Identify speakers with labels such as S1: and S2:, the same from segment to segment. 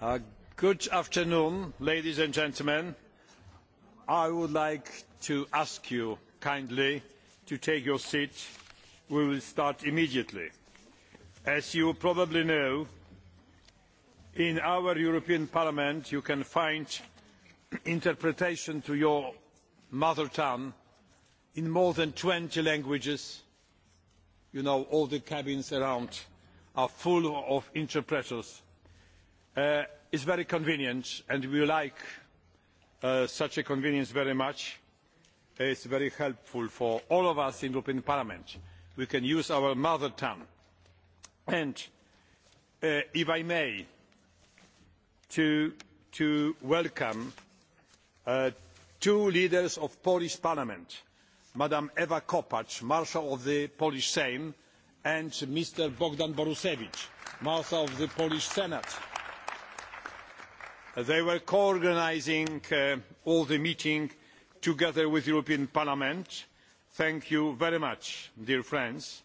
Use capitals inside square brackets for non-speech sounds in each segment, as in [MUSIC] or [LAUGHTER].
S1: Uh, good afternoon, ladies and gentlemen. I would like to ask you kindly to take your seat. We will start immediately. As you probably know, in our European Parliament you can find interpretation to your mother tongue in more than twenty languages. You know all the cabins around are full of interpreters. Uh, it is very convenient and we like uh, such a convenience very much. It is very helpful for all of us in the European Parliament. We can use our mother tongue. And uh, if I may, to, to welcome uh, two leaders of the Polish Parliament, Madam Ewa Kopacz, Marshal of the Polish Sejm, and Mr. Bogdan Borusewicz, Martha of the Polish Senate. They were co-organizing uh, all the meeting together with the European Parliament. Thank you very much, dear friends.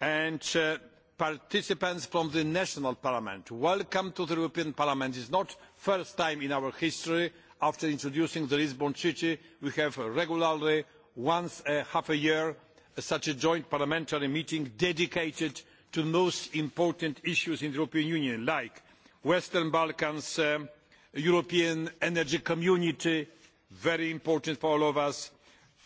S1: And uh, participants from the national parliament, welcome to the European Parliament. It is not the first time in our history after introducing the Lisbon Treaty, we have regularly once a half a year such a joint parliamentary meeting dedicated to the most important issues in the European Union, like Western Balkans, the um, European Energy Community, very important for all of us,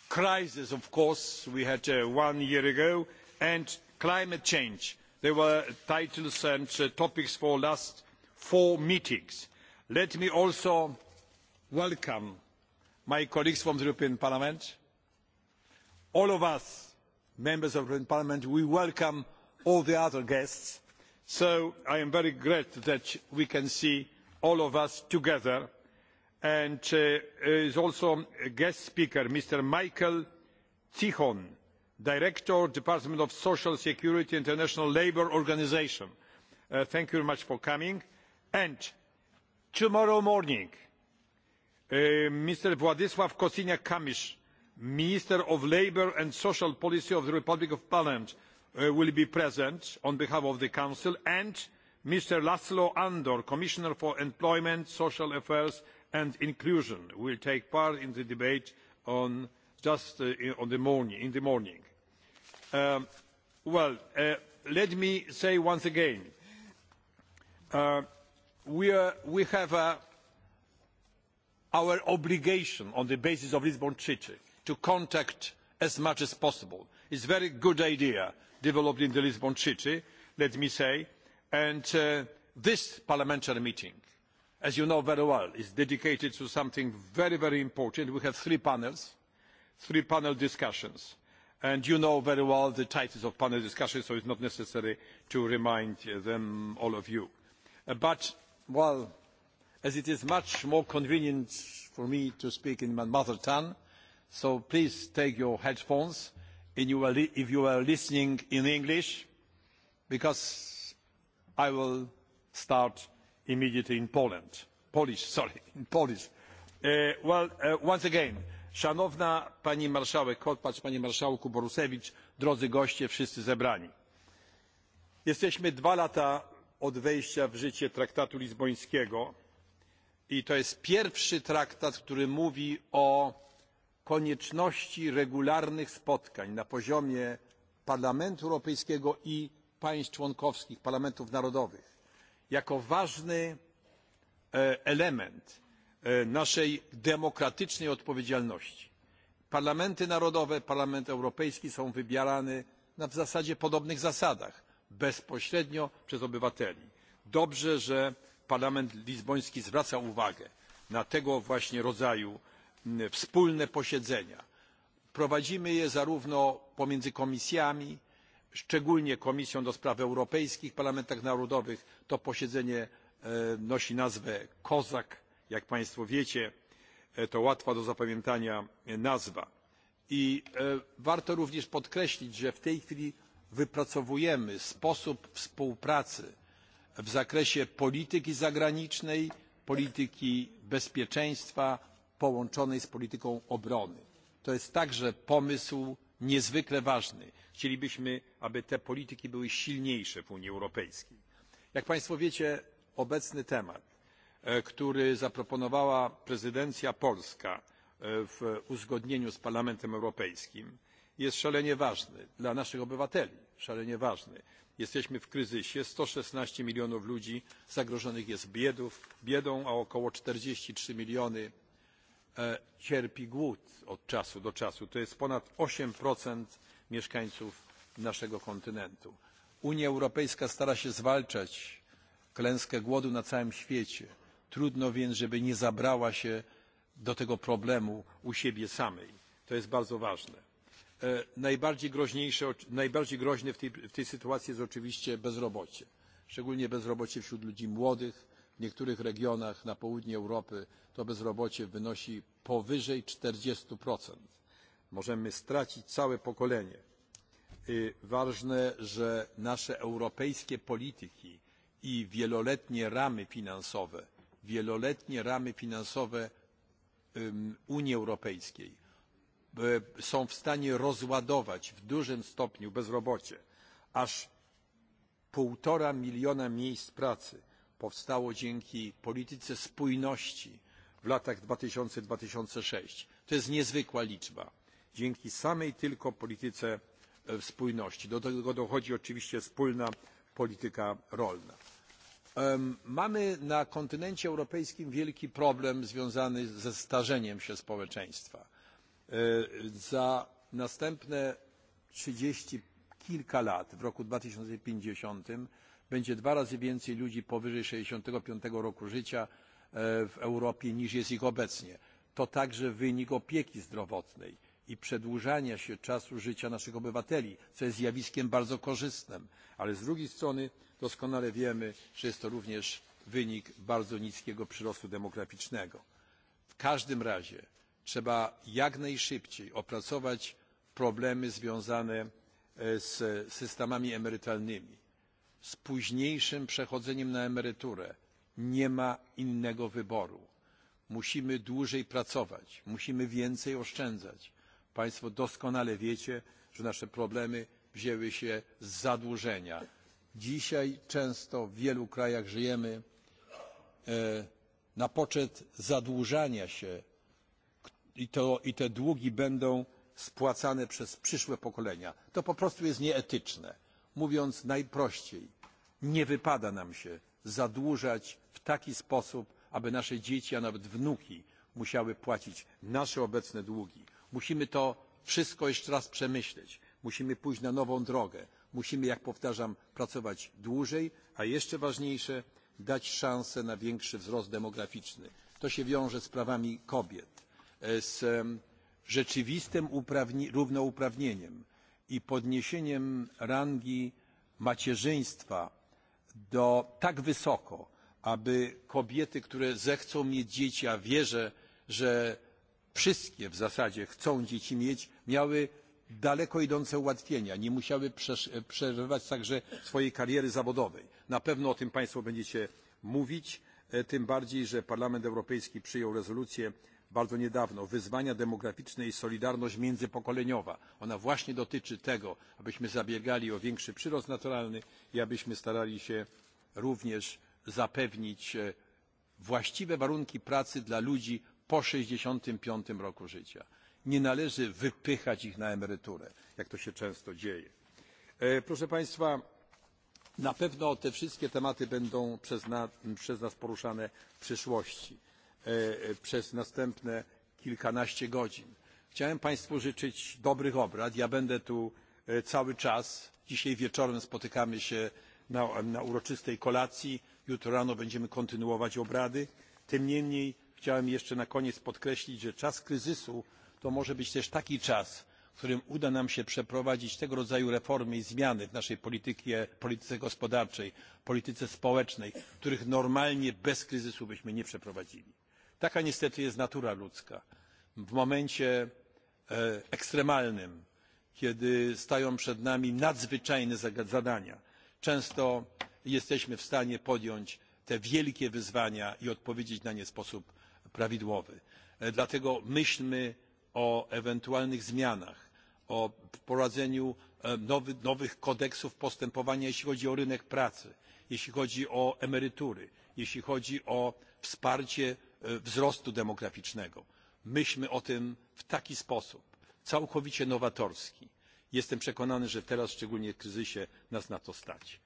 S1: crisis, of course, we had uh, one year ago, and climate change. There were titles and uh, topics for the last four meetings. Let me also welcome my colleagues from the European Parliament. All of us members of the Parliament, we welcome all the other guests. So I am very glad that we can see all of us together. And uh, is also a guest speaker, Mr. Michael Tichon, Director, Department of Social Security, International Labour Organization. Uh, thank you very much for coming. And tomorrow morning, uh, Mr. Władysław Kosiniak-Kamysz, Minister of Labour and Social Policy of the Republic of Poland uh, will be present on behalf of the Council and Mr. Laszlo Andor, Commissioner for Employment, Social Affairs and Inclusion will take part in the debate on just uh, on the morning, in the morning. Um, well, uh, let me say once again, uh, we, are, we have uh, our obligation on the basis of Lisbon Treaty to contact as much as possible. It is a very good idea developed in the Lisbon Treaty, let me say, and uh, this parliamentary meeting, as you know very well, is dedicated to something very, very important. We have three panels, three panel discussions, and you know very well the titles of panel discussions, so it is not necessary to remind them, all of you. Uh, but, well, as it is much more convenient for me to speak in my mother tongue, So please take your headphones you if you are listening in English, because I will start immediately in Poland. Polish, sorry, [LAUGHS] in Polish. Uh, well, uh, once again, Szanowna Pani Marszałek Kopacz, Panie Marszałku Borusewicz, drodzy goście, wszyscy zebrani. Jesteśmy dwa lata od wejścia w życie traktatu lizbońskiego i to jest pierwszy traktat, który mówi o konieczności regularnych spotkań na poziomie Parlamentu Europejskiego i państw członkowskich, parlamentów narodowych, jako ważny e, element e, naszej demokratycznej odpowiedzialności. Parlamenty narodowe, Parlament Europejski są wybierane na w zasadzie podobnych zasadach, bezpośrednio przez obywateli. Dobrze, że Parlament Lizboński zwraca uwagę na tego właśnie rodzaju Mm, wspólne posiedzenia. Prowadzimy je zarówno pomiędzy komisjami, szczególnie Komisją do Spraw Europejskich, Parlamentach Narodowych. To posiedzenie e, nosi nazwę COSAC. Jak Państwo wiecie, e, to łatwa do zapamiętania e, nazwa. I warto również podkreślić, że w tej chwili wypracowujemy sposób współpracy w zakresie polityki zagranicznej, polityki bezpieczeństwa, połączonej z polityką obrony. To jest także pomysł niezwykle ważny. Chcielibyśmy, aby te polityki były silniejsze w Unii Europejskiej. Jak Państwo wiecie, obecny temat, e, który zaproponowała prezydencja polska e, w uzgodnieniu z Parlamentem Europejskim, jest szalenie ważny dla naszych obywateli, szalenie ważny. Jesteśmy w kryzysie, sto 116 milionów ludzi zagrożonych jest biedów, biedą, a około czterdzieści trzy miliony E, cierpi głód od czasu do czasu. To jest ponad 8% mieszkańców naszego kontynentu. Unia Europejska stara się zwalczać klęskę głodu na całym świecie. Trudno więc, żeby nie zabrała się do tego problemu u siebie samej. To jest bardzo ważne. E, najbardziej, groźniejsze, najbardziej groźne w tej, w tej sytuacji jest oczywiście bezrobocie. Szczególnie bezrobocie wśród ludzi młodych, W niektórych regionach na południe Europy to bezrobocie wynosi powyżej 40%. Możemy stracić całe pokolenie. Ważne, że nasze europejskie polityki i wieloletnie ramy finansowe, wieloletnie ramy finansowe Unii Europejskiej są w stanie rozładować w dużym stopniu bezrobocie aż półtora miliona miejsc pracy powstało dzięki polityce spójności w latach 2000-2006. To jest niezwykła liczba. Dzięki samej tylko polityce e, spójności. Do tego dochodzi oczywiście wspólna polityka rolna. Mamy na kontynencie europejskim wielki problem związany ze starzeniem się społeczeństwa. E, za następne trzydzieści kilka lat, w roku 2050, będzie dwa razy więcej ludzi powyżej 65 roku życia e, w Europie niż jest ich obecnie. To także wynik opieki zdrowotnej i przedłużania się czasu życia naszych obywateli, co jest zjawiskiem bardzo korzystnym, ale z drugiej strony doskonale wiemy, że jest to również wynik bardzo niskiego przyrostu demograficznego. W każdym razie trzeba jak najszybciej opracować problemy związane e, z systemami emerytalnymi z późniejszym przechodzeniem na emeryturę. Nie ma innego wyboru. Musimy dłużej pracować, musimy więcej oszczędzać. Państwo doskonale wiecie, że nasze problemy wzięły się z zadłużenia. Dzisiaj często w wielu krajach żyjemy e, na poczet zadłużania się i, to, i te długi będą spłacane przez przyszłe pokolenia. To po prostu jest nieetyczne. Mówiąc najprościej, nie wypada nam się zadłużać w taki sposób, aby nasze dzieci, a nawet wnuki musiały płacić nasze obecne długi. Musimy to wszystko jeszcze raz przemyśleć. Musimy pójść na nową drogę. Musimy, jak powtarzam, pracować dłużej, a jeszcze ważniejsze, dać szansę na większy wzrost demograficzny. To się wiąże z prawami kobiet, e, z rzeczywistym równouprawnieniem i podniesieniem rangi macierzyństwa do tak wysoko, aby kobiety, które zechcą mieć dzieci, a wierzę, że wszystkie w zasadzie chcą dzieci mieć, miały daleko idące ułatwienia, nie musiały przerywać także swojej kariery zawodowej. Na pewno o tym Państwo będziecie mówić, e, tym bardziej, że Parlament Europejski przyjął rezolucję bardzo niedawno wyzwania demograficzne i solidarność międzypokoleniowa. Ona właśnie dotyczy tego, abyśmy zabiegali o większy przyrost naturalny i abyśmy starali się również zapewnić e, właściwe warunki pracy dla ludzi po 65 roku życia. Nie należy wypychać ich na emeryturę, jak to się często dzieje. E, proszę Państwa, na pewno te wszystkie tematy będą przez nas, przez nas poruszane w przyszłości. E, e, przez następne kilkanaście godzin. Chciałem Państwu życzyć dobrych obrad. Ja będę tu e, cały czas. Dzisiaj wieczorem spotykamy się na, na uroczystej kolacji. Jutro rano będziemy kontynuować obrady. Tym niemniej chciałem jeszcze na koniec podkreślić, że czas kryzysu to może być też taki czas, w którym uda nam się przeprowadzić tego rodzaju reformy i zmiany w naszej polityce, polityce gospodarczej, polityce społecznej, których normalnie bez kryzysu byśmy nie przeprowadzili. Taka niestety jest natura ludzka. W momencie e, ekstremalnym, kiedy stają przed nami nadzwyczajne zadania, często jesteśmy w stanie podjąć te wielkie wyzwania i odpowiedzieć na nie w sposób prawidłowy. E, dlatego myślmy o ewentualnych zmianach, o wprowadzeniu e, nowy, nowych kodeksów postępowania, jeśli chodzi o rynek pracy, jeśli chodzi o emerytury, jeśli chodzi o wsparcie E, wzrostu demograficznego. Myślmy o tym w taki sposób, całkowicie nowatorski. Jestem przekonany, że teraz, szczególnie w kryzysie, nas na to stać.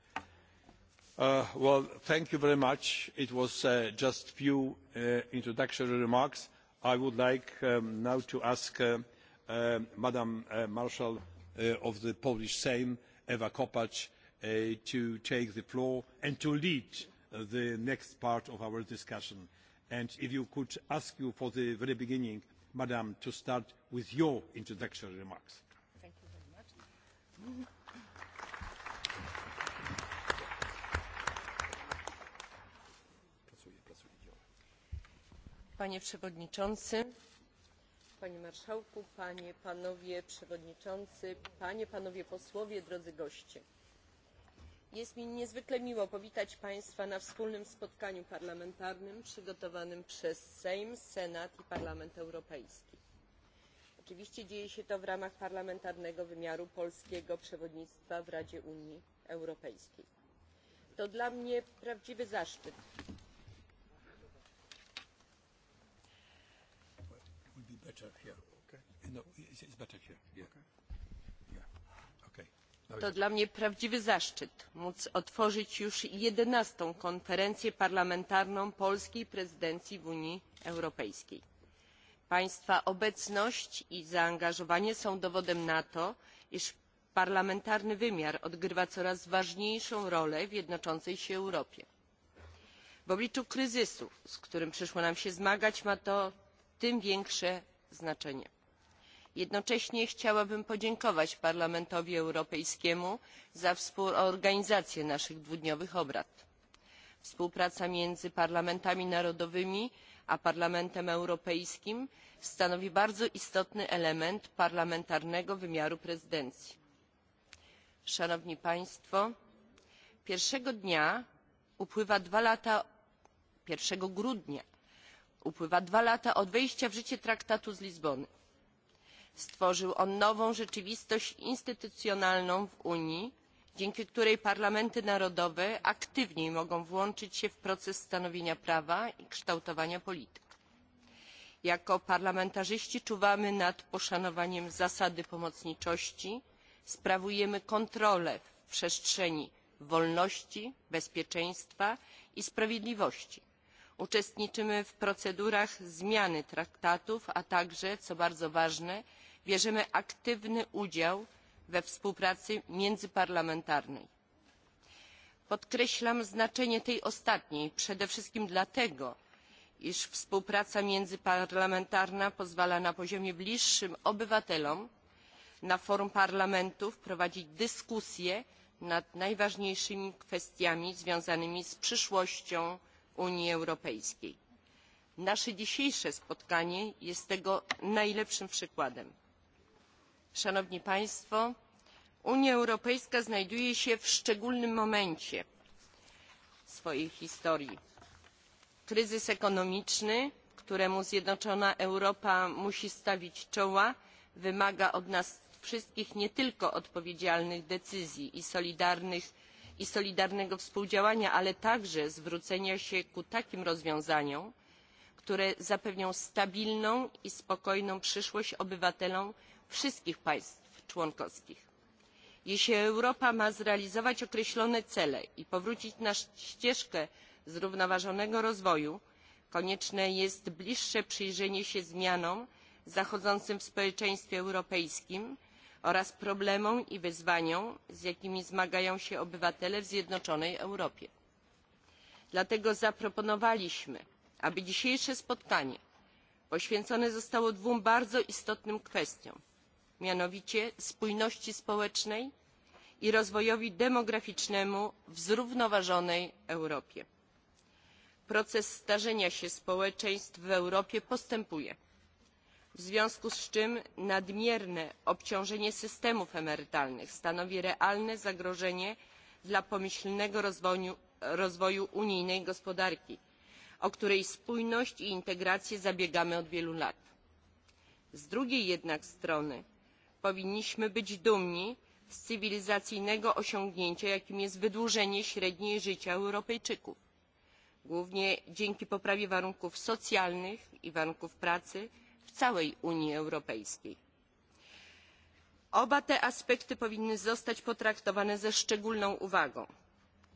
S1: Uh, well, thank you very much. It was uh, just few uh, introductory remarks. I would like um, now to ask uh, uh, Madam uh, Marshal uh, of the Polish Sejm, Ewa Kopacz, uh, to take the floor and to lead uh, the next part of our discussion. And if you could ask you for the very beginning, Madam, to start with your introductory remarks. Thank
S2: you very much.
S3: Panie Przewodniczący, Panie Marszałku, Panie, Panowie Przewodniczący, Panie, Panowie Posłowie, drodzy goście. Jest mi niezwykle miło powitać Państwa na wspólnym spotkaniu parlamentarnym przygotowanym przez Sejm, Senat i Parlament Europejski. Oczywiście dzieje się to w ramach parlamentarnego wymiaru polskiego przewodnictwa w Radzie Unii Europejskiej. To dla mnie prawdziwy zaszczyt
S1: better here. Okay. No, it's better here. Yeah. Okay. To
S3: dla mnie prawdziwy zaszczyt móc otworzyć już jedenastą konferencję parlamentarną polskiej prezydencji w Unii Europejskiej. Państwa obecność i zaangażowanie są dowodem na to, iż parlamentarny wymiar odgrywa coraz ważniejszą rolę w jednoczącej się Europie. W obliczu kryzysu, z którym przyszło nam się zmagać, ma to tym większe znaczenie. Jednocześnie chciałabym podziękować Parlamentowi Europejskiemu za współorganizację naszych dwudniowych obrad. Współpraca między parlamentami narodowymi a Parlamentem Europejskim stanowi bardzo istotny element parlamentarnego wymiaru prezydencji. Szanowni Państwo, pierwszego dnia upływa dwa lata, 1 grudnia upływa dwa lata od wejścia w życie traktatu z Lizbony. Stworzył on nową rzeczywistość instytucjonalną w Unii, dzięki której parlamenty narodowe aktywniej mogą włączyć się w proces stanowienia prawa i kształtowania polityk. Jako parlamentarzyści czuwamy nad poszanowaniem zasady pomocniczości, sprawujemy kontrolę w przestrzeni wolności, bezpieczeństwa i sprawiedliwości. Uczestniczymy w procedurach zmiany traktatów, a także, co bardzo ważne, bierzemy aktywny udział we współpracy międzyparlamentarnej. Podkreślam znaczenie tej ostatniej przede wszystkim dlatego, iż współpraca międzyparlamentarna pozwala na poziomie bliższym obywatelom na forum parlamentów prowadzić dyskusje nad najważniejszymi kwestiami związanymi z przyszłością Unii Europejskiej. Nasze dzisiejsze spotkanie jest tego najlepszym przykładem. Szanowni Państwo, Unia Europejska znajduje się w szczególnym momencie swojej historii. Kryzys ekonomiczny, któremu Zjednoczona Europa musi stawić czoła, wymaga od nas wszystkich nie tylko odpowiedzialnych decyzji i, i solidarnego współdziałania, ale także zwrócenia się ku takim rozwiązaniom, które zapewnią stabilną i spokojną przyszłość obywatelom wszystkich państw członkowskich. Jeśli Europa ma zrealizować określone cele i powrócić na ścieżkę zrównoważonego rozwoju, konieczne jest bliższe przyjrzenie się zmianom zachodzącym w społeczeństwie europejskim oraz problemom i wyzwaniom, z jakimi zmagają się obywatele w Zjednoczonej Europie. Dlatego zaproponowaliśmy, aby dzisiejsze spotkanie poświęcone zostało dwóm bardzo istotnym kwestiom mianowicie spójności społecznej i rozwojowi demograficznemu w zrównoważonej Europie. Proces starzenia się społeczeństw w Europie postępuje, w związku z czym nadmierne obciążenie systemów emerytalnych stanowi realne zagrożenie dla pomyślnego rozwoju, rozwoju unijnej gospodarki, o której spójność i integrację zabiegamy od wielu lat. Z drugiej jednak strony powinniśmy być dumni z cywilizacyjnego osiągnięcia, jakim jest wydłużenie średniej życia Europejczyków. Głównie dzięki poprawie warunków socjalnych i warunków pracy w całej Unii Europejskiej. Oba te aspekty powinny zostać potraktowane ze szczególną uwagą,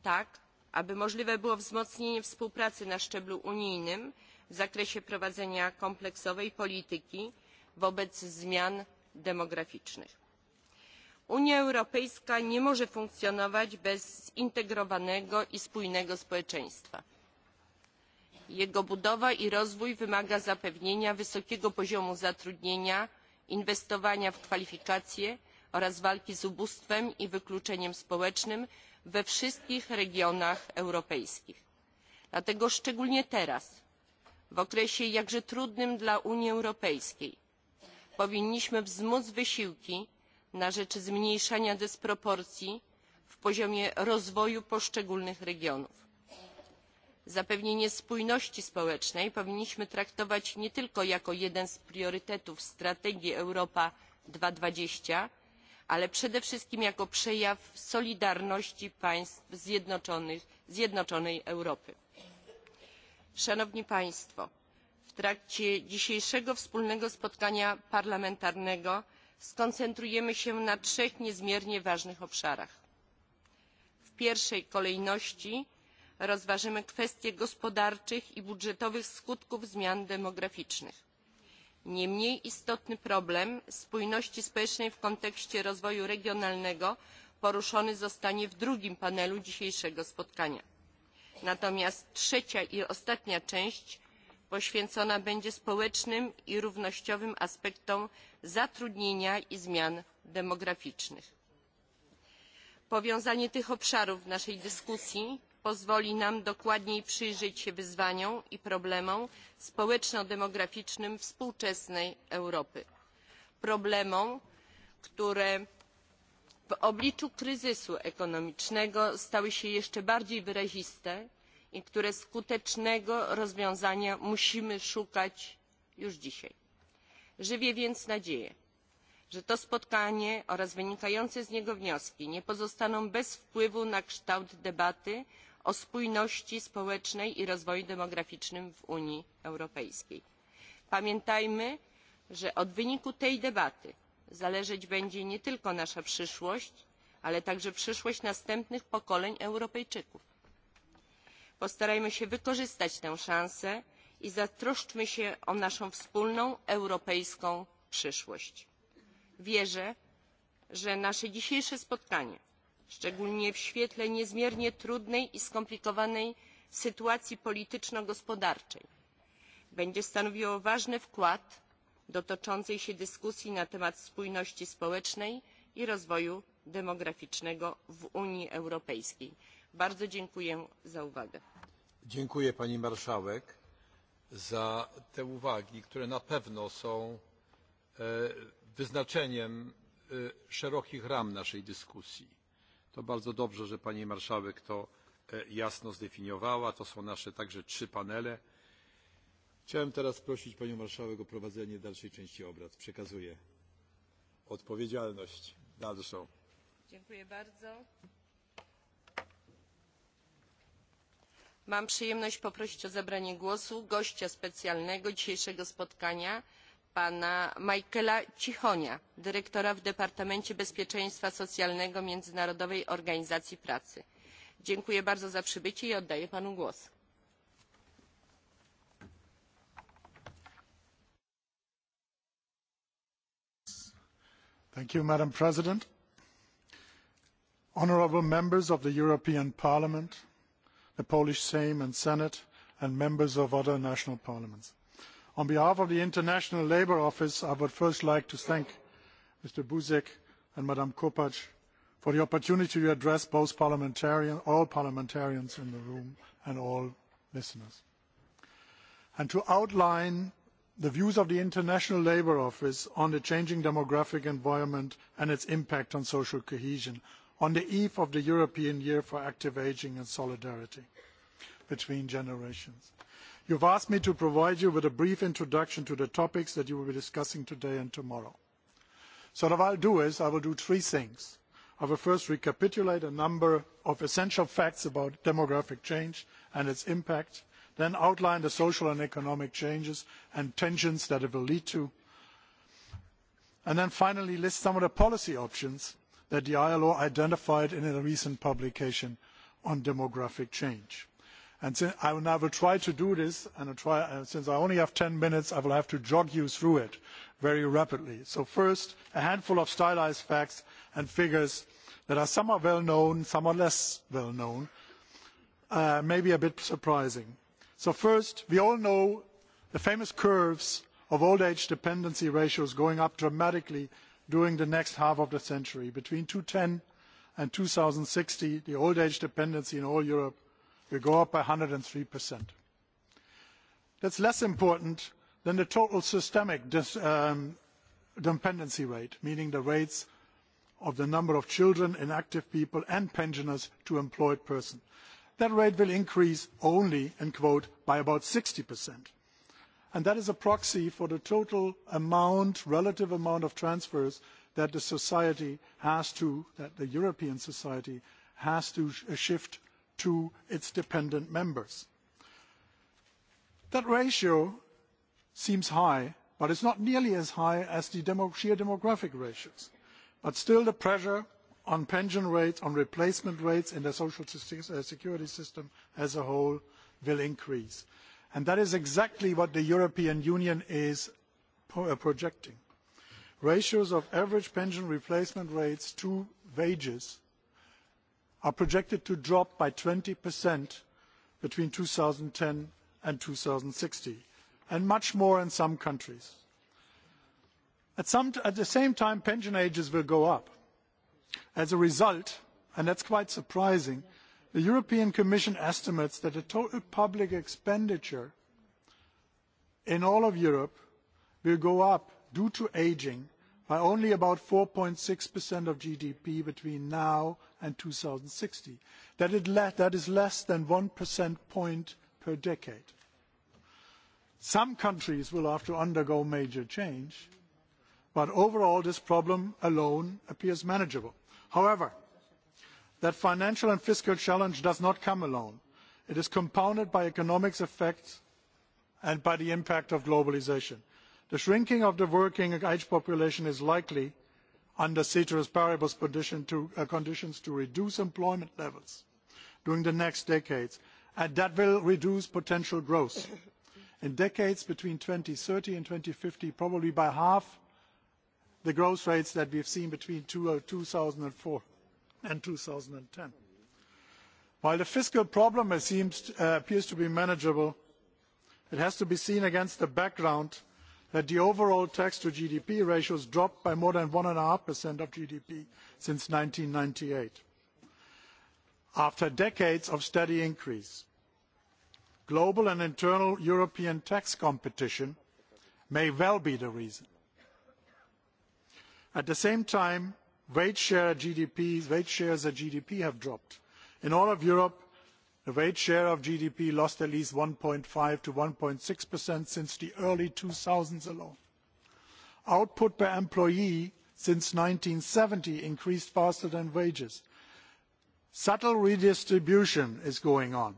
S3: tak aby możliwe było wzmocnienie współpracy na szczeblu unijnym w zakresie prowadzenia kompleksowej polityki wobec zmian demograficznych. Unia Europejska nie może funkcjonować bez zintegrowanego i spójnego społeczeństwa. Jego budowa i rozwój wymaga zapewnienia wysokiego poziomu zatrudnienia, inwestowania w kwalifikacje oraz walki z ubóstwem i wykluczeniem społecznym we wszystkich regionach europejskich. Dlatego szczególnie teraz, w okresie jakże trudnym dla Unii Europejskiej, powinniśmy wzmóc wysiłki na rzecz zmniejszania dysproporcji w poziomie rozwoju poszczególnych regionów. Zapewnienie spójności społecznej powinniśmy traktować nie tylko jako jeden z priorytetów strategii Europa dwadzieścia, ale przede wszystkim jako przejaw solidarności państw Zjednoczonej Europy. Szanowni Państwo, w trakcie dzisiejszego wspólnego spotkania parlamentarnego skoncentrujemy się na trzech niezmiernie ważnych obszarach. W pierwszej kolejności rozważymy kwestie gospodarczych i budżetowych skutków zmian demograficznych. Nie mniej istotny problem spójności społecznej w kontekście rozwoju regionalnego poruszony zostanie w drugim panelu dzisiejszego spotkania. Natomiast trzecia i ostatnia część poświęcona będzie społecznym i równościowym aspektom zatrudnienia i zmian demograficznych. Powiązanie tych obszarów w naszej dyskusji pozwoli nam dokładniej przyjrzeć się wyzwaniom i problemom społeczno-demograficznym współczesnej Europy. Problemom, które w obliczu kryzysu ekonomicznego stały się jeszcze bardziej wyraziste i które skutecznego rozwiązania musimy szukać już dzisiaj. Żywię więc nadzieję, że to spotkanie oraz wynikające z niego wnioski nie pozostaną bez wpływu na kształt debaty o spójności społecznej i rozwoju demograficznym w Unii Europejskiej. Pamiętajmy, że od wyniku tej debaty zależeć będzie nie tylko nasza przyszłość, ale także przyszłość następnych pokoleń Europejczyków. Postarajmy się wykorzystać tę szansę i zatroszczmy się o naszą wspólną europejską przyszłość. Wierzę, że nasze dzisiejsze spotkanie, szczególnie w świetle niezmiernie trudnej i skomplikowanej sytuacji polityczno-gospodarczej, będzie stanowiło ważny wkład do toczącej się dyskusji na temat spójności społecznej i rozwoju demograficznego w Unii Europejskiej. Bardzo dziękuję za uwagę.
S1: Dziękuję pani marszałek za te uwagi, które na pewno są e, wyznaczeniem e, szerokich ram naszej dyskusji. To bardzo dobrze, że pani marszałek to e, jasno zdefiniowała. To są nasze także trzy panele. Chciałem teraz prosić panią marszałek o prowadzenie dalszej części obrad. Przekazuję odpowiedzialność dalszą.
S3: Dziękuję bardzo. Mam przyjemność poprosić o zabranie głosu gościa specjalnego dzisiejszego spotkania, pana Michaela Cichonia, dyrektora w Departamencie Bezpieczeństwa Socjalnego Międzynarodowej Organizacji Pracy. Dziękuję bardzo za przybycie i oddaję panu głos.
S4: You, Madam President. Honorable members of the European Parliament, the Polish Sejm and Senate, and members of other national parliaments. On behalf of the International Labour Office, I would first like to thank Mr. Buzek and Madam Kopacz for the opportunity to address both parliamentarian, all parliamentarians in the room and all listeners. And to outline the views of the International Labour Office on the changing demographic environment and its impact on social cohesion, on the eve of the European Year for Active Ageing and Solidarity between generations. You have asked me to provide you with a brief introduction to the topics that you will be discussing today and tomorrow. So what I will do is I will do three things. I will first recapitulate a number of essential facts about demographic change and its impact, then outline the social and economic changes and tensions that it will lead to, and then finally list some of the policy options that the ILO identified in a recent publication on demographic change. And since I, will, I will try to do this, and I'll try, uh, since I only have 10 minutes, I will have to jog you through it very rapidly. So first, a handful of stylized facts and figures that are some are well known, some are less well known, uh, maybe a bit surprising. So first, we all know the famous curves of old age dependency ratios going up dramatically during the next half of the century. Between ten and sixty the old age dependency in all Europe will go up by one hundred and 103%. That's less important than the total systemic dis, um, dependency rate, meaning the rates of the number of children, inactive people and pensioners to employed persons. That rate will increase only, end quote, by about 60% and that is a proxy for the total amount, relative amount of transfers that the society has to, that the European society has to sh uh, shift to its dependent members. That ratio seems high, but it's not nearly as high as the demo sheer demographic ratios. But still the pressure on pension rates, on replacement rates in the social uh, security system as a whole will increase. And that is exactly what the European Union is uh, projecting. Ratios of average pension replacement rates to wages are projected to drop by 20% between 2010 and 2060, and much more in some countries. At, some, at the same time, pension ages will go up. As a result, and that's quite surprising, yeah The European Commission estimates that the total public expenditure in all of Europe will go up due to ageing by only about 4.6% of GDP between now and 2060. That, it le that is less than 1% point per decade. Some countries will have to undergo major change, but overall this problem alone appears manageable. However, That financial and fiscal challenge does not come alone. It is compounded by economic effects and by the impact of globalisation. The shrinking of the working age population is likely, under ceteris paribus condition to, uh, conditions, to reduce employment levels during the next decades, and that will reduce potential growth. In decades between thirty and fifty, probably by half the growth rates that we have seen between two, uh, 2004 and 2010. While the fiscal problem uh, appears to be manageable, it has to be seen against the background that the overall tax to GDP ratio has dropped by more than 1.5% of GDP since ninety eight, after decades of steady increase. Global and internal European tax competition may well be the reason. At the same time, wage share GDP, wage shares of GDP have dropped. In all of Europe, the wage share of GDP lost at least one five to one 1.6% since the early 2000s alone. Output per employee since seventy increased faster than wages. Subtle redistribution is going on,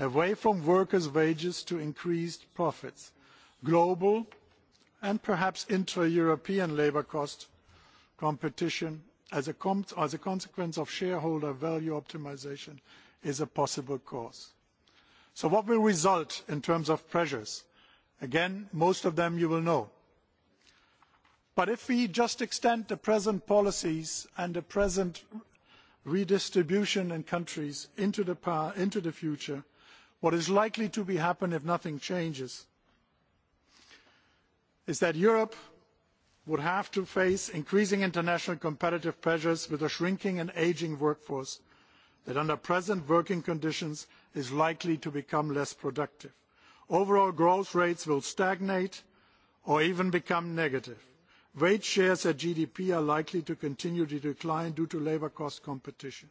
S4: away from workers' wages to increased profits. Global and perhaps intra-European labour costs competition as a, com as a consequence of shareholder value optimisation is a possible cause. So what will result in terms of pressures? Again, most of them you will know. But if we just extend the present policies and the present redistribution in countries into the, power, into the future, what is likely to be happen if nothing changes is that Europe would have to face increasing international competitive pressures with a shrinking and ageing workforce that under present working conditions is likely to become less productive. Overall growth rates will stagnate or even become negative. Wage shares at GDP are likely to continue to decline due to labour cost competition.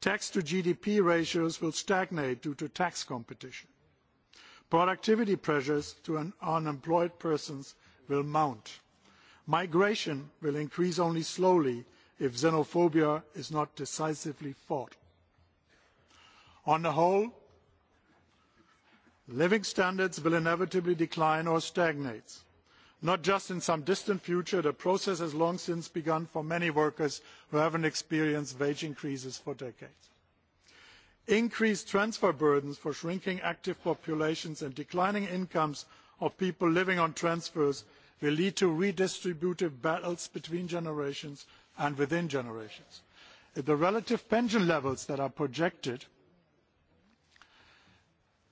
S4: Tax to GDP ratios will stagnate due to tax competition. Productivity pressures on unemployed persons will mount. Migration will increase only slowly if xenophobia is not decisively fought. On the whole, living standards will inevitably decline or stagnate. Not just in some distant future, the process has long since begun for many workers who haven't experienced wage increases for decades. Increased transfer burdens for shrinking active populations and declining incomes of people living on transfers will lead to redistributive battles between generations and within generations. If the relative pension levels that are projected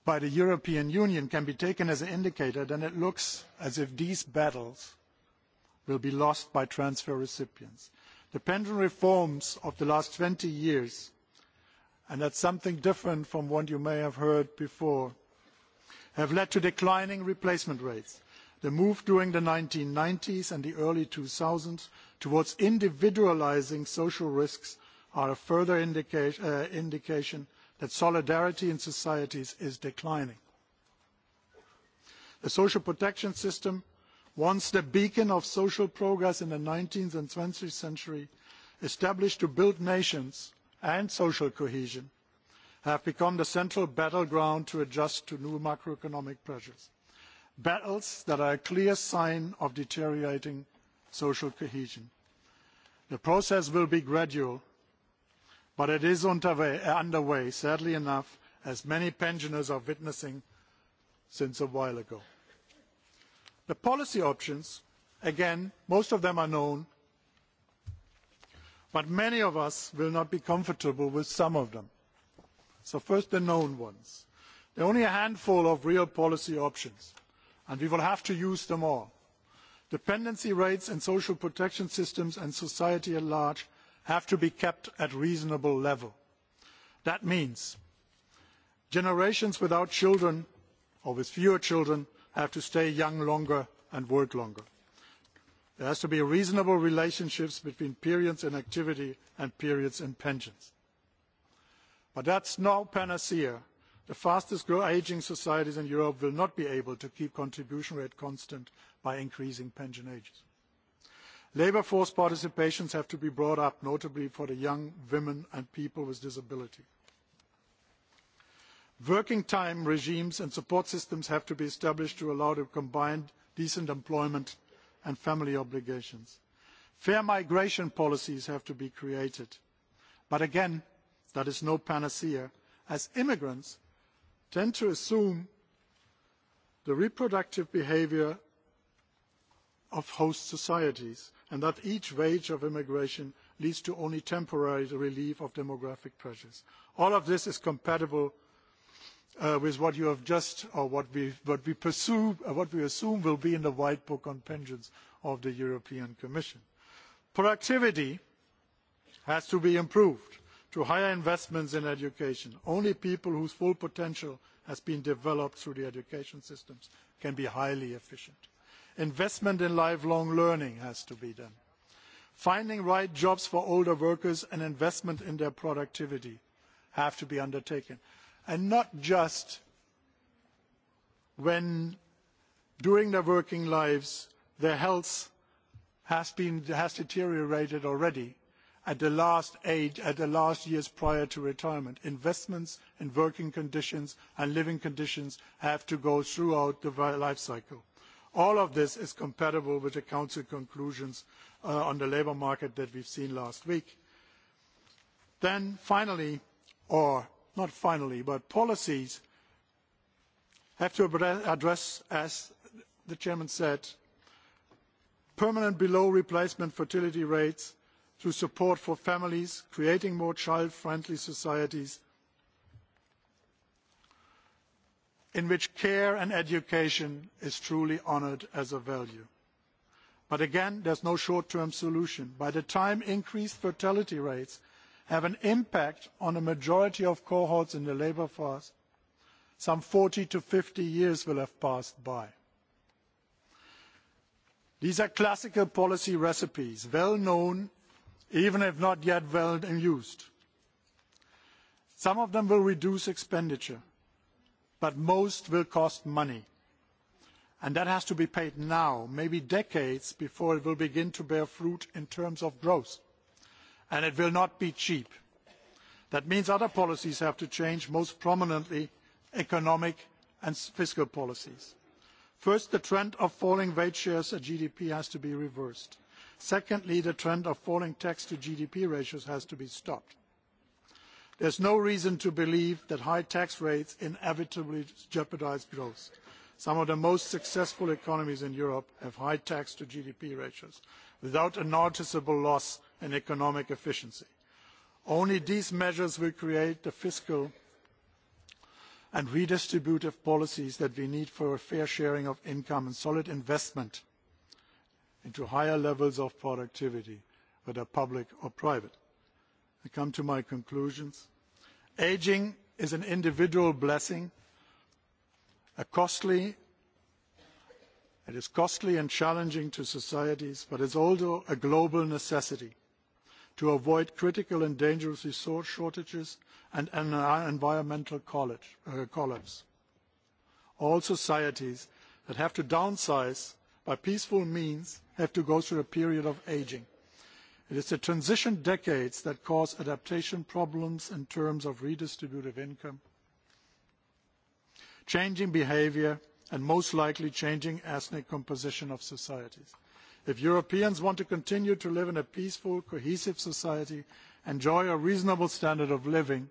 S4: by the European Union can be taken as an indicator, then it looks as if these battles will be lost by transfer recipients. The pension reforms of the last twenty years, and that is something different from what you may have heard before, have led to declining replacement rates The move during the 1990s and the early 2000s towards individualizing social risks are a further uh, indication that solidarity in societies is declining. The social protection system, once the beacon of social progress in the 19th and 20th century, established to build nations and social cohesion, have become the central battleground to adjust to new macroeconomic pressures battles that are a clear sign of deteriorating social cohesion. The process will be gradual, but it is underway, sadly enough, as many pensioners are witnessing since a while ago. The policy options, again, most of them are known, but many of us will not be comfortable with some of them. So first the known ones. There are only a handful of real policy options and we will have to use them all. Dependency rates and social protection systems and society at large have to be kept at a reasonable level. That means generations without children or with fewer children have to stay young longer and work longer. There has to be reasonable relationships between periods in activity and periods in pensions. But that is no panacea The fastest grow ageing societies in Europe will not be able to keep contribution rate constant by increasing pension ages. Labour force participations have to be brought up, notably for the young women and people with disability. Working time regimes and support systems have to be established to allow to combine decent employment and family obligations. Fair migration policies have to be created. But again, that is no panacea, as immigrants tend to assume the reproductive behaviour of host societies and that each wave of immigration leads to only temporary relief of demographic pressures. All of this is compatible uh, with what you have just, or what we, what we pursue, uh, what we assume will be in the White Book on Pensions of the European Commission. Productivity has to be improved to higher investments in education. Only people whose full potential has been developed through the education systems can be highly efficient. Investment in lifelong learning has to be done. Finding right jobs for older workers and investment in their productivity have to be undertaken. And not just when during their working lives their health has, been, has deteriorated already at the last age, at the last years prior to retirement. Investments in working conditions and living conditions have to go throughout the life cycle. All of this is compatible with the Council conclusions uh, on the labour market that we've seen last week. Then finally, or not finally, but policies have to address, as the chairman said, permanent below replacement fertility rates through support for families, creating more child-friendly societies in which care and education is truly honoured as a value. But again, there is no short-term solution. By the time increased fertility rates have an impact on a majority of cohorts in the labour force, some forty to fifty years will have passed by. These are classical policy recipes, well known even if not yet well used. Some of them will reduce expenditure, but most will cost money. And that has to be paid now, maybe decades before it will begin to bear fruit in terms of growth. And it will not be cheap. That means other policies have to change, most prominently economic and fiscal policies. First, the trend of falling wage shares at GDP has to be reversed. Secondly, the trend of falling tax to GDP ratios has to be stopped. There is no reason to believe that high tax rates inevitably jeopardise growth. Some of the most successful economies in Europe have high tax to GDP ratios without a noticeable loss in economic efficiency. Only these measures will create the fiscal and redistributive policies that we need for a fair sharing of income and solid investment into higher levels of productivity, whether public or private. I come to my conclusions. Aging is an individual blessing, a costly, it is costly and challenging to societies, but is also a global necessity to avoid critical and dangerous resource shortages and an environmental college, uh, collapse. All societies that have to downsize by peaceful means have to go through a period of ageing. It is the transition decades that cause adaptation problems in terms of redistributive income, changing behaviour and most likely changing ethnic composition of societies. If Europeans want to continue to live in a peaceful, cohesive society, enjoy a reasonable standard of living,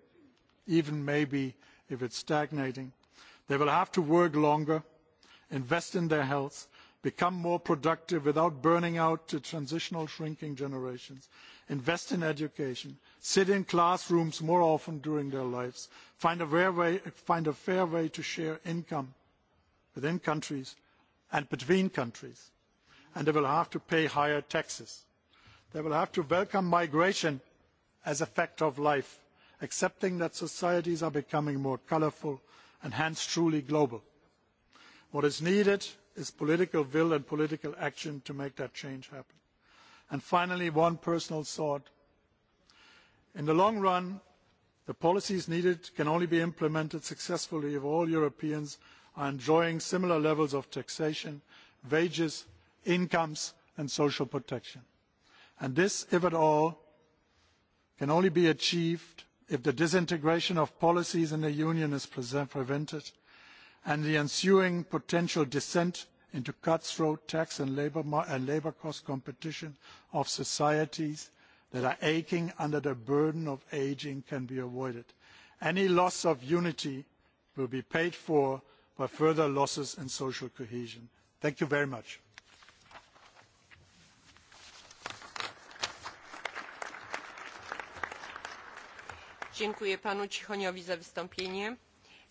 S4: even maybe if it is stagnating, they will have to work longer, invest in their health, become more productive without burning out the transitional shrinking generations, invest in education, sit in classrooms more often during their lives, find a fair way, find a fair way to share income within countries and between countries. And they will have to pay higher taxes. They will have to welcome migration as a fact of life, accepting that societies are becoming more colourful and hence truly global. What is needed is political will and political action to make that change happen. And finally, one personal thought. In the long run, the policies needed can only be implemented successfully if all Europeans are enjoying similar levels of taxation, wages, incomes and social protection. And this, if at all, can only be achieved if the disintegration of policies in the Union is prevented and the ensuing potential descent into cutthroat tax and labour and labor cost competition of societies that are aching under the burden of ageing can be avoided. Any loss of unity will be paid for by further losses in social cohesion. Thank you very much.
S3: Dziękuję panu Cichoniowi za wystąpienie.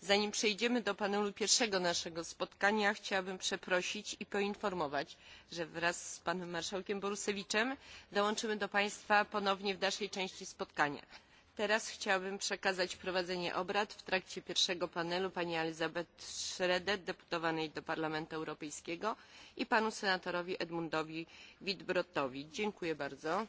S3: Zanim przejdziemy do panelu pierwszego naszego spotkania, chciałabym przeprosić i poinformować, że wraz z panem marszałkiem Borusewiczem dołączymy do państwa ponownie w dalszej części spotkania. Teraz chciałabym przekazać prowadzenie obrad w trakcie pierwszego panelu pani Elizabeth Schroeder, deputowanej do Parlamentu Europejskiego i panu senatorowi Edmundowi Witbrotowi. Dziękuję bardzo.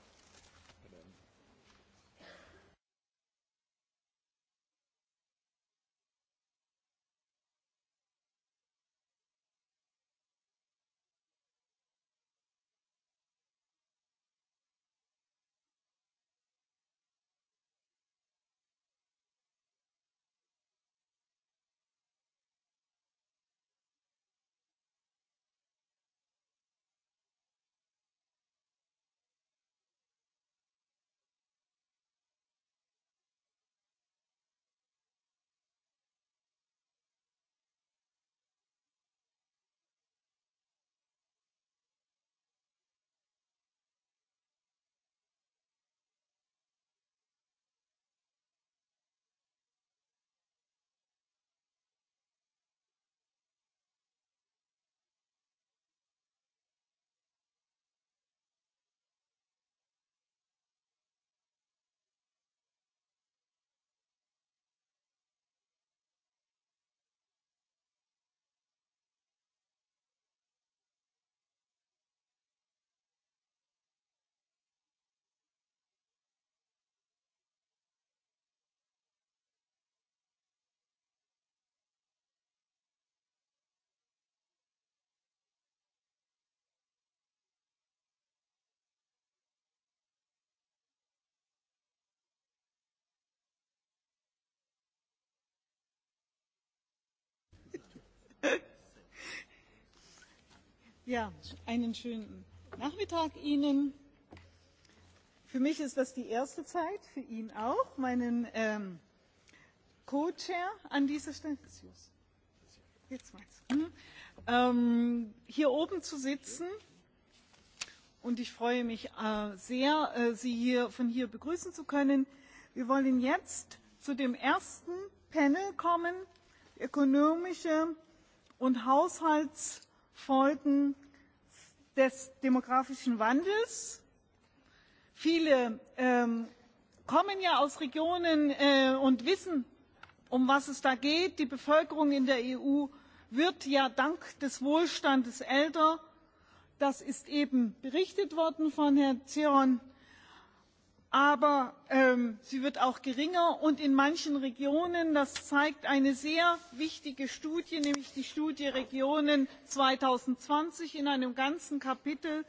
S5: [LAUGHS] Ja, einen schönen Nachmittag Ihnen. Für mich ist das die erste Zeit, für ihn auch, meinen ähm, Co-Chair an dieser Stelle. Jetzt Hm. Ähm, hier oben zu sitzen. Und ich freue mich äh, sehr, äh, Sie hier von hier begrüßen zu können. Wir wollen jetzt zu dem ersten Panel kommen, ökonomische und Haushaltsfolgen des demografischen Wandels. Viele ähm, kommen ja aus Regionen äh, und wissen, um was es da geht. Die Bevölkerung in der EU wird ja dank des Wohlstandes älter. Das ist eben berichtet worden von Herrn Ziron aber ähm, sie wird auch geringer und in manchen Regionen, das zeigt eine sehr wichtige Studie, nämlich die Studie Regionen 2020 in einem ganzen Kapitel,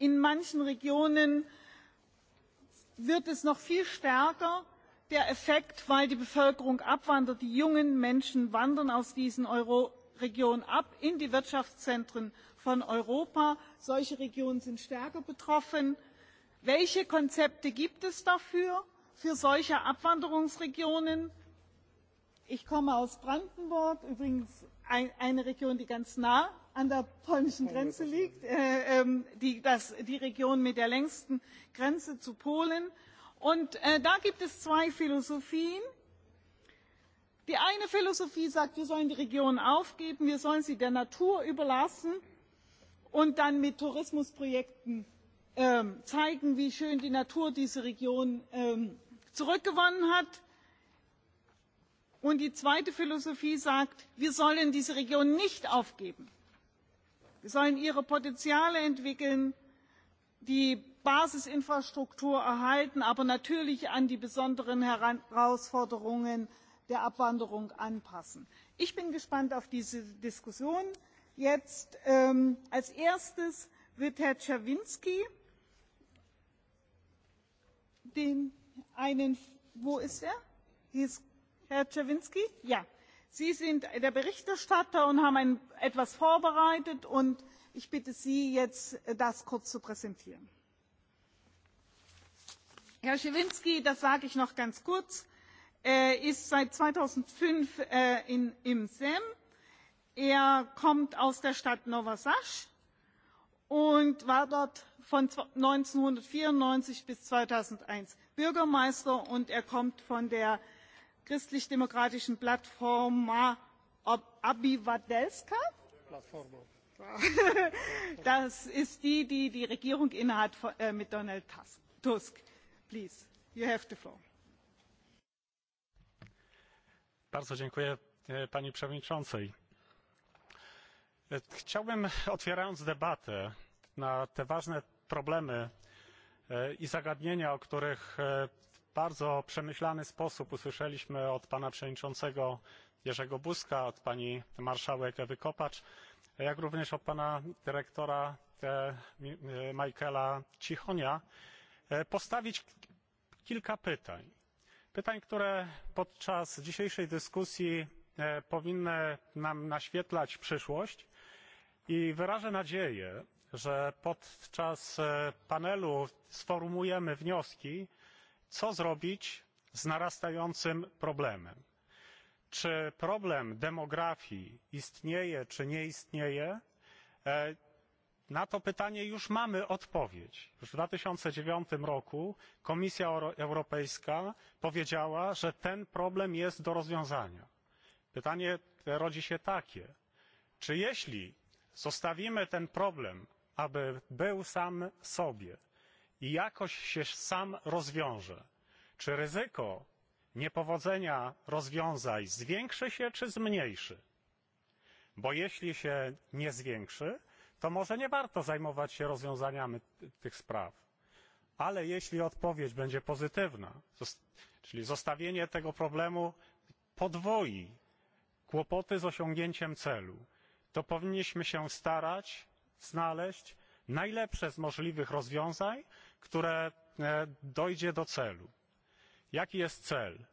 S5: in manchen Regionen wird es noch viel stärker der Effekt, weil die Bevölkerung abwandert, die jungen Menschen wandern aus diesen Euro Regionen ab in die Wirtschaftszentren von Europa. Solche Regionen sind stärker betroffen Welche Konzepte gibt es dafür, für solche Abwanderungsregionen? Ich komme aus Brandenburg, übrigens ein, eine Region, die ganz nah an der polnischen Grenze liegt, äh, ähm, die, das, die Region mit der längsten Grenze zu Polen. Und äh, da gibt es zwei Philosophien. Die eine Philosophie sagt, wir sollen die Region aufgeben, wir sollen sie der Natur überlassen und dann mit Tourismusprojekten Ähm, zeigen, wie schön die Natur diese Region ähm, zurückgewonnen hat. Und die zweite Philosophie sagt, wir sollen diese Region nicht aufgeben. Wir sollen ihre Potenziale entwickeln, die Basisinfrastruktur erhalten, aber natürlich an die besonderen Herausforderungen der Abwanderung anpassen. Ich bin gespannt auf diese Diskussion. Jetzt ähm, als erstes wird Herr Czerwinski den einen, wo ist er? Hier ist Herr Czerwinski? Ja. Sie sind der Berichterstatter und haben ein, etwas vorbereitet und ich bitte Sie jetzt, das kurz zu präsentieren. Herr Czerwinski, das sage ich noch ganz kurz, äh, ist seit 2005 äh, in, im SEM. Er kommt aus der Stadt Novosasch und war dort von 1994 bis 2001 Bürgermeister und er kommt von der christlich-demokratischen Plattform Abivadelska. [LAUGHS] das ist die, die die Regierung innehat äh, mit Donald Tusk. Please, you have the floor.
S2: Bardzo dziękuję e, Pani Przewodniczącej. E, chciałbym, otwierając debatę na te ważne problemy e, i zagadnienia, o których e, w bardzo przemyślany sposób usłyszeliśmy od pana przewodniczącego Jerzego Buzka, od pani marszałek Ewy Kopacz, jak również od pana dyrektora e, Michaela Cichonia, postawić kilka pytań. Pytań, które podczas dzisiejszej dyskusji powinny nam naświetlać przyszłość i wyrażę nadzieję, że podczas e, panelu sformułujemy wnioski co zrobić z narastającym problemem. Czy problem demografii istnieje czy nie istnieje? E, na to pytanie już mamy odpowiedź. Już w 2009 roku Komisja Europejska powiedziała, że ten problem jest do rozwiązania. Pytanie rodzi się takie. Czy jeśli zostawimy ten problem aby był sam sobie i jakoś się sam rozwiąże. Czy ryzyko niepowodzenia rozwiązań zwiększy się czy zmniejszy? Bo jeśli się nie zwiększy, to może nie warto zajmować się rozwiązaniami tych spraw. Ale jeśli odpowiedź będzie pozytywna, czyli zostawienie tego problemu podwoi kłopoty z osiągnięciem celu, to powinniśmy się starać znaleźć najlepsze z możliwych rozwiązań, które e, dojdzie do celu. Jaki jest cel?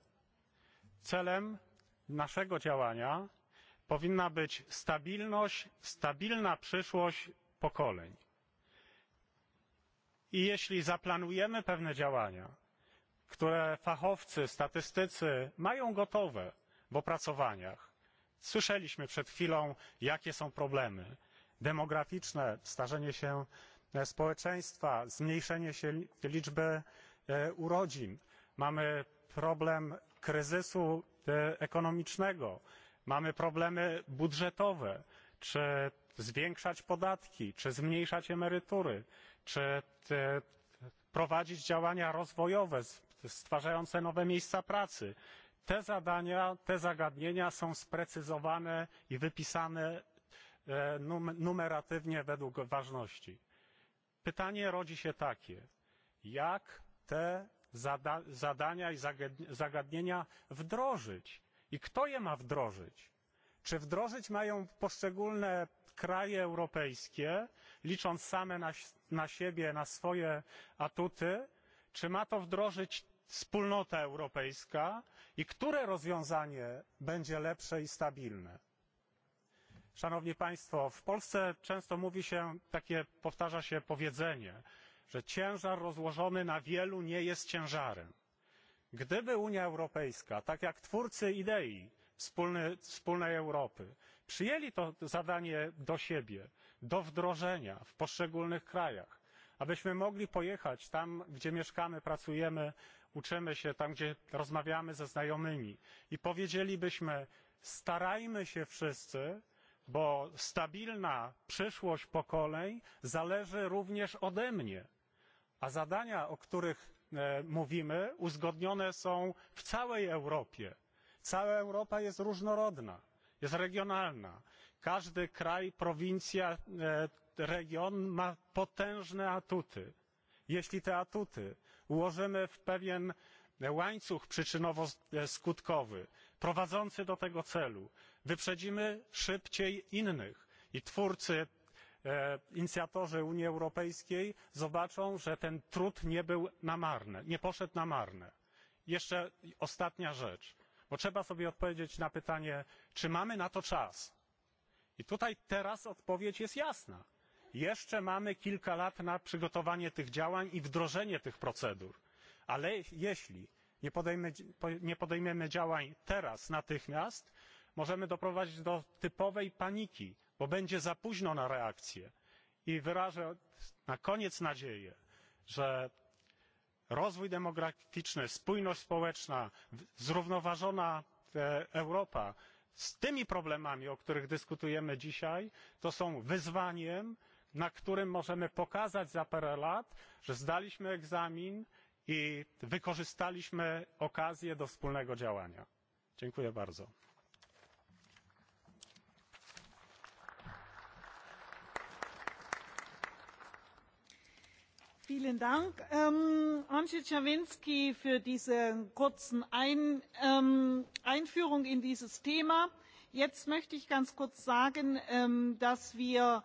S2: Celem naszego działania powinna być stabilność, stabilna przyszłość pokoleń. I jeśli zaplanujemy pewne działania, które fachowcy, statystycy mają gotowe w opracowaniach, słyszeliśmy przed chwilą, jakie są problemy, demograficzne, starzenie się e, społeczeństwa, zmniejszenie się liczby e, urodzin. Mamy problem kryzysu e, ekonomicznego, mamy problemy budżetowe, czy zwiększać podatki, czy zmniejszać emerytury, czy prowadzić działania rozwojowe stwarzające nowe miejsca pracy. Te zadania, te zagadnienia są sprecyzowane i wypisane E, numeratywnie według ważności. Pytanie rodzi się takie, jak te zada zadania i zagadnienia wdrożyć i kto je ma wdrożyć? Czy wdrożyć mają poszczególne kraje europejskie, licząc same na, na siebie, na swoje atuty, czy ma to wdrożyć wspólnota europejska i które rozwiązanie będzie lepsze i stabilne? Szanowni Państwo, w Polsce często mówi się, takie powtarza się powiedzenie, że ciężar rozłożony na wielu nie jest ciężarem. Gdyby Unia Europejska, tak jak twórcy idei wspólny, wspólnej Europy, przyjęli to zadanie do siebie, do wdrożenia w poszczególnych krajach, abyśmy mogli pojechać tam, gdzie mieszkamy, pracujemy, uczymy się, tam, gdzie rozmawiamy ze znajomymi i powiedzielibyśmy, starajmy się wszyscy, bo stabilna przyszłość pokoleń zależy również ode mnie. A zadania, o których e, mówimy, uzgodnione są w całej Europie. Cała Europa jest różnorodna, jest regionalna. Każdy kraj, prowincja, e, region ma potężne atuty. Jeśli te atuty ułożymy w pewien łańcuch przyczynowo-skutkowy e, prowadzący do tego celu, wyprzedzimy szybciej innych i twórcy e, inicjatorzy Unii Europejskiej zobaczą, że ten trud nie był na marne, nie poszedł na marne. Jeszcze ostatnia rzecz, bo trzeba sobie odpowiedzieć na pytanie, czy mamy na to czas. I tutaj teraz odpowiedź jest jasna. Jeszcze mamy kilka lat na przygotowanie tych działań i wdrożenie tych procedur. Ale jeśli nie podejmiemy, nie podejmiemy działań teraz, natychmiast, możemy doprowadzić do typowej paniki bo będzie za późno na reakcję i wyrażę na koniec nadzieję że rozwój demograficzny spójność społeczna zrównoważona e, europa z tymi problemami o których dyskutujemy dzisiaj to są wyzwaniem na którym możemy pokazać za parę lat że zdaliśmy egzamin i wykorzystaliśmy okazję do wspólnego działania. dziękuję bardzo.
S5: Vielen Dank, ähm, Antje Czawinski, für diese kurzen Ein, ähm, Einführung in dieses Thema. Jetzt möchte ich ganz kurz sagen, ähm, dass wir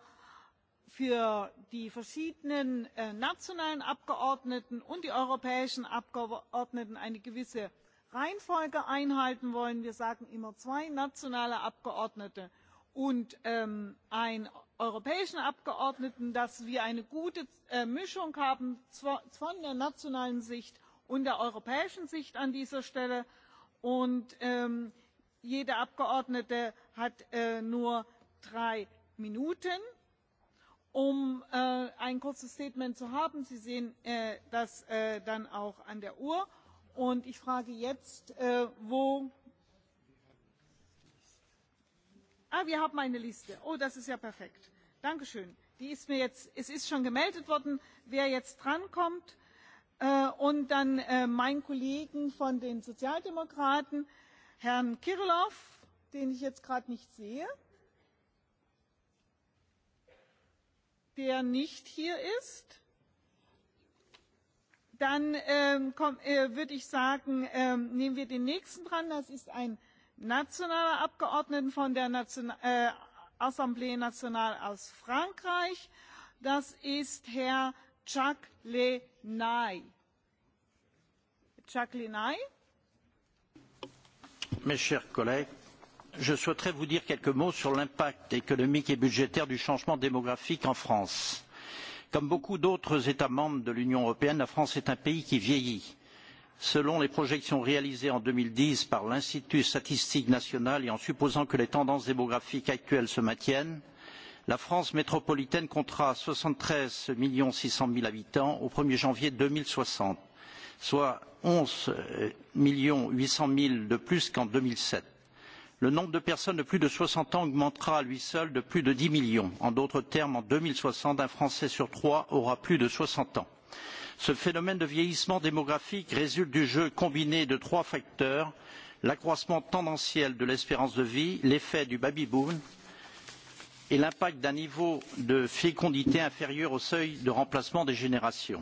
S5: für die verschiedenen äh, nationalen Abgeordneten und die europäischen Abgeordneten eine gewisse Reihenfolge einhalten wollen. Wir sagen immer zwei nationale Abgeordnete und ähm, ein europäischen Abgeordneten, dass wir eine gute äh, Mischung haben von der nationalen Sicht und der europäischen Sicht an dieser Stelle. Und ähm, jeder Abgeordnete hat äh, nur drei Minuten, um äh, ein kurzes Statement zu haben. Sie sehen äh, das äh, dann auch an der Uhr. Und ich frage jetzt, wo Ah, wir haben eine Liste. Oh, das ist ja perfekt. Dankeschön. Die ist mir jetzt, es ist schon gemeldet worden, wer jetzt drankommt. Äh, und dann äh, mein Kollegen von den Sozialdemokraten, Herrn Kirillov, den ich jetzt gerade nicht sehe, der nicht hier ist. Dann äh, komm, äh, würde ich sagen, äh, nehmen wir den nächsten dran. Das ist ein nationaler Abgeordneten von der Nation, äh, Assemblée Nationale aus Frankreich. Das ist Herr Jacques Lenay. Jacques Lenay.
S6: Mes chers collègues, je souhaiterais vous dire quelques mots sur l'impact économique et budgétaire du changement démographique en France. Comme beaucoup d'autres États membres de l'Union européenne, la France est un pays qui vieillit Selon les projections réalisées en deux mille dix par l'Institut statistique national et en supposant que les tendances démographiques actuelles se maintiennent, la France métropolitaine comptera soixante treize six cent 000 habitants au 1er janvier deux mille soixante, soit onze euh, huit cent 000 de plus qu'en deux mille sept. Le nombre de personnes de plus de soixante ans augmentera à lui seul de plus de dix millions. En d'autres termes, en deux mille soixante, un Français sur trois aura plus de soixante ans. Ce phénomène de vieillissement démographique résulte du jeu combiné de trois facteurs l'accroissement tendanciel de l'espérance de vie, l'effet du baby boom et l'impact d'un niveau de fécondité inférieur au seuil de remplacement des générations.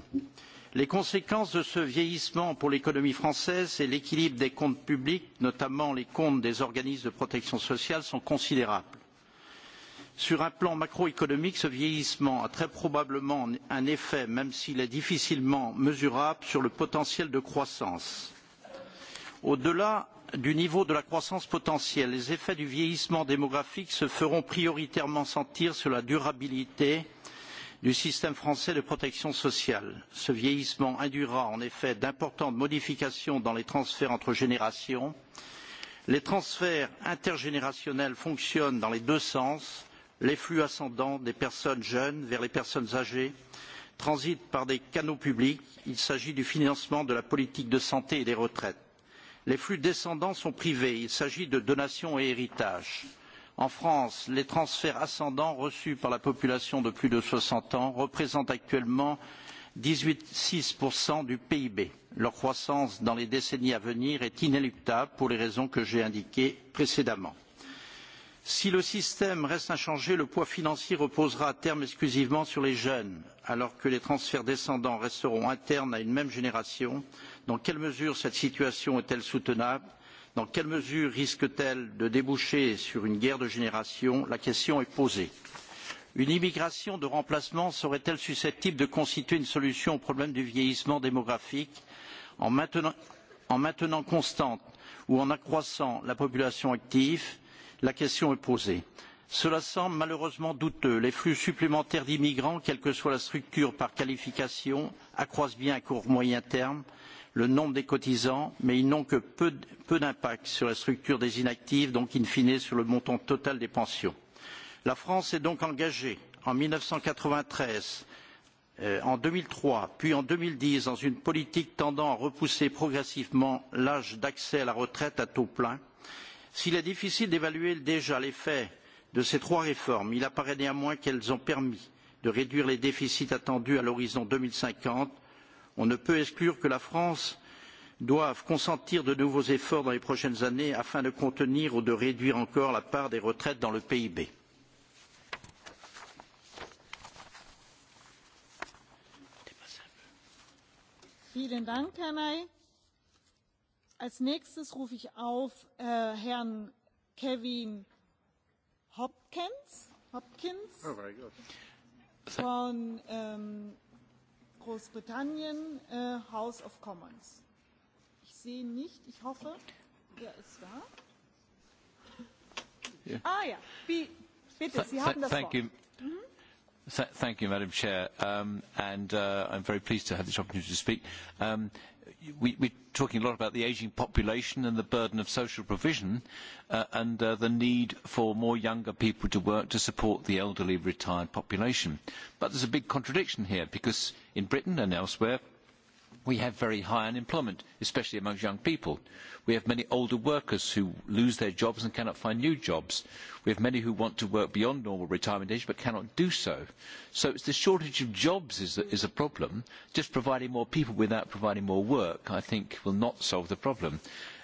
S6: Les conséquences de ce vieillissement pour l'économie française et l'équilibre des comptes publics, notamment les comptes des organismes de protection sociale, sont considérables. Sur un plan macroéconomique, ce vieillissement a très probablement un effet, même s'il est difficilement mesurable, sur le potentiel de croissance. Au-delà du niveau de la croissance potentielle, les effets du vieillissement démographique se feront prioritairement sentir sur la durabilité du système français de protection sociale. Ce vieillissement induira en effet d'importantes modifications dans les transferts entre générations. Les transferts intergénérationnels fonctionnent dans les deux sens Les flux ascendants des personnes jeunes vers les personnes âgées transitent par des canaux publics. Il s'agit du financement de la politique de santé et des retraites. Les flux descendants sont privés. Il s'agit de donations et héritages. En France, les transferts ascendants reçus par la population de plus de soixante ans représentent actuellement dix huit six du PIB. Leur croissance dans les décennies à venir est inéluctable pour les raisons que j'ai indiquées précédemment. Si le système reste inchangé, le poids financier reposera à terme exclusivement sur les jeunes, alors que les transferts descendants resteront internes à une même génération. Dans quelle mesure cette situation est-elle soutenable Dans quelle mesure risque-t-elle de déboucher sur une guerre de génération La question est posée. Une immigration de remplacement serait-elle susceptible de constituer une solution au problème du vieillissement démographique en maintenant, en maintenant constante ou en accroissant la population active la question est posée. Cela semble malheureusement douteux. Les flux supplémentaires d'immigrants, quelle que soit la structure par qualification, accroissent bien à court et moyen terme le nombre des cotisants, mais ils n'ont que peu, peu d'impact sur la structure des inactifs, donc in fine sur le montant total des pensions. La France s'est donc engagée en mille neuf cent quatre-vingt-treize, euh, en deux mille trois, puis en deux mille dix, dans une politique tendant à repousser progressivement l'âge d'accès à la retraite à taux plein S'il est difficile d'évaluer déjà l'effet de ces trois réformes, il apparaît néanmoins qu'elles ont permis de réduire les déficits attendus à l'horizon deux mille cinquante. On ne peut exclure que la France doive consentir de nouveaux efforts dans les prochaines années afin de contenir ou de réduire encore la part des retraites dans le PIB.
S5: Vielen Dank, Herr May. Als nächstes rufe ich auf äh, Herrn Kevin Hopkins, Hopkins oh, very good. von ähm, Großbritannien, äh, House of Commons. Ich sehe ihn nicht, ich hoffe, er ist da. Yeah. Ah ja, Wie, bitte, Sie haben das Wort. Mhm.
S7: Thank you, Madam Chair, um, and uh, I'm very pleased to have this opportunity to speak. Um, we, we're talking a lot about the ageing population and the burden of social provision uh, and uh, the need for more younger people to work to support the elderly retired population. But there's a big contradiction here because in Britain and elsewhere, We have very high unemployment, especially amongst young people. We have many older workers who lose their jobs and cannot find new jobs. We have many who want to work beyond normal retirement age but cannot do so. So it's the shortage of jobs is, is a problem. Just providing more people without providing more work, I think, will not solve the problem.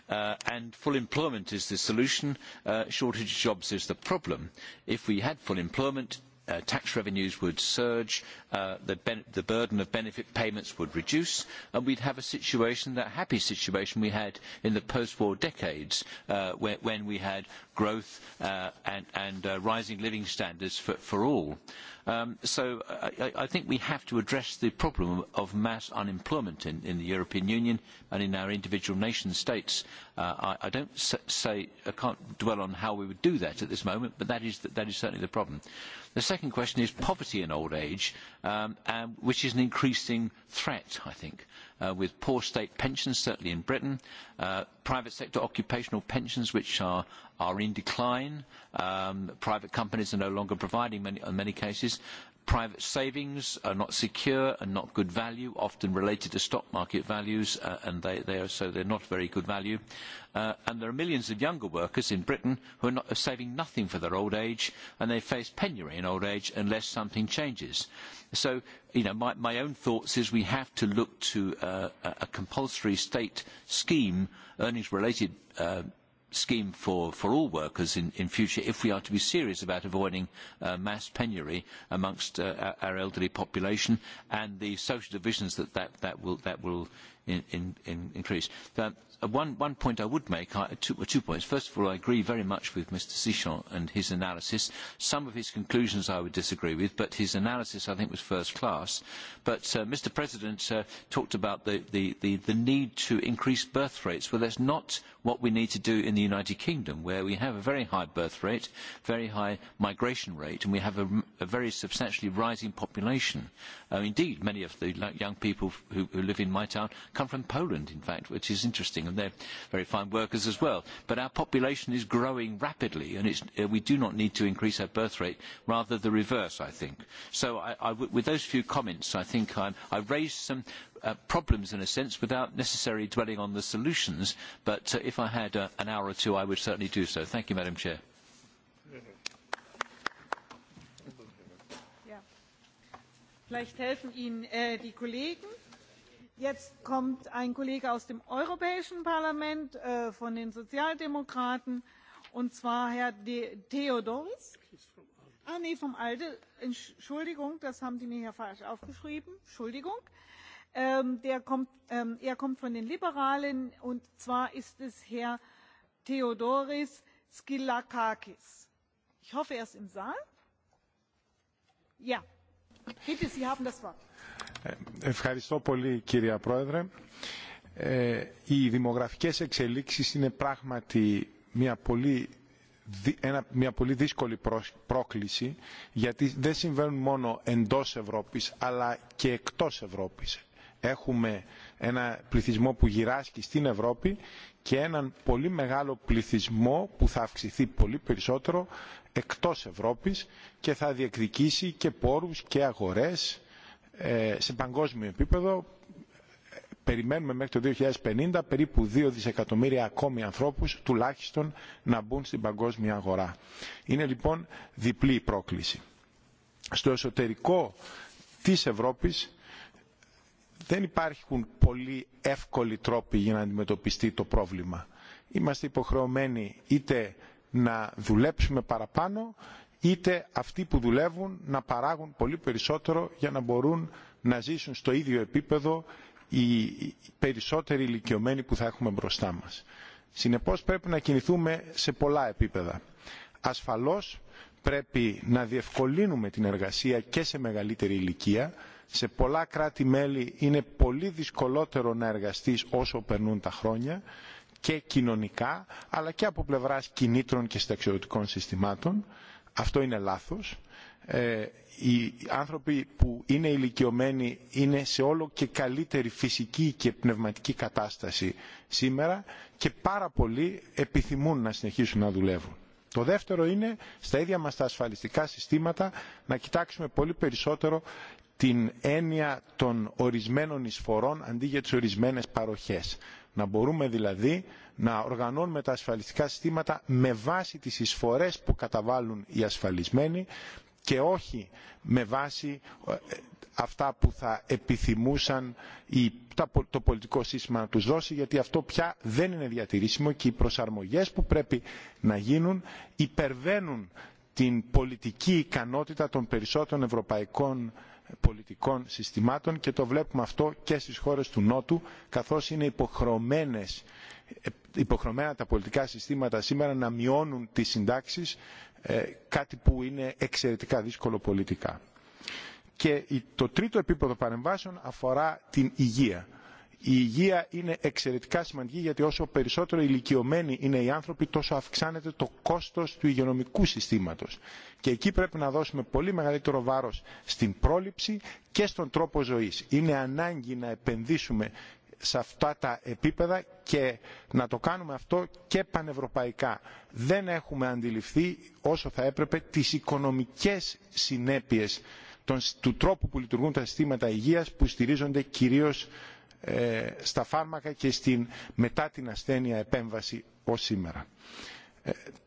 S7: Uh, and full employment is the solution. Uh, shortage of jobs is the problem. If we had full employment, uh, tax revenues would surge, uh, the, the, burden of benefit payments would reduce, and we'd have a situation, that happy situation we had in the post-war decades, uh, where, when we had growth uh, and, and uh, rising living standards for, for all. Um, so I, I, think we have to address the problem of mass unemployment in, in the European Union and in our individual nation states. Uh, I, I don't say, I can't dwell on how we would do that at this moment, but that is, that is certainly the problem. The second question is poverty in old age, um, um, which is an increasing threat, I think, uh, with poor state pensions, certainly in Britain, uh, private sector occupational pensions, which are, are in decline. Um, private companies are no longer providing many, in uh, many cases private savings are not secure and not good value, often related to stock market values, uh, and they, they are, so they're not very good value. Uh, and there are millions of younger workers in Britain who are, not, are saving nothing for their old age, and they face penury in old age unless something changes. So, you know, my, my own thoughts is we have to look to uh, a compulsory state scheme, earnings-related uh, scheme for, for all workers in, in future if we are to be serious about avoiding uh, mass penury amongst uh, our elderly population and the social divisions that that, that, will, that will in, in, in increase. Uh, one, point I would make, two, points. First of all, I agree very much with Mr. Sichon and his analysis. Some of his conclusions I would disagree with, but his analysis I think was first class. But uh, Mr. President uh, talked about the, the, the, the need to increase birth rates. Well, that's not what we need to do in the United Kingdom, where we have a very high birth rate, very high migration rate, and we have a, a very substantially rising population. indeed, many of the young people who, who live in my town come from Poland, in fact, which is interesting, and they're very fine workers as well. But our population is growing rapidly, and it's, uh, we do not need to increase our birth rate, rather the reverse, I think. So I, I, with those few comments, I think I'm, I raised some uh, problems, in a sense, without necessarily dwelling on the solutions, but uh, if I had uh, an hour or two, I would certainly do so. Thank you, Madam Chair.
S5: Vielleicht helfen Ihnen äh, die Kollegen. Jetzt kommt ein Kollege aus dem Europäischen Parlament äh, von den Sozialdemokraten, und zwar Herr De Theodoris. Ah, nee, vom ALDE. Entschuldigung, das haben die mir hier falsch aufgeschrieben. Entschuldigung. Ähm, der kommt, ähm, er kommt von den Liberalen und zwar ist es Herr Theodoris Skilakakis. Ich hoffe, er ist im Saal. Ja, bitte, Sie haben das Wort.
S8: Ευχαριστώ πολύ κυρία Πρόεδρε. Ε, οι δημογραφικές εξελίξεις είναι πράγματι μια πολύ ένα, μια πολύ δύσκολη πρόκληση γιατί δεν συμβαίνουν μόνο εντός Ευρώπης αλλά και εκτός Ευρώπης. Έχουμε ένα πληθυσμό που γυράσκει στην Ευρώπη και έναν πολύ μεγάλο πληθυσμό που θα αυξηθεί πολύ περισσότερο εκτός Ευρώπης και θα διεκδικήσει και πόρους και αγορές σε παγκόσμιο επίπεδο περιμένουμε μέχρι το 2050 περίπου 2 δισεκατομμύρια ακόμη ανθρώπους τουλάχιστον να μπουν στην παγκόσμια αγορά. Είναι λοιπόν διπλή η πρόκληση. Στο εσωτερικό της Ευρώπης δεν υπάρχουν πολύ εύκολοι τρόποι για να αντιμετωπιστεί το πρόβλημα. Είμαστε υποχρεωμένοι είτε να δουλέψουμε παραπάνω είτε αυτοί που δουλεύουν να παράγουν πολύ περισσότερο για να μπορούν να ζήσουν στο ίδιο επίπεδο οι περισσότεροι ηλικιωμένοι που θα έχουμε μπροστά μας. Συνεπώς πρέπει να κινηθούμε σε πολλά επίπεδα. Ασφαλώς πρέπει να διευκολύνουμε την εργασία και σε μεγαλύτερη ηλικία. Σε πολλά κράτη-μέλη είναι πολύ δυσκολότερο να εργαστείς όσο περνούν τα χρόνια και κοινωνικά αλλά και από πλευράς κινήτρων και συνταξιδοτικών συστημάτων. Αυτό είναι λάθος. Ε, οι άνθρωποι που είναι ηλικιωμένοι είναι σε όλο και καλύτερη φυσική και πνευματική κατάσταση σήμερα και πάρα πολλοί επιθυμούν να συνεχίσουν να δουλεύουν. Το δεύτερο είναι στα ίδια μας τα ασφαλιστικά συστήματα να κοιτάξουμε πολύ περισσότερο την έννοια των ορισμένων εισφορών αντί για τις ορισμένες παροχές. Να μπορούμε δηλαδή να οργανώνουμε τα ασφαλιστικά συστήματα με βάση τις εισφορές που καταβάλουν οι ασφαλισμένοι και όχι με βάση αυτά που θα επιθυμούσαν το πολιτικό σύστημα να τους δώσει γιατί αυτό πια δεν είναι διατηρήσιμο και οι προσαρμογές που πρέπει να γίνουν υπερβαίνουν την πολιτική ικανότητα των περισσότερων ευρωπαϊκών πολιτικών συστημάτων και το βλέπουμε αυτό και στις χώρες του Νότου καθώς είναι υποχρεωμένες υποχρεωμένα τα πολιτικά συστήματα σήμερα να μειώνουν τις συντάξεις κάτι που είναι εξαιρετικά δύσκολο πολιτικά. Και το τρίτο επίπεδο παρεμβάσεων αφορά την υγεία υγεία είναι εξαιρετικά σημαντική γιατί όσο περισσότερο ηλικιωμένοι είναι οι άνθρωποι τόσο αυξάνεται το κόστος του υγειονομικού συστήματος. Και εκεί πρέπει να δώσουμε πολύ μεγαλύτερο βάρος στην πρόληψη και στον τρόπο ζωής. Είναι ανάγκη να επενδύσουμε σε αυτά τα επίπεδα και να το κάνουμε αυτό και πανευρωπαϊκά. Δεν έχουμε αντιληφθεί όσο θα έπρεπε τις οικονομικές συνέπειες του τρόπου που λειτουργούν τα συστήματα υγείας που στηρίζονται κυρίως στα φάρμακα και στην μετά την ασθένεια επέμβαση ως σήμερα.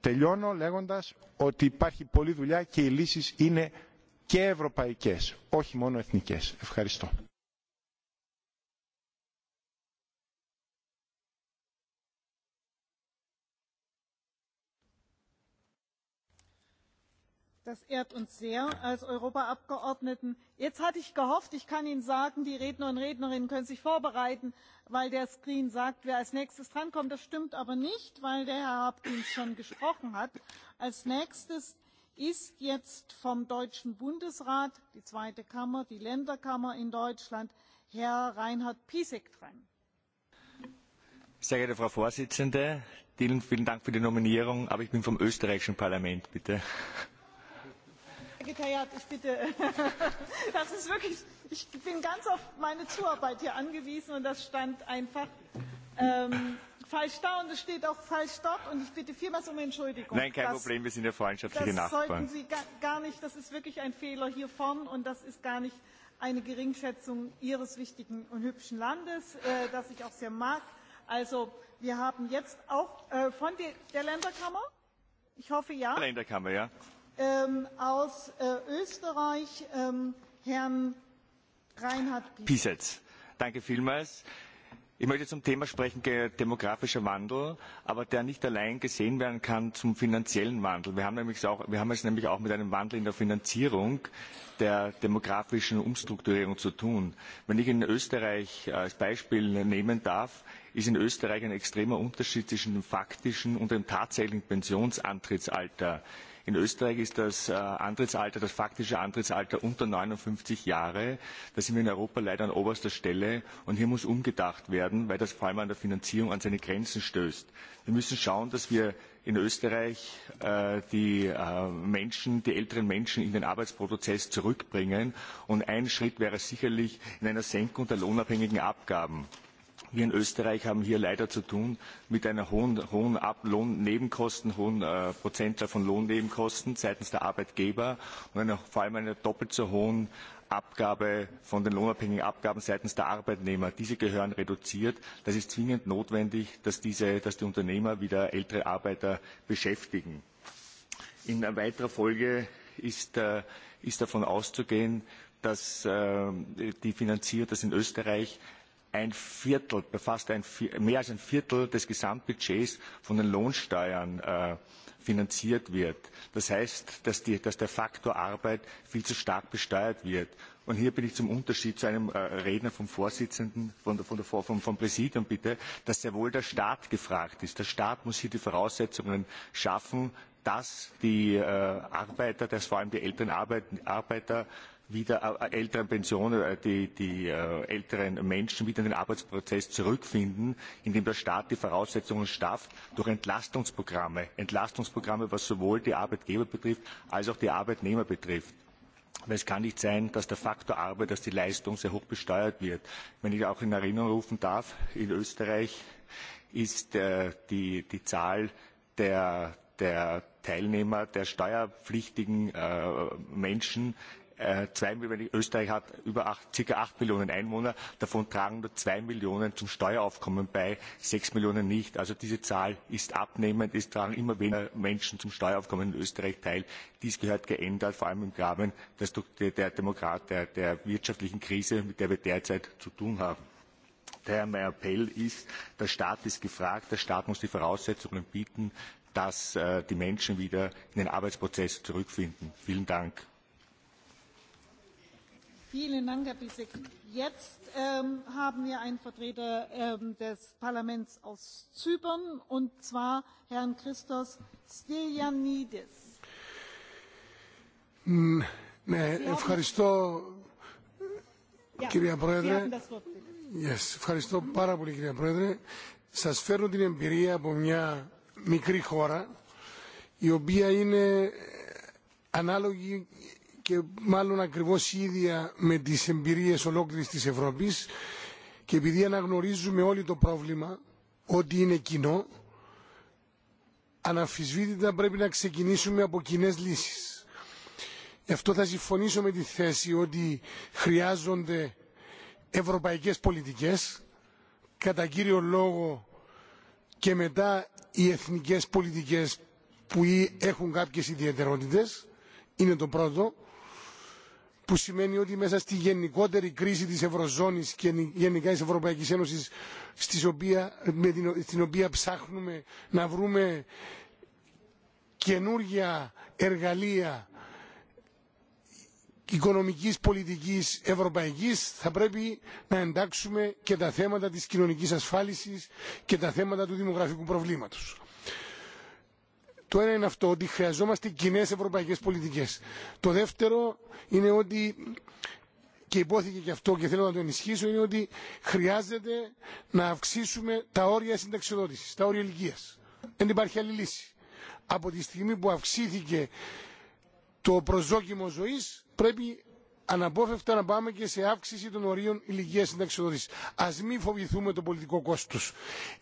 S8: Τελειώνω λέγοντας ότι υπάρχει πολλή δουλειά και οι λύσεις είναι και ευρωπαϊκές, όχι μόνο εθνικές. Ευχαριστώ.
S5: Das ehrt uns sehr als Europaabgeordneten. Jetzt hatte ich gehofft, ich kann Ihnen sagen, die Redner und Rednerinnen können sich vorbereiten, weil der Screen sagt, wer als nächstes drankommt. Das stimmt aber nicht, weil der Herr Habkins schon gesprochen hat. Als nächstes ist jetzt vom Deutschen Bundesrat, die zweite Kammer, die Länderkammer in Deutschland, Herr Reinhard Piesek dran.
S9: Sehr geehrte Frau Vorsitzende, vielen Dank für die Nominierung, aber ich bin vom österreichischen Parlament, bitte.
S5: Sekretariat, ich bitte, [LAUGHS] das ist wirklich, ich bin ganz auf meine Zuarbeit hier angewiesen und das stand einfach ähm, falsch da und es steht auch falsch dort und ich bitte vielmals um Entschuldigung. Nein, kein das, Problem,
S9: wir sind ja freundschaftliche das Nachbarn. Das sollten
S5: Sie gar, gar nicht, das ist wirklich ein Fehler hier vorn und das ist gar nicht eine Geringschätzung Ihres wichtigen und hübschen Landes, äh, das ich auch sehr mag. Also wir haben jetzt auch äh, von der, der Länderkammer, ich hoffe ja.
S9: Länderkammer, ja.
S5: Ähm, aus äh, Österreich, ähm, Herrn Reinhard
S9: Pisetz. Danke vielmals. Ich möchte zum Thema sprechen, demografischer Wandel, aber der nicht allein gesehen werden kann zum finanziellen Wandel. Wir haben, nämlich auch, wir haben es nämlich auch mit einem Wandel in der Finanzierung der demografischen Umstrukturierung zu tun. Wenn ich in Österreich äh, als Beispiel nehmen darf, ist in Österreich ein extremer Unterschied zwischen dem faktischen und dem tatsächlichen Pensionsantrittsalter. In Österreich ist das äh, Antrittsalter, das faktische Antrittsalter unter 59 Jahre. Da sind wir in Europa leider an oberster Stelle und hier muss umgedacht werden, weil das vor allem an der Finanzierung an seine Grenzen stößt. Wir müssen schauen, dass wir in Österreich äh, die äh, Menschen, die älteren Menschen in den Arbeitsprozess zurückbringen. Und ein Schritt wäre sicherlich in einer Senkung der lohnabhängigen Abgaben. Wir in Österreich haben hier leider zu tun mit einer hohen, hohen Ab Lohnnebenkosten, hohen äh, Prozentzahl von Lohnnebenkosten seitens der Arbeitgeber und einer, vor allem einer doppelt so hohen Abgabe von den lohnabhängigen Abgaben seitens der Arbeitnehmer. Diese gehören reduziert. Das ist zwingend notwendig, dass, diese, dass die Unternehmer wieder ältere Arbeiter beschäftigen. In weiterer Folge ist, äh, ist davon auszugehen, dass äh, die finanziert, dass in Österreich ein Viertel, fast ein, mehr als ein Viertel des Gesamtbudgets von den Lohnsteuern äh, finanziert wird. Das heißt, dass, die, dass der Faktor Arbeit viel zu stark besteuert wird. Und hier bin ich zum Unterschied zu einem äh, Redner vom Vorsitzenden, von, von der, vom, vom Präsidium bitte, dass sehr wohl der Staat gefragt ist. Der Staat muss hier die Voraussetzungen schaffen, dass die äh, Arbeiter, dass vor allem die älteren Arbeit, Arbeiter wieder äh, äh, älteren Pensionen, äh, die, die älteren Menschen wieder in den Arbeitsprozess zurückfinden, indem der Staat die Voraussetzungen schafft durch Entlastungsprogramme. Entlastungsprogramme, was sowohl die Arbeitgeber betrifft als auch die Arbeitnehmer betrifft. Weil es kann nicht sein, dass der Faktor Arbeit, dass die Leistung sehr hoch besteuert wird. Wenn ich auch in Erinnerung rufen darf, in Österreich ist äh, die, die Zahl der, der Teilnehmer, der steuerpflichtigen äh, Menschen 2 äh, zwei Millionen, Österreich hat über 8, circa acht Millionen Einwohner, davon tragen nur zwei Millionen zum Steueraufkommen bei, sechs Millionen nicht. Also diese Zahl ist abnehmend, es tragen immer weniger Menschen zum Steueraufkommen in Österreich teil. Dies gehört geändert, vor allem im Rahmen der, der, der, Demokrat, der, der wirtschaftlichen Krise, mit der wir derzeit zu tun haben. Daher mein Appell ist, der Staat ist gefragt, der Staat muss die Voraussetzungen bieten, dass äh, die Menschen wieder in den Arbeitsprozess zurückfinden. Vielen Dank.
S5: Vielen Dank, Herr Bisek. Jetzt ähm, haben wir einen Vertreter ähm, des Parlaments aus Zypern, und zwar Herrn Christos Stylianidis.
S10: Ναι, ευχαριστώ
S11: κυρία Πρόεδρε.
S10: Yes, ευχαριστώ πάρα πολύ κυρία Πρόεδρε. Σας φέρνω την εμπειρία από μια μικρή χώρα η οποία είναι ανάλογη και μάλλον ακριβώς ίδια με τις εμπειρίες ολόκληρης της Ευρώπης και επειδή αναγνωρίζουμε όλοι το πρόβλημα ότι είναι κοινό αναμφισβήτητα πρέπει να ξεκινήσουμε από κοινέ λύσεις. Γι' αυτό θα συμφωνήσω με τη θέση ότι χρειάζονται ευρωπαϊκές πολιτικές κατά κύριο λόγο και μετά οι εθνικές πολιτικές που έχουν κάποιες ιδιαιτερότητες είναι το πρώτο που σημαίνει ότι μέσα στη γενικότερη κρίση της Ευρωζώνης και γενικά της Ευρωπαϊκής Ένωσης στις οποία, με την, στην οποία ψάχνουμε να βρούμε καινούργια εργαλεία οικονομικής πολιτικής ευρωπαϊκής θα πρέπει να εντάξουμε και τα θέματα της κοινωνικής ασφάλισης και τα θέματα του δημογραφικού προβλήματος. Το ένα είναι αυτό, ότι χρειαζόμαστε κοινέ ευρωπαϊκέ πολιτικέ. Το δεύτερο είναι ότι, και υπόθηκε και αυτό και θέλω να το ενισχύσω, είναι ότι χρειάζεται να αυξήσουμε τα όρια συνταξιοδότηση, τα όρια ηλικία. Δεν υπάρχει άλλη λύση. Από τη στιγμή που αυξήθηκε το προσδόκιμο ζωή, πρέπει αναπόφευκτα να πάμε και σε αύξηση των ορίων ηλικία συνταξιοδότηση. Α μην φοβηθούμε το πολιτικό κόστο.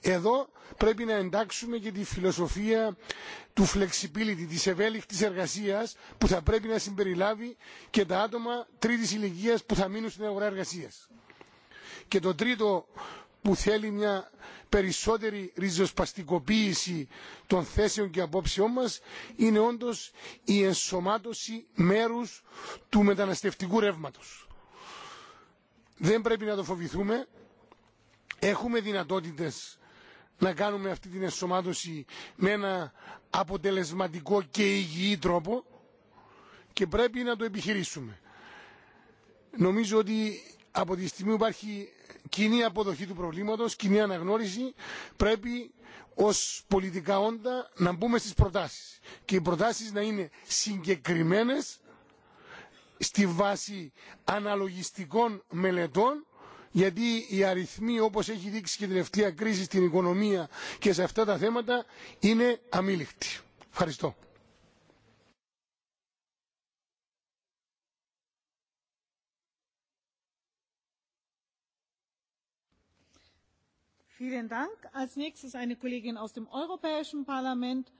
S10: Εδώ πρέπει να εντάξουμε και τη φιλοσοφία του flexibility, τη ευέλικτη εργασία που θα πρέπει να συμπεριλάβει και τα άτομα τρίτη ηλικία που θα μείνουν στην αγορά εργασία. Και το τρίτο που θέλει μια περισσότερη ριζοσπαστικοποίηση των θέσεων και απόψεών μας είναι όντως η ενσωμάτωση μέρους του μεταναστευτικού ρεύματος. Δεν πρέπει να το φοβηθούμε. Έχουμε δυνατότητες να κάνουμε αυτή την ενσωμάτωση με ένα αποτελεσματικό και υγιή τρόπο και πρέπει να το επιχειρήσουμε. Νομίζω ότι από τη στιγμή που υπάρχει κοινή αποδοχή του προβλήματος, κοινή αναγνώριση, πρέπει ως πολιτικά όντα να μπούμε στις προτάσεις. Και οι προτάσεις να είναι συγκεκριμένες στη βάση αναλογιστικών μελετών γιατί οι αριθμοί όπως έχει δείξει και η τελευταία κρίση στην οικονομία και σε αυτά τα θέματα είναι αμήλικτοι. Ευχαριστώ.
S5: Vielen Dank. Als nächstes eine Kollegin aus dem Europäischen Parlament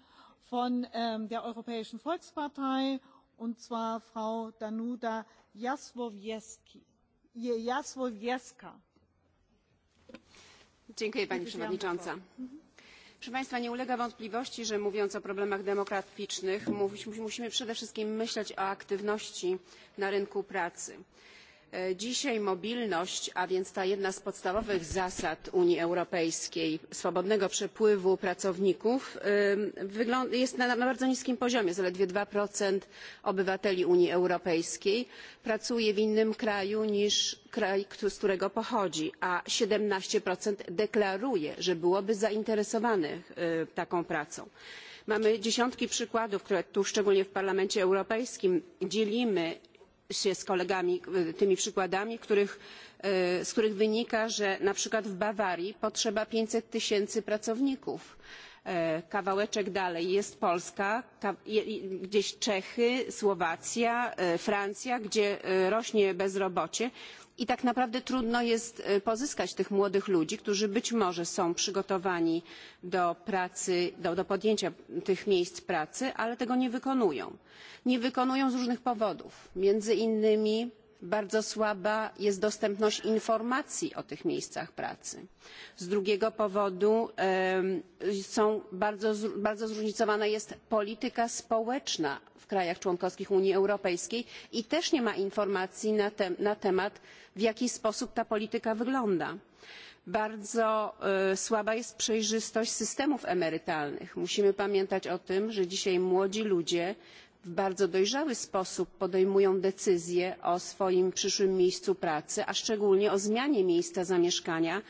S5: von ähm, der Europäischen Volkspartei, und zwar Frau Danuta Jasłowiecka. Dziękuję Pani Przewodnicząca. Mhm.
S12: Proszę Państwa, nie ulega wątpliwości, że mówiąc o problemach demokratycznych, musimy przede wszystkim myśleć o aktywności na rynku pracy. E, dzisiaj mobilność, a więc ta jedna z podstawowych zasad Unii Europejskiej, swobodnego przepływu pracowników, e, jest na bardzo niskim poziomie. Zaledwie 2% obywateli Unii Europejskiej pracuje w innym kraju niż kraj, z którego pochodzi, a 17% deklaruje, że byłoby zainteresowanych e, taką pracą. Mamy dziesiątki przykładów, które tu szczególnie w Parlamencie Europejskim dzielimy się z kolegami e, tymi przykładami, których, e, z których wynika, że na przykład w Bawarii potrzeba pięćset tysięcy pracowników. E, kawałeczek dalej jest Polska, gdzieś Czechy, Słowacja, Francja, gdzie rośnie bezrobocie. I tak naprawdę trudno jest e, pozyskać tych młodych ludzi, którzy być może są przygotowani do pracy, do, do podjęcia tych miejsc pracy, ale tego nie wykonują. Nie wykonują z różnych powodów. Między innymi Bardzo słaba jest dostępność informacji o tych miejscach pracy. Z drugiego powodu są bardzo, zróżnicowana jest polityka społeczna w krajach członkowskich Unii Europejskiej i też nie ma informacji na, temat, w jaki sposób ta polityka wygląda bardzo e, słaba jest przejrzystość systemów emerytalnych. Musimy pamiętać o tym, że dzisiaj młodzi ludzie w bardzo dojrzały sposób podejmują decyzje o swoim przyszłym miejscu pracy, a szczególnie o zmianie miejsca zamieszkania,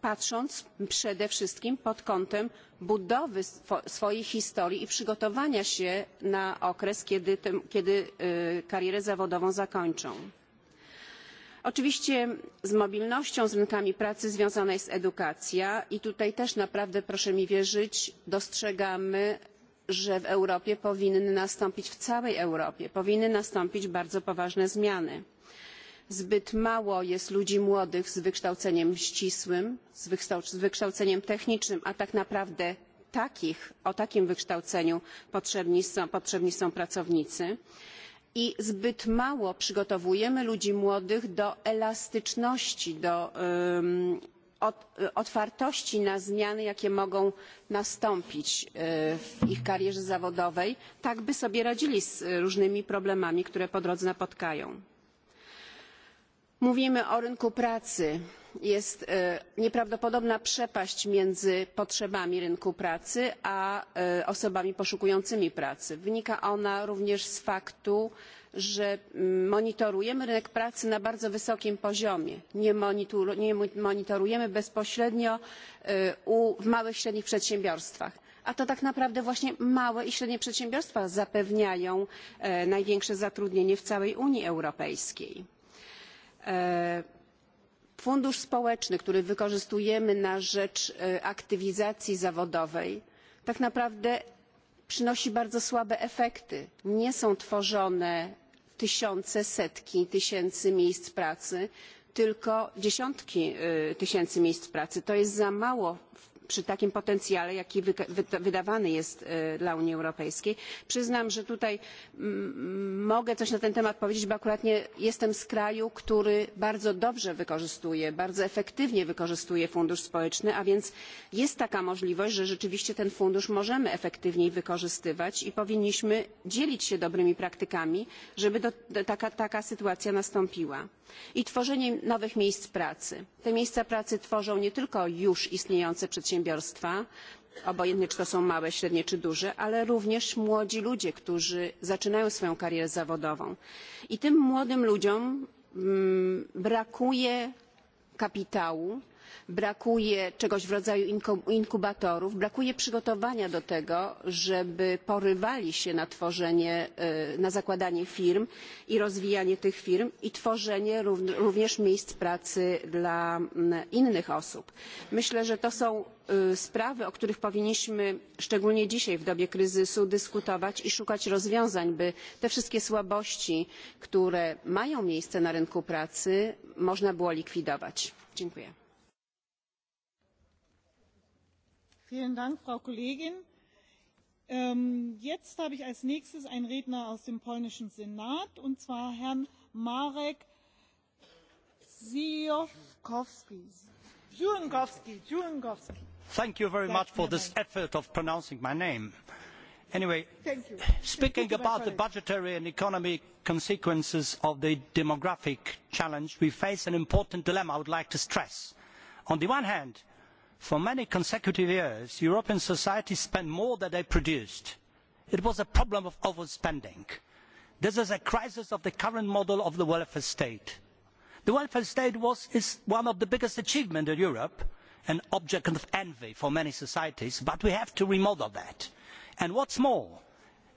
S12: patrząc przede wszystkim pod kątem budowy swojej historii i przygotowania się na okres, kiedy, karierę zawodową zakończą. Oczywiście z mobilnością, z rynkami pracy związana jest edukacja i tutaj też naprawdę, proszę mi wierzyć, dostrzegamy że w Europie powinny nastąpić w całej Europie, powinny nastąpić bardzo poważne zmiany. Zbyt mało jest ludzi młodych z wykształceniem ścisłym, z wykształceniem technicznym, a tak naprawdę takich, o takim wykształceniu potrzebni są, potrzebni są pracownicy i zbyt mało przygotowujemy ludzi młodych do elastyczności, do otwartości na zmiany, jakie mogą nastąpić e, w ich karierze zawodowej, tak by sobie radzili z różnymi problemami, które po drodze napotkają. Mówimy o rynku pracy. Jest e, nieprawdopodobna przepaść między potrzebami rynku pracy a e, osobami poszukującymi pracy. Wynika ona również z faktu, że że monitorujemy rynek pracy na bardzo wysokim poziomie. Nie, monitorujemy bezpośrednio w małych i średnich przedsiębiorstwach. A to tak naprawdę właśnie małe i średnie przedsiębiorstwa zapewniają największe zatrudnienie w całej Unii Europejskiej. Fundusz społeczny, który wykorzystujemy na rzecz aktywizacji zawodowej, tak naprawdę przynosi bardzo słabe efekty. Nie są tworzone tysiące, setki tysięcy miejsc pracy, tylko dziesiątki tysięcy miejsc pracy. To jest za mało w przy takim potencjale, jaki wydawany jest e, dla Unii Europejskiej. Przyznam, że tutaj mm, mogę coś na ten temat powiedzieć, bo akurat nie jestem z kraju, który bardzo dobrze wykorzystuje, bardzo efektywnie wykorzystuje fundusz społeczny, a więc jest taka możliwość, że rzeczywiście ten fundusz możemy efektywniej wykorzystywać i powinniśmy dzielić się dobrymi praktykami, żeby do, taka, taka sytuacja nastąpiła i tworzenie nowych miejsc pracy. Te miejsca pracy tworzą nie tylko już istniejące przedsiębiorstwa, obojętnie czy to są małe, średnie czy duże, ale również młodzi ludzie, którzy zaczynają swoją karierę zawodową. I tym młodym ludziom mm, brakuje kapitału, brakuje czegoś w rodzaju inkubatorów, brakuje przygotowania do tego, żeby porywali się na tworzenie, na zakładanie firm i rozwijanie tych firm i tworzenie również miejsc pracy dla mm, innych osób. Myślę, że to są sprawy, o których powinniśmy szczególnie dzisiaj w dobie kryzysu dyskutować i szukać rozwiązań, by te wszystkie słabości, które mają miejsce na rynku pracy, można było likwidować. Dziękuję.
S5: Vielen Dank, Frau Kollegin. Ähm, jetzt habe ich als nächstes einen Redner aus dem polnischen Senat, und zwar Herrn Marek Ziowkowski. Ziowkowski, Ziowkowski.
S13: Thank you very much for this effort of pronouncing my name. Anyway,
S5: speaking about the
S13: budgetary and economic consequences of the demographic challenge, we face an important dilemma I would like to stress. On the one hand, For many consecutive years, European society spent more than they produced. It was a problem of overspending. This is a crisis of the current model of the welfare state. The welfare state was, is one of the biggest achievements in Europe, an object of envy for many societies, but we have to remodel that. And what's more,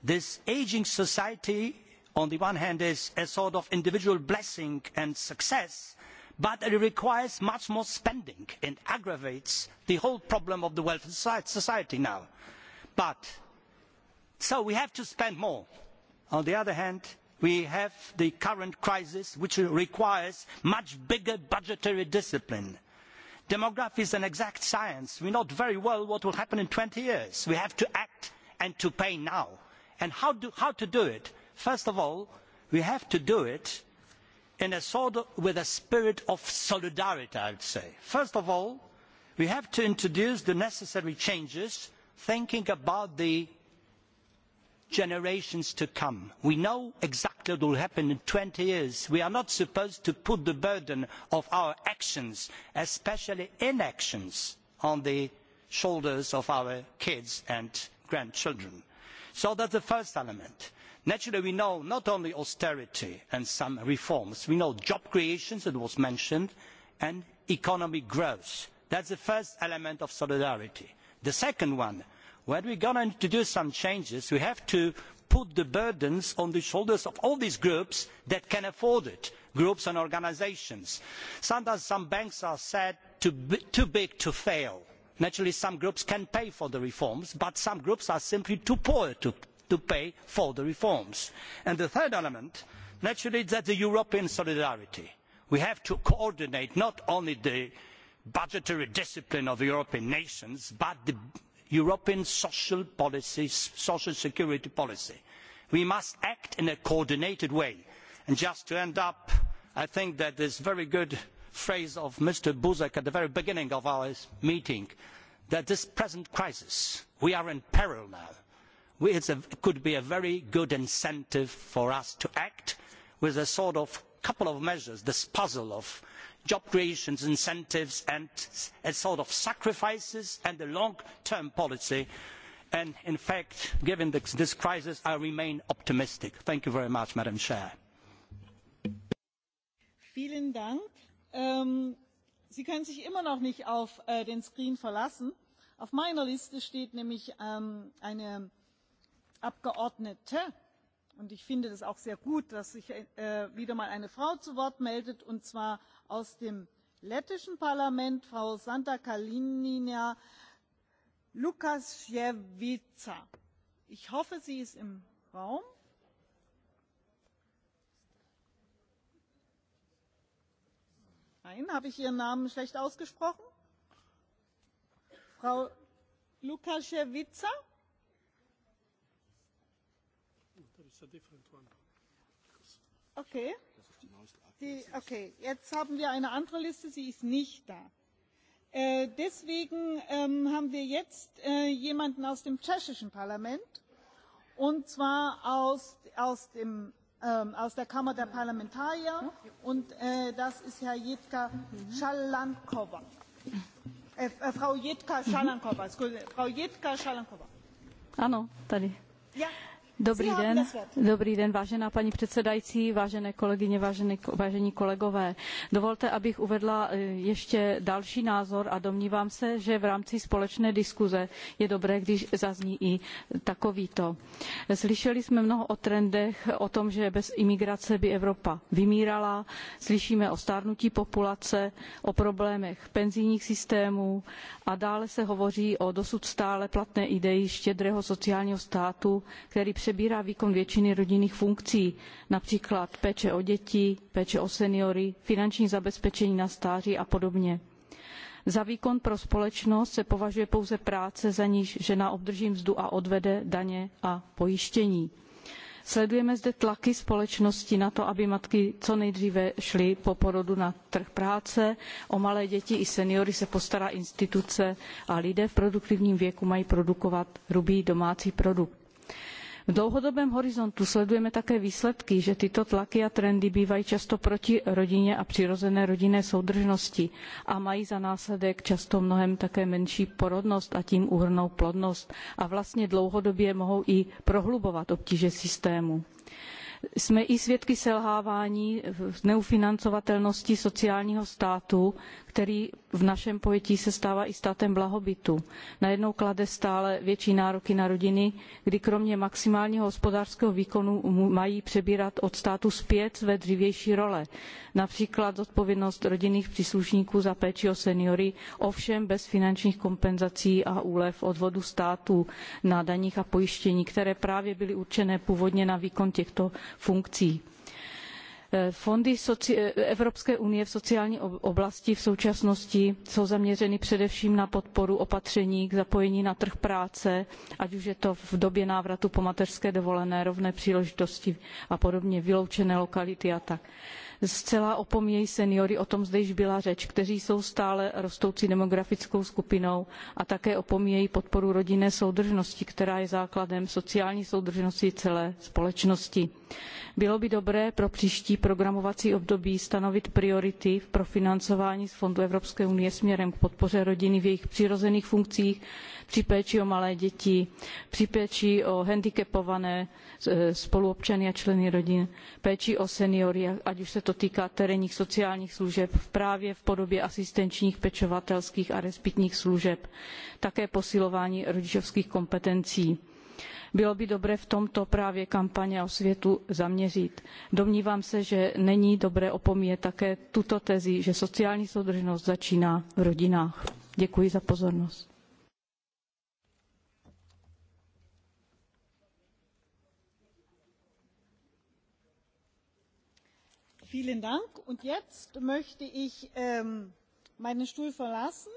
S13: this ageing society on the one hand is a sort of individual blessing and success, but it requires much more spending and aggravates the whole problem of the welfare society now. But, so we have to spend more. On the other hand, we have the current crisis which requires much bigger budgetary discipline. Demography is an exact science. We know very well what will happen in twenty years. We have to act and to pay now. And how, do, how to do it? First of all, we have to do it in a sort of, with a spirit of solidarity, I would say. First of all, we have to introduce the necessary changes thinking about the generations to come. We know exactly what will happen in twenty years. We are not supposed to put the burden of our actions, especially inactions, on the shoulders of our kids and grandchildren. So that is the first element. Naturally, we know not only austerity and some reforms, we know job creation, as was mentioned, and economic growth. That is the first element of solidarity. The second one, when we are going to introduce some changes, we have to put the burdens on the shoulders of all these groups that can afford it, groups and organisations. Sometimes some banks are said to be too big to fail. Naturally, some groups can pay for the reforms, but some groups are simply too poor to to pay for the reforms. And the third element, naturally, is the European solidarity. We have to coordinate not only the budgetary discipline of European nations, but the European social policy, social security policy. We must act in a coordinated way. And just to end up, I think that this very good phrase of Mr. Buzek at the very beginning of our meeting, that this present crisis, we are in peril now it could be a very good incentive for us to act with a sort of couple of measures, this puzzle of job creation incentives and a sort of sacrifices and a long-term policy. And in fact, given this, this, crisis, I remain optimistic. Thank you very much, Madam Chair.
S5: Vielen Dank. Ähm, Sie können sich immer noch nicht auf äh, den Screen verlassen. Auf meiner Liste steht nämlich ähm, eine Abgeordnete. Und ich finde es auch sehr gut, dass sich äh, wieder mal eine Frau zu Wort meldet, und zwar aus dem lettischen Parlament, Frau Santa Kalinina Lukasiewicza. Ich hoffe, sie ist im Raum. Nein, habe ich Ihren Namen schlecht ausgesprochen? Frau Lukaschewitza?
S14: a different one.
S5: Okay. Die, okay, jetzt haben wir eine andere Liste, sie ist nicht da. Äh, deswegen ähm, haben wir jetzt äh, jemanden aus dem tschechischen Parlament, und zwar aus, aus, dem, ähm, aus der Kammer der Parlamentarier, und äh, das ist Herr Jitka Schalankova. Äh, äh, Frau Jitka mhm. Schalankova, Frau Jitka Schalankova.
S15: Ah, no, tady. Ja,
S5: Dobrý den,
S15: dobrý den, vážená paní předsedající, vážené kolegyně, vážené, vážení kolegové. Dovolte, abych uvedla eh, ještě další názor a domnívám se, že v rámci společné diskuze je dobré, když zazní i takovýto. Slyšeli jsme mnoho o trendech, o tom, že bez imigrace by Evropa vymírala, slyšíme o stárnutí populace, o problémech penzijních systémů a dále se hovoří o dosud stále platné ideji štědrého sociálního státu, který při přebírá výkon většiny rodinných funkcí, například péče o děti, péče o seniory, finanční zabezpečení na stáří a podobně. Za výkon pro společnost se považuje pouze práce, za níž žena obdrží mzdu a odvede daně a pojištění. Sledujeme zde tlaky společnosti na to, aby matky co nejdříve šly po porodu na trh práce. O malé děti i seniory se postará instituce a lidé v produktivním věku mají produkovat hrubý domácí produkt. V dlouhodobém horizontu sledujeme také výsledky, že tyto tlaky a trendy bývají často proti rodině a přirozené rodinné soudržnosti a mají za následek často mnohem také menší porodnost a tím úhrnou plodnost a vlastně dlouhodobě mohou i prohlubovat obtíže systému. Jsme i svědky selhávání v neufinancovatelnosti sociálního státu, který v našem pojetí se stává i státem blahobytu. Najednou klade stále větší nároky na rodiny, kdy kromě maximálního hospodářského výkonu mají přebírat od státu zpět své dřívější role, například odpovědnost rodinných příslušníků za péči o seniory, ovšem bez finančních kompenzací a úlev odvodu státu na daních a pojištění, které právě byly určené původně na výkon těchto funkcí. Eh, fondy eh, Evropské unie v sociální oblasti v současnosti jsou zaměřeny především na podporu opatření k zapojení na trh práce, ať už je to v době návratu po mateřské dovolené, rovné příležitosti a podobně, vyloučené lokality a tak. Zcela opomíjejí seniory, o tom zde již byla řeč, kteří jsou stále rostoucí demografickou skupinou a také opomíjejí podporu rodinné soudržnosti, která je základem sociální soudržnosti celé společnosti. Bylo by dobré pro příští programovací období stanovit priority pro financování z Fondu Evropské unie směrem k podpoře rodiny v jejich přirozených funkcích, při péči o malé děti, při péči o handicapované e, spoluobčany a členy rodin, péči o seniory, ať už se to týká terénních sociálních služeb, právě v podobě asistenčních, pečovatelských a respitních služeb, také posilování rodičovských kompetencí. Bylo by dobré v tomto právě kampaně o světu zaměřit. Domnívám se, že není dobré opomíjet také tuto tezi, že sociální soudržnost začíná v rodinách. Děkuji za pozornost.
S5: Vielen Dank. Und jetzt möchte ich ähm, meinen Stuhl verlassen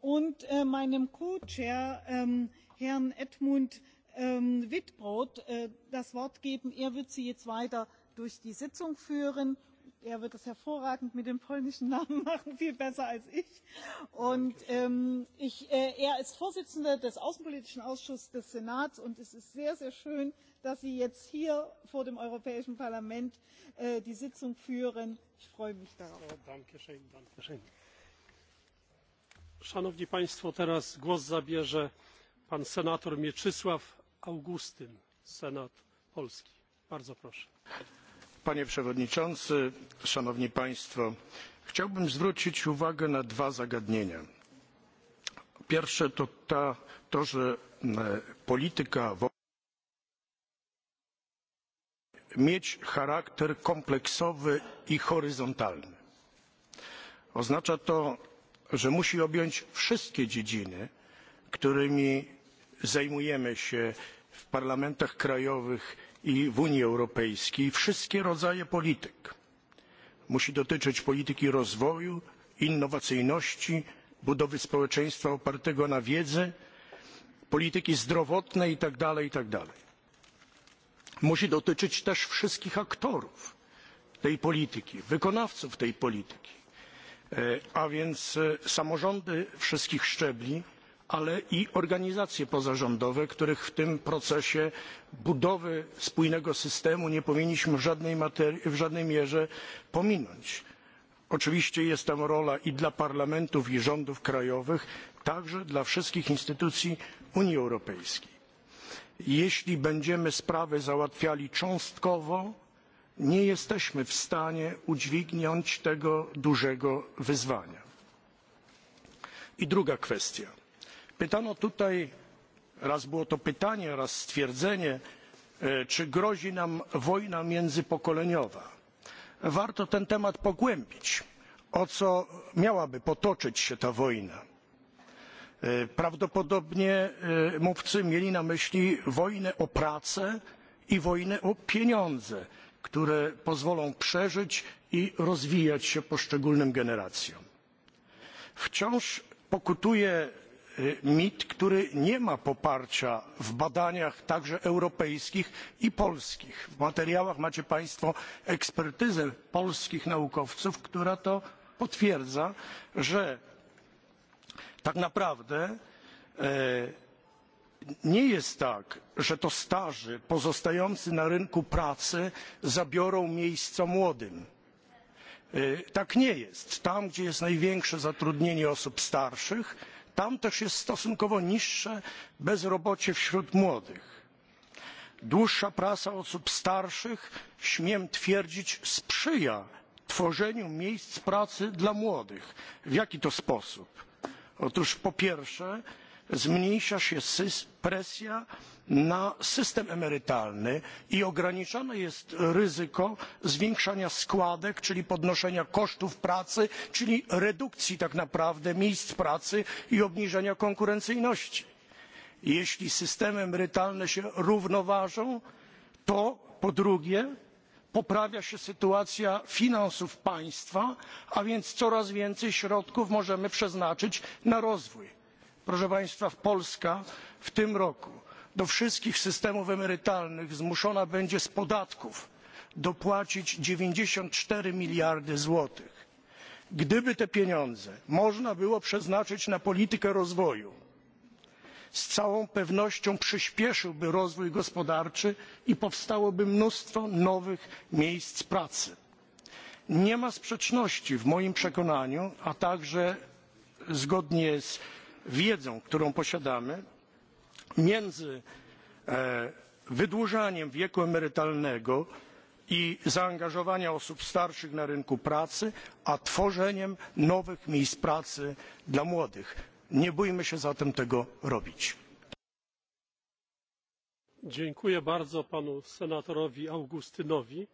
S5: und äh, meinem Co-Chair, ähm, Herrn Edmund ähm, Wittbrot äh, das Wort geben. Er wird Sie jetzt weiter durch die Sitzung führen. Er wird das hervorragend mit dem polnischen Namen [LAUGHS] machen, viel besser als ich. Und ähm, ich, äh, er ist Vorsitzender des Außenpolitischen Ausschusses des Senats und es ist sehr, sehr schön, dass Sie jetzt hier vor dem Europäischen Parlament äh, die Sitzung führen. Ich freue mich darauf. So, danke schön, danke
S14: schön. Szanowni Państwo, teraz głos zabierze pan senator Mieczysław Augustyn, Senat Polski. Bardzo proszę.
S16: Panie Przewodniczący, Szanowni Państwo, chciałbym zwrócić uwagę na dwa zagadnienia. Pierwsze to ta, to, że polityka mieć charakter kompleksowy i horyzontalny. Oznacza to, że musi objąć wszystkie dziedziny, którymi zajmujemy się w parlamentach krajowych i w Unii Europejskiej wszystkie rodzaje polityk. Musi dotyczyć polityki rozwoju, innowacyjności, budowy społeczeństwa opartego na wiedzy, polityki zdrowotnej itd. itd. Musi dotyczyć też wszystkich aktorów tej polityki, wykonawców tej polityki, e, a więc e, samorządy wszystkich szczebli, ale i organizacje pozarządowe, których w tym procesie budowy spójnego systemu nie powinniśmy w żadnej, mierze pominąć. Oczywiście jest tam rola i dla parlamentów, i rządów krajowych, także dla wszystkich instytucji Unii Europejskiej. Jeśli będziemy sprawy załatwiali cząstkowo, nie jesteśmy w stanie udźwignąć tego dużego wyzwania. I druga kwestia Pytano tutaj, raz było to pytanie, raz stwierdzenie, e, czy grozi nam wojna międzypokoleniowa. Warto ten temat pogłębić. O co miałaby potoczyć się ta wojna? E, prawdopodobnie e, mówcy mieli na myśli wojnę o pracę i wojnę o pieniądze, które pozwolą przeżyć i rozwijać się poszczególnym generacjom. Wciąż pokutuje E, mit, który nie ma poparcia w badaniach także europejskich i polskich. W materiałach macie Państwo ekspertyzę polskich naukowców, która to potwierdza, że tak naprawdę e, nie jest tak, że to starzy pozostający na rynku pracy zabiorą miejsca młodym. E, tak nie jest. Tam, gdzie jest największe zatrudnienie osób starszych, Tam też jest stosunkowo niższe bezrobocie wśród młodych. Dłuższa praca osób starszych, śmiem twierdzić, sprzyja tworzeniu miejsc pracy dla młodych. W jaki to sposób? Otóż po pierwsze zmniejsza się presja na system emerytalny i ograniczone jest ryzyko zwiększania składek, czyli podnoszenia kosztów pracy, czyli redukcji tak naprawdę miejsc pracy i obniżenia konkurencyjności. Jeśli systemy emerytalne się równoważą, to po drugie poprawia się sytuacja finansów państwa, a więc coraz więcej środków możemy przeznaczyć na rozwój. Proszę Państwa, Polska w tym roku do wszystkich systemów emerytalnych zmuszona będzie z podatków dopłacić dziewięćdzisiąt cztery miliardy złotych. gdyby te pieniądze można było przeznaczyć na politykę rozwoju z całą pewnością przyspieszyłby rozwój gospodarczy i powstałoby mnóstwo nowych miejsc pracy. nie ma sprzeczności w moim przekonaniu a także zgodnie z wiedzą którą posiadamy między e, wydłużaniem wieku emerytalnego i zaangażowania osób starszych na rynku pracy a tworzeniem nowych miejsc pracy dla młodych. Nie bójmy się zatem tego robić.
S14: Dziękuję bardzo panu senatorowi Augustynowi.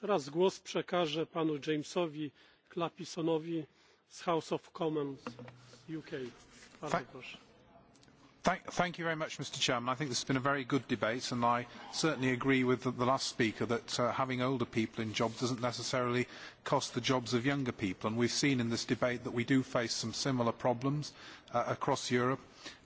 S14: Teraz głos przekażę panu Jamesowi Clapisonowi z House of Commons UK. Bardzo proszę.
S17: Thank, thank you very much, Mr. Chairman. I think this has been a very good debate, and I certainly agree with the, the last speaker that uh, having older people in jobs doesn't necessarily cost the jobs of younger people. And we've seen in this debate that we do face some similar problems uh, across Europe,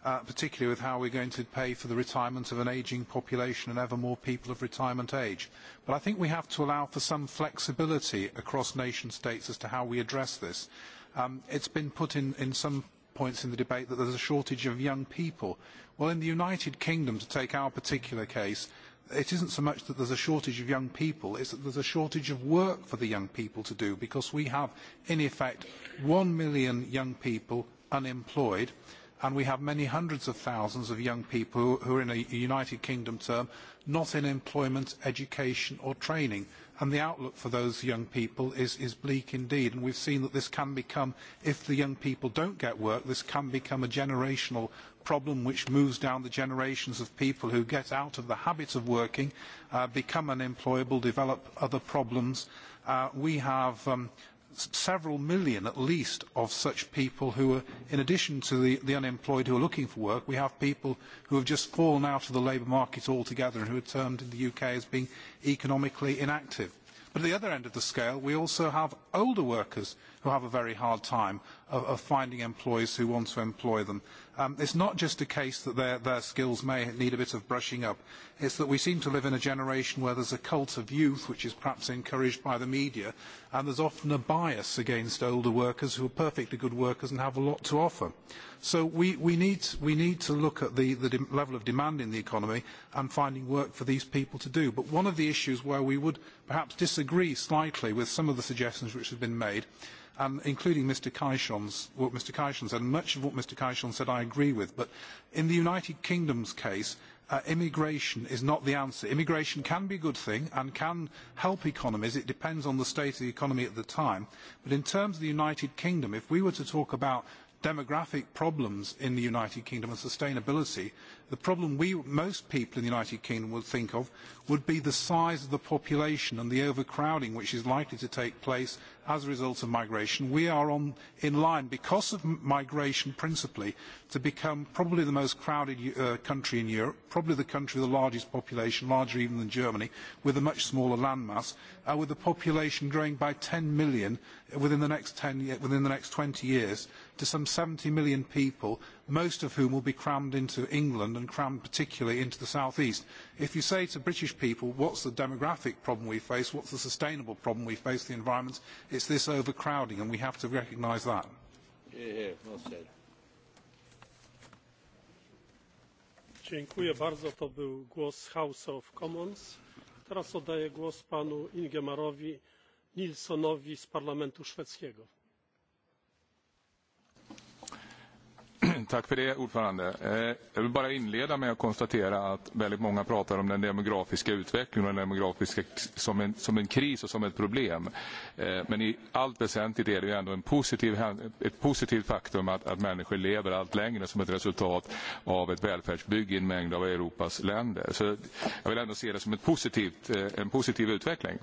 S17: uh, particularly with how we're going to pay for the retirement of an ageing population and ever more people of retirement age. But I think we have to allow for some flexibility across nation states as to how we address this. Um, it's been put in, in some points in the debate that there is a shortage of young people. Well, in the United Kingdom, to take our particular case, it isn't so much that there's a shortage of young people, it's that there's a shortage of work for the young people to do because we have, in effect, one million young people unemployed and we have many hundreds of thousands of young people who are in a United Kingdom term not in employment, education or training and the outlook for those young people is, is bleak indeed. And we've seen that this can become, if the young people don't get work, this can become a generational problem which moves down the generations of people who get out of the habit of working, uh, become unemployable, develop other problems. Uh, we have um, several million at least of such people who are, in addition to the, the unemployed who are looking for work, we have people who have just fallen out of the labour market altogether and who are termed in the UK as being economically inactive. But at the other end of the scale, we also have older workers who have a very hard time of, of finding employees who want to employ them. Um, it's not just a case that their, their skills may need a bit of brushing up. It's that we seem to live in a generation where there's a cult of youth, which is perhaps encouraged by the media, and there's often a bias against older workers who are perfectly good workers and have a lot to offer. So we, we, need, we need to look at the, the level of demand in the economy and finding work for these people to do. But one of the issues where we would perhaps disagree slightly with some of the suggestions which have been made um, including Mr. Kaishon's, what Mr. Kaishon said, and much of what Mr. Kaishon said I agree with. But in the United Kingdom's case, uh, immigration is not the answer. Immigration can be a good thing and can help economies. It depends on the state of the economy at the time. But in terms of the United Kingdom, if we were to talk about demographic problems in the United Kingdom and sustainability, the problem we, most people in the United Kingdom would think of would be the size of the population and the overcrowding which is likely to take place as a result of migration. We are on, in line, because of migration principally, to become probably the most crowded uh, country in Europe, probably the country with the largest population, larger even than Germany, with a much smaller landmass, uh, with the population growing by 10 million within the next, 10, within the next 20 years to some 70 million people, most of whom will be crammed into England and crammed particularly into the South East. If you say to British people, what's the demographic problem we face, what's the sustainable problem we face, the environment, it's this overcrowding, and we have to recognise that.
S6: Yeah, yeah, well said.
S14: Dziękuję bardzo. To był głos House of Commons. Teraz oddaję głos panu Ingemarowi Nilssonowi z Parlamentu Szwedzkiego.
S11: [CLEARS THROAT] Tack för det, ordförande. Eh, jag vill bara inleda med att konstatera att väldigt många pratar om den demografiska utvecklingen och den demografiska som en, som en kris och som ett problem. Eh, men i allt väsentligt är det ju ändå en positiv, ett positivt faktum att, att människor lever allt längre som ett resultat av ett välfärdsbygg i en mängd av Europas länder. Så jag vill ändå se det som ett positivt, eh, en positiv utveckling.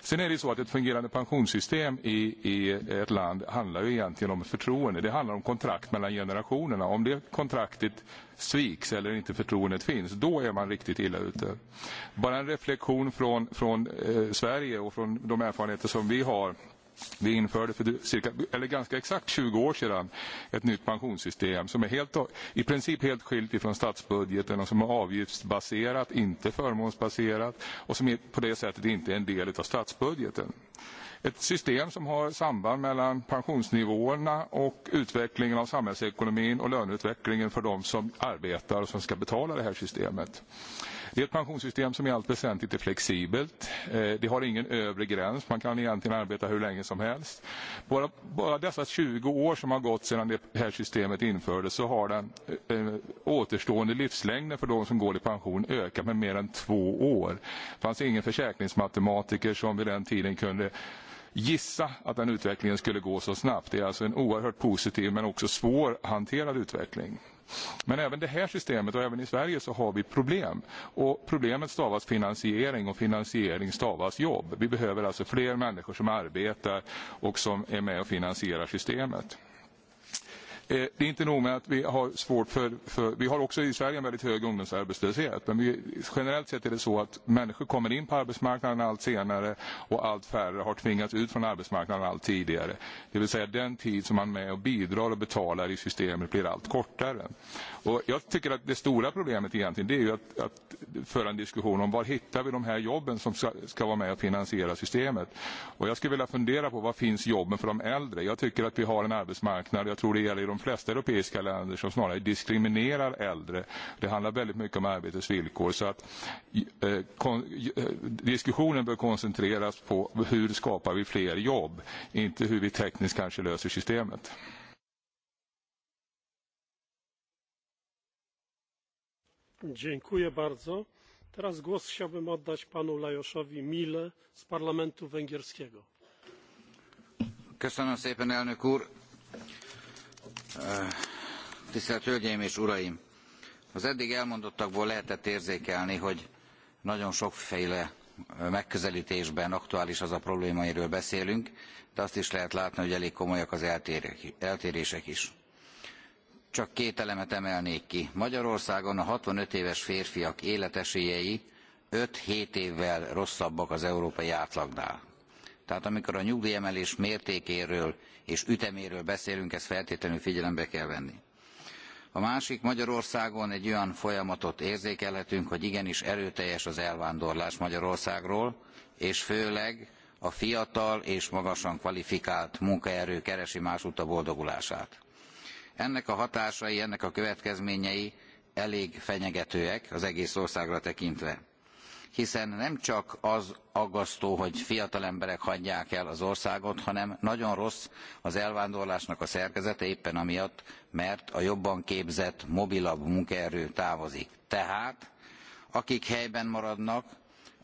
S11: Sen är det så att ett fungerande pensionssystem i, i ett land handlar ju egentligen om förtroende. Det handlar om kontrakt mellan generationer sanktionerna, om det kontraktet sviks eller inte förtroendet finns, då är man riktigt illa ute. Bara en reflektion från, från eh, Sverige och från de erfarenheter som vi har. Vi införde för cirka, eller ganska exakt 20 år sedan ett nytt pensionssystem som är helt, i princip helt skilt från statsbudgeten och som är avgiftsbaserat, inte förmånsbaserat och som på det sättet inte är en del av statsbudgeten. Ett system som har samband mellan pensionsnivåerna och utvecklingen av samhällsekonomin och löneutvecklingen för de som arbetar och som ska betala det här systemet. Det är ett pensionssystem som i allt väsentligt är flexibelt. Eh, det har ingen övre gräns. Man kan egentligen arbeta hur länge som helst. Bara, bara dessa 20 år som har gått sedan det här systemet infördes så har den eh, eh, återstående livslängden för de som går i pension ökat med mer än två år. Det fanns ingen försäkringsmatematiker som vid den tiden kunde gissa att den utvecklingen skulle gå så snabbt. Det är alltså en oerhört positiv men också svårhanterad utveckling. Men även det här systemet och även i Sverige så har vi problem. Och problemet stavas finansiering och finansiering stavas jobb. Vi behöver alltså fler människor som arbetar och som är med och finansierar systemet. Eh, det är inte nog med att vi har svårt för, för vi har också i Sverige en väldigt hög ungdomsarbetslöshet, men vi, generellt sett är det så att människor kommer in på arbetsmarknaden allt senare och allt färre har tvingats ut från arbetsmarknaden allt tidigare. Det vill säga den tid som man med och bidrar och betalar i systemet blir allt kortare. Och jag tycker att det stora problemet egentligen det är ju att, att föra en diskussion om var hittar vi de här jobben som ska, ska vara med och finansiera systemet. Och jag skulle vilja fundera på var finns jobben för de äldre? Jag tycker att vi har en arbetsmarknad, jag tror det gäller i de flesta europeiska länder som snarare diskriminerar äldre. Det handlar väldigt mycket om arbetets villkor. Så att, eh, kon, eh, diskussionen bör koncentreras på hur skapar vi fler jobb, inte hur vi tekniskt kanske löser systemet.
S14: Dziękuję bardzo. Teraz głos chciałbym oddać panu Lajoszowi Mile z Parlamentu Węgierskiego.
S18: Köszönöm szépen, elnök úr! Eh, tisztelt Hölgyeim és Uraim! Az eddig elmondottakból lehetett érzékelni, hogy nagyon sokféle eh, megközelítésben aktuális az a probléma, amiről beszélünk, de azt is lehet látni, hogy elég komolyak az eltérések is. Csak két elemet emelnék ki. Magyarországon a 65 éves férfiak életesélyei 5-7 évvel rosszabbak az európai átlagnál. Tehát amikor a nyugdíjemelés mértékéről és üteméről beszélünk, ezt feltétlenül figyelembe kell venni. A másik Magyarországon egy olyan folyamatot érzékelhetünk, hogy igenis erőteljes az elvándorlás Magyarországról, és főleg a fiatal és magasan kvalifikált munkaerő keresi másút a boldogulását. Ennek a hatásai, ennek a következményei elég fenyegetőek az egész országra tekintve hiszen nem csak az aggasztó, hogy fiatal emberek hagyják el az országot, hanem nagyon rossz az elvándorlásnak a szerkezete éppen amiatt, mert a jobban képzett, mobilabb munkaerő távozik. Tehát, akik helyben maradnak,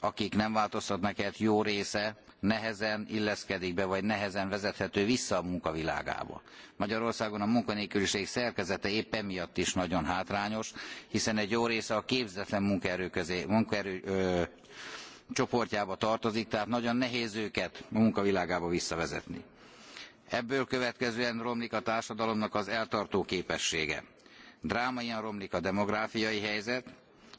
S18: akik nem változtatnak el jó része, nehezen illeszkedik be, vagy nehezen vezethető vissza a munkavilágába. Magyarországon a munkanélküliség szerkezete épp emiatt is nagyon hátrányos, hiszen egy jó része a képzetlen munkaerő, közé, munkaerő ö, csoportjába tartozik, tehát nagyon nehéz őket a munkavilágába visszavezetni. Ebből következően romlik a társadalomnak az eltartó képessége. Drámaian romlik a demográfiai helyzet,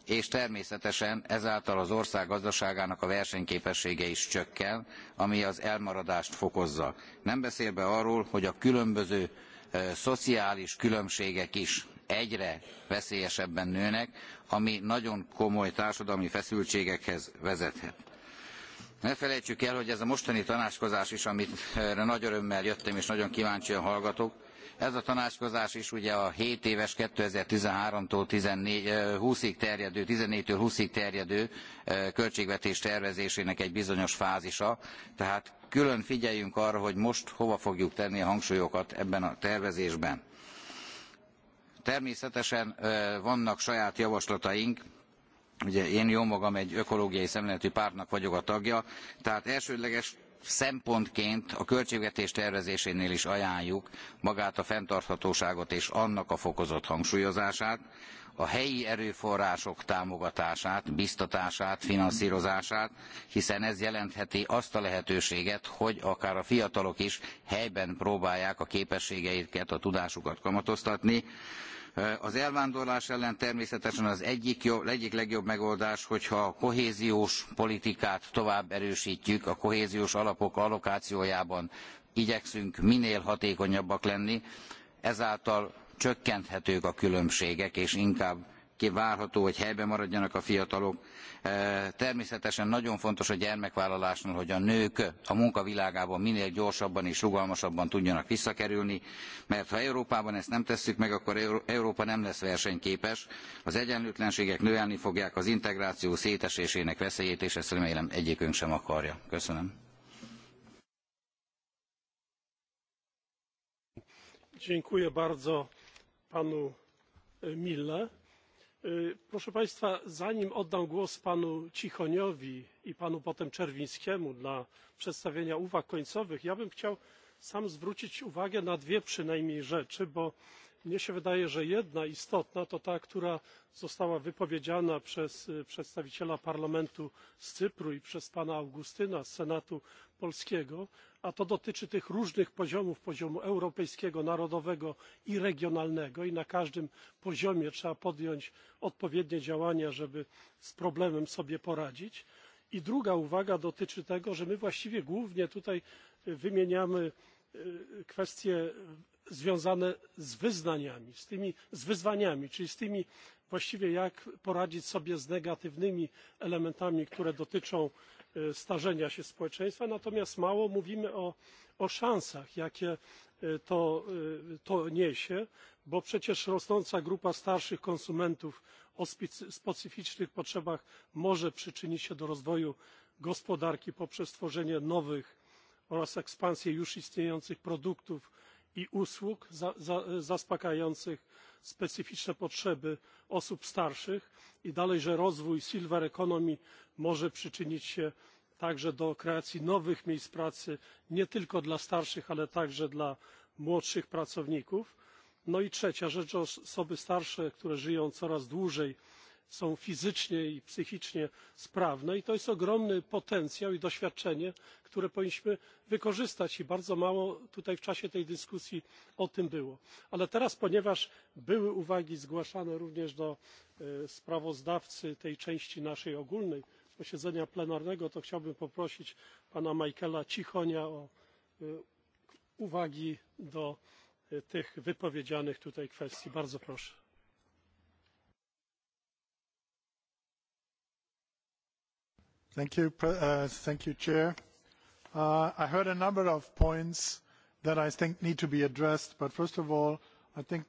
S18: és természetesen ezáltal az ország gazdaságának a versenyképessége is csökken, ami az elmaradást fokozza. Nem beszélve arról, hogy a különböző szociális különbségek is egyre veszélyesebben nőnek, ami nagyon komoly társadalmi feszültségekhez vezethet. Ne felejtsük el, hogy ez a mostani tanácskozás is, amire nagy örömmel jöttem és nagyon kíváncsian hallgatok, Ez a tanácskozás is ugye a 7 éves 2013-tól 20-ig terjedő, 14-től 20-ig terjedő költségvetés tervezésének egy bizonyos fázisa, tehát külön figyeljünk arra, hogy most hova fogjuk tenni a hangsúlyokat ebben a tervezésben. Természetesen vannak saját javaslataink, ugye én jó magam egy ökológiai szemléletű pártnak vagyok a tagja, tehát elsődleges szempontként a költségvetés tervezésénél is ajánljuk magát a fenntarthatóságot és annak a fokozott hangsúlyozását, a helyi erőforrások támogatását, biztatását, finanszírozását, hiszen ez jelentheti azt a lehetőséget, hogy akár a fiatalok is helyben próbálják a képességeiket, a tudásukat kamatoztatni, Az elvándorlás ellen természetesen az egyik, jobb, egyik legjobb megoldás, hogyha a kohéziós politikát tovább erősítjük, a kohéziós alapok allokációjában igyekszünk minél hatékonyabbak lenni, ezáltal csökkenthetők a különbségek, és inkább várható, hogy helyben maradjanak a fiatalok. Természetesen nagyon fontos a gyermekvállalásnál, hogy a nők a munkavilágában minél gyorsabban és rugalmasabban tudjanak visszakerülni, mert ha Európában ezt nem tesszük meg, akkor Európa nem lesz versenyképes, az egyenlőtlenségek növelni fogják az integráció szétesésének veszélyét, és ezt remélem egyikünk sem akarja. Köszönöm.
S14: Dziękuję bardzo panu Mille E, proszę Państwa, zanim oddam głos panu Cichoniowi i panu potem Czerwińskiemu dla przedstawienia uwag końcowych, ja bym chciał sam zwrócić uwagę na dwie przynajmniej rzeczy, bo mnie się wydaje, że jedna istotna to ta, która została wypowiedziana przez e, przedstawiciela parlamentu z Cypru i przez pana Augustyna z Senatu Polskiego, a to dotyczy tych różnych poziomów poziomu europejskiego narodowego i regionalnego i na każdym poziomie trzeba podjąć odpowiednie działania żeby z problemem sobie poradzić i druga uwaga dotyczy tego że my właściwie głównie tutaj e, wymieniamy e, kwestie związane z wyznaniami z tymi z wyzwaniami czyli z tymi właściwie jak poradzić sobie z negatywnymi elementami które dotyczą E, starzenia się społeczeństwa, natomiast mało mówimy o, o szansach, jakie e, to, e, to niesie, bo przecież rosnąca grupa starszych konsumentów o specyficznych potrzebach może przyczynić się do rozwoju gospodarki poprzez tworzenie nowych oraz ekspansję już istniejących produktów i usług zaspokajających specyficzne potrzeby osób starszych i dalej że rozwój silver economy może przyczynić się także do kreacji nowych miejsc pracy nie tylko dla starszych ale także dla młodszych pracowników. no i trzecia rzecz osoby starsze które żyją coraz dłużej są fizycznie i psychicznie sprawne i to jest ogromny potencjał i doświadczenie które powinniśmy wykorzystać i bardzo mało tutaj w czasie tej dyskusji o tym było. ale teraz ponieważ były uwagi zgłaszane również do e, sprawozdawcy tej części naszej ogólnej posiedzenia plenarnego to chciałbym poprosić pana michaela cichonia o e, uwagi do e, tych wypowiedzianych tutaj kwestii. bardzo proszę.
S4: Thank you, uh, thank you Chair. Uh, I heard a number of points that I think need to be addressed, but first of all, I think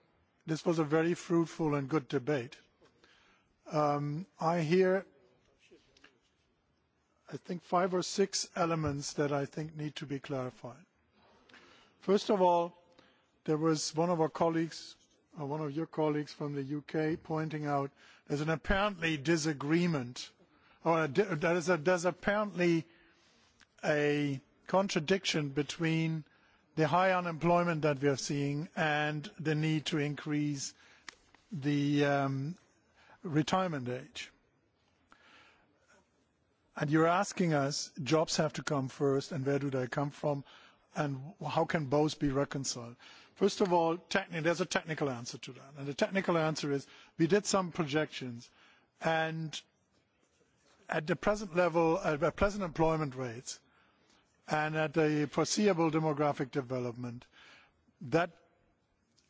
S4: this was a very fruitful and good debate. Um, I hear, I think, five or six elements that I think need to be clarified. First of all, there was one of our colleagues, or uh, one of your colleagues from the UK, pointing out there's an apparently disagreement or oh, there is a, there's apparently a contradiction between the high unemployment that we are seeing and the need to increase the um, retirement age. And you're asking us, jobs have to come first, and where do they come from, and how can both be reconciled? First of all, techni- there's a technical answer to that. And the technical answer is we did some projections, and at the present level, at present employment rates, and at the foreseeable demographic development, that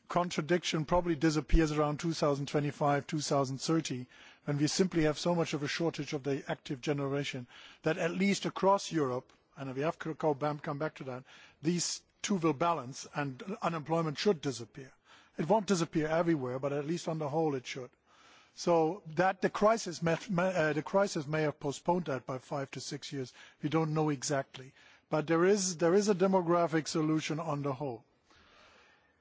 S4: contradiction probably disappears around 2025, 2030, when we simply have so much of a shortage of the active generation that at least across Europe, and we have to come back to that, these two will balance and unemployment should disappear. It won't disappear everywhere, but at least on the whole it should. So that the crisis, may, uh, the crisis may have postponed that by five to six years. We don't know exactly. But there is, there is a demographic solution on the whole.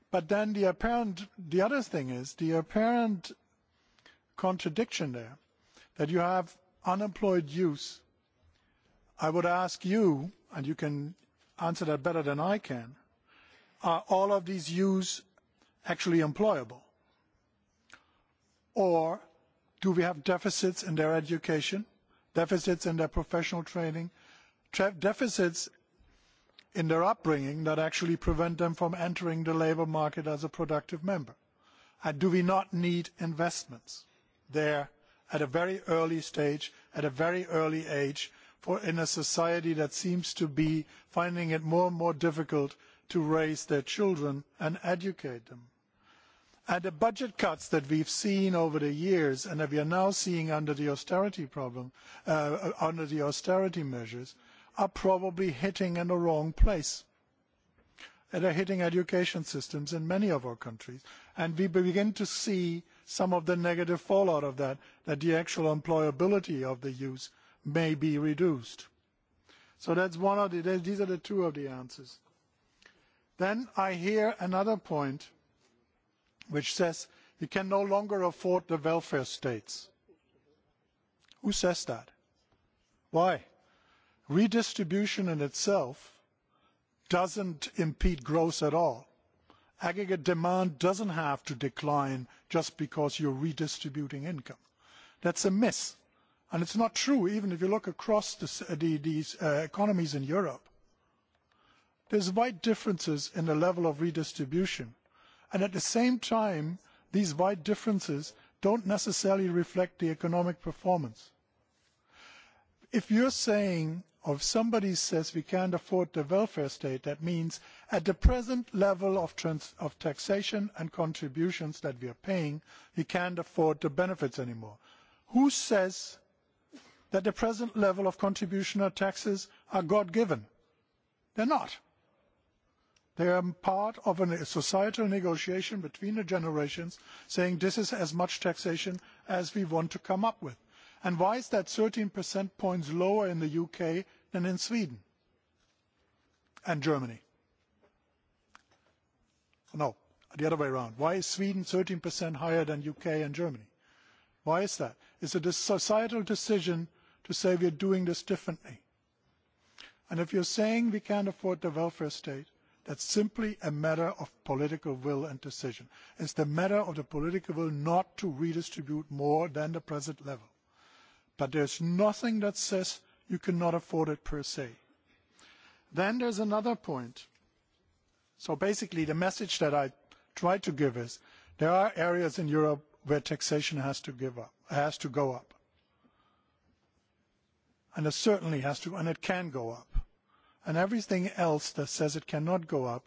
S4: But then the apparent, the other thing is the apparent contradiction there, that you have unemployed youth. I would ask you, and you can answer that better than I can, are all of these youths actually employable? Or do we have deficits in their education, deficits in their professional training, deficits in their upbringing that actually prevent them from entering the labour market as a productive member? And do we not need investments there at a very early stage, at a very early age, for in a society that seems to be finding it more and more difficult to raise their children and educate them? And the budget cuts that we've seen over the years and that we are now seeing under the austerity problem, uh, under the austerity measures, are probably hitting in the wrong place. And are hitting education systems in many of our countries. And we begin to see some of the negative fallout of that, that the actual employability of the youth may be reduced. So that's one of the, these are the two of the answers. Then I hear another point which says you can no longer afford the welfare states. Who says that? Why? Redistribution in itself doesn't impede growth at all. Aggregate demand doesn't have to decline just because you're redistributing income. That's a myth. And it's not true, even if you look across the, uh, the, these uh, economies in Europe. There's wide differences in the level of redistribution. And at the same time, these wide differences don't necessarily reflect the economic performance. If you're saying, or if somebody says we can't afford the welfare state, that means at the present level of, trans of taxation and contributions that we are paying, we can't afford the benefits anymore. Who says that the present level of contribution or taxes are God-given? They're not. They are part of a societal negotiation between the generations saying this is as much taxation as we want to come up with. And why is that 13 percent points lower in the UK than in Sweden and Germany? No, the other way around. Why is Sweden 13 percent higher than UK and Germany? Why is that? It's a societal decision to say we are doing this differently. And if you're saying we can't afford the welfare state, That's simply a matter of political will and decision. It's the matter of the political will not to redistribute more than the present level. But there's nothing that says you cannot afford it per se. Then there's another point. So basically the message that I try to give is there are areas in Europe where taxation has to give up, has to go up. And it certainly has to, and it can go up and everything else that says it cannot go up,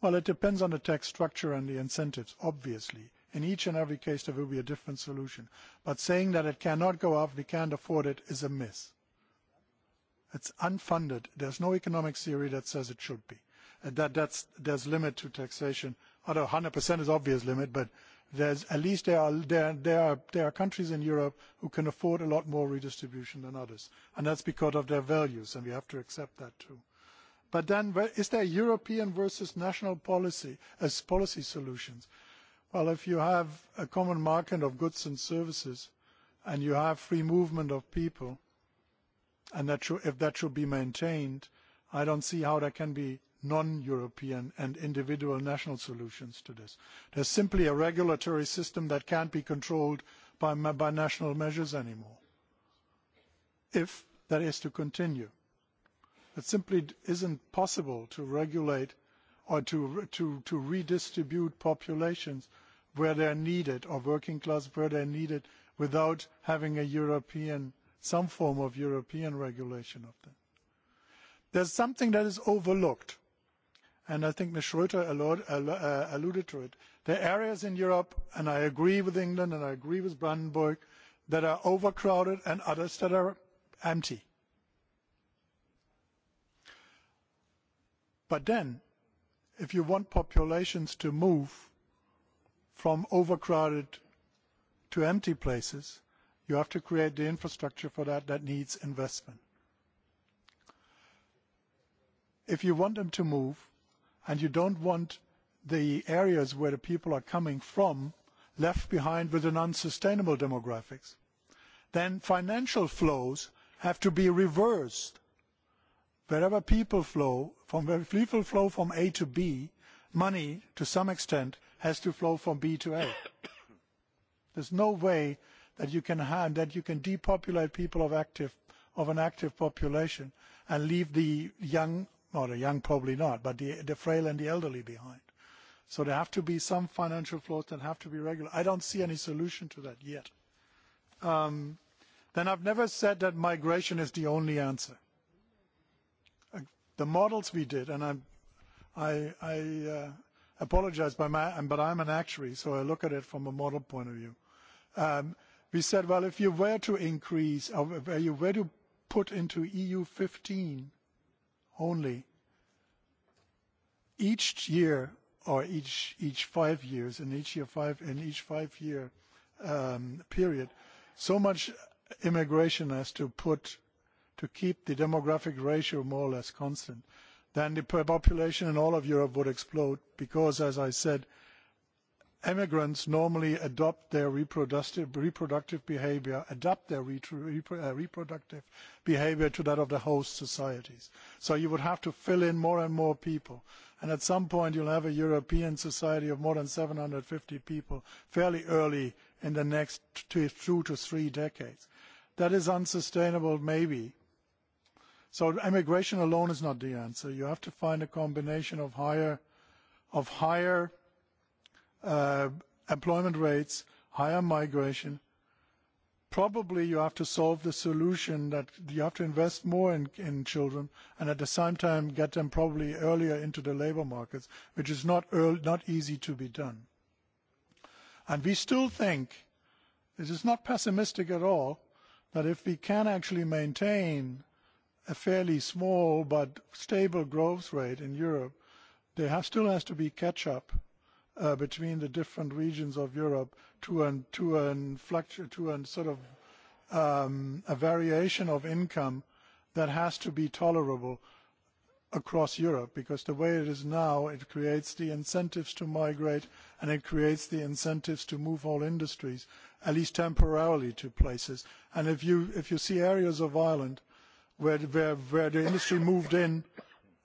S4: well, it depends on the tax structure and the incentives, obviously. In each and every case, there will be a different solution. But saying that it cannot go up, we can't afford it, is a myth. It's unfunded. There's no economic theory that says it should be. And that, that's, there's limit to taxation. Although 100% is obvious limit, but there's at least there are, there, there, are, there are countries in Europe who can afford a lot more redistribution than others. And that's because of their values, and we have to accept that too. But then, is there European versus national policy as policy solutions? Well, if you have a common market of goods and services, and you have free movement of people, and that should, if that should be maintained, I don't see how there can be non-European and individual national solutions to this. There is simply a regulatory system that cannot be controlled by, by national measures anymore, if that is to continue. It simply isn't possible to regulate or to, to, to redistribute populations where they are needed or working class where they are needed without having a European, some form of European regulation of them. There's something that is overlooked and I think Ms. Schroeter uh, alluded to it. There are areas in Europe, and I agree with England and I agree with Brandenburg, that are overcrowded and others that are empty. But then, if you want populations to move from overcrowded to empty places, you have to create the infrastructure for that that needs investment. If you want them to move, and you don't want the areas where the people are coming from left behind with an unsustainable demographics. Then financial flows have to be reversed. Wherever people flow, from where people flow from A to B, money, to some extent, has to flow from B to A. [COUGHS] There's no way that you can have, that you can depopulate people of active, of an active population and leave the young No, the young probably not, but the, the frail and the elderly behind. So there have to be some financial flows that have to be regular. I don't see any solution to that yet. Um, then I've never said that migration is the only answer. Uh, the models we did, and I'm, I, I uh, apologize, by my, but I'm an actuary, so I look at it from a model point of view. Um, we said, well, if you were to increase, or uh, if you were to put into EU 15 only each year or each each five years and each year five and each five year um, period so much immigration has to put to keep the demographic ratio more or less constant then the per population in all of Europe would explode because as I said emigrants normally adopt their reproductive reproductive behavior adapt their re repro, uh, reproductive behavior to that of the host societies so you would have to fill in more and more people And at some point, you'll have a European society of more than 750 people fairly early in the next two, two to three decades. That is unsustainable, maybe. So immigration alone is not the answer. You have to find a combination of higher, of higher uh, employment rates, higher migration, probably you have to solve the solution that you have to invest more in, in children and at the same time get them probably earlier into the labor markets, which is not, early, not easy to be done. And we still think, this is not pessimistic at all, that if we can actually maintain a fairly small but stable growth rate in Europe, there has, still has to be catch-up uh, between the different regions of Europe to an, to an fluctu- to an sort of um, a variation of income that has to be tolerable across Europe because the way it is now, it creates the incentives to migrate and it creates the incentives to move all industries, at least temporarily, to places. And if you, if you see areas of Ireland where, where, where the industry moved in,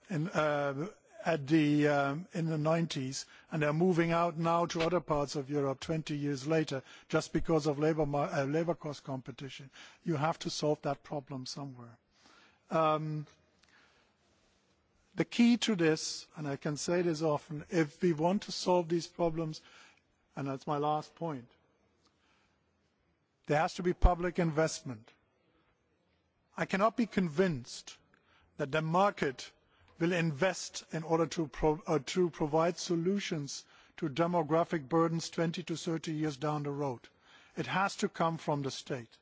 S4: in uh, at the, um, in the 90s and they're moving out now to other parts of Europe 20 years later just because of labor, uh, labor cost competition. You have to solve that problem somewhere. Um, the key to this, and I can say this often, if we want to solve these problems, and that's my last point, there has to be public investment. I cannot be convinced that the market will invest in order to, pro, uh, to provide solutions to demographic burdens twenty to thirty years down the road. It has to come from the state.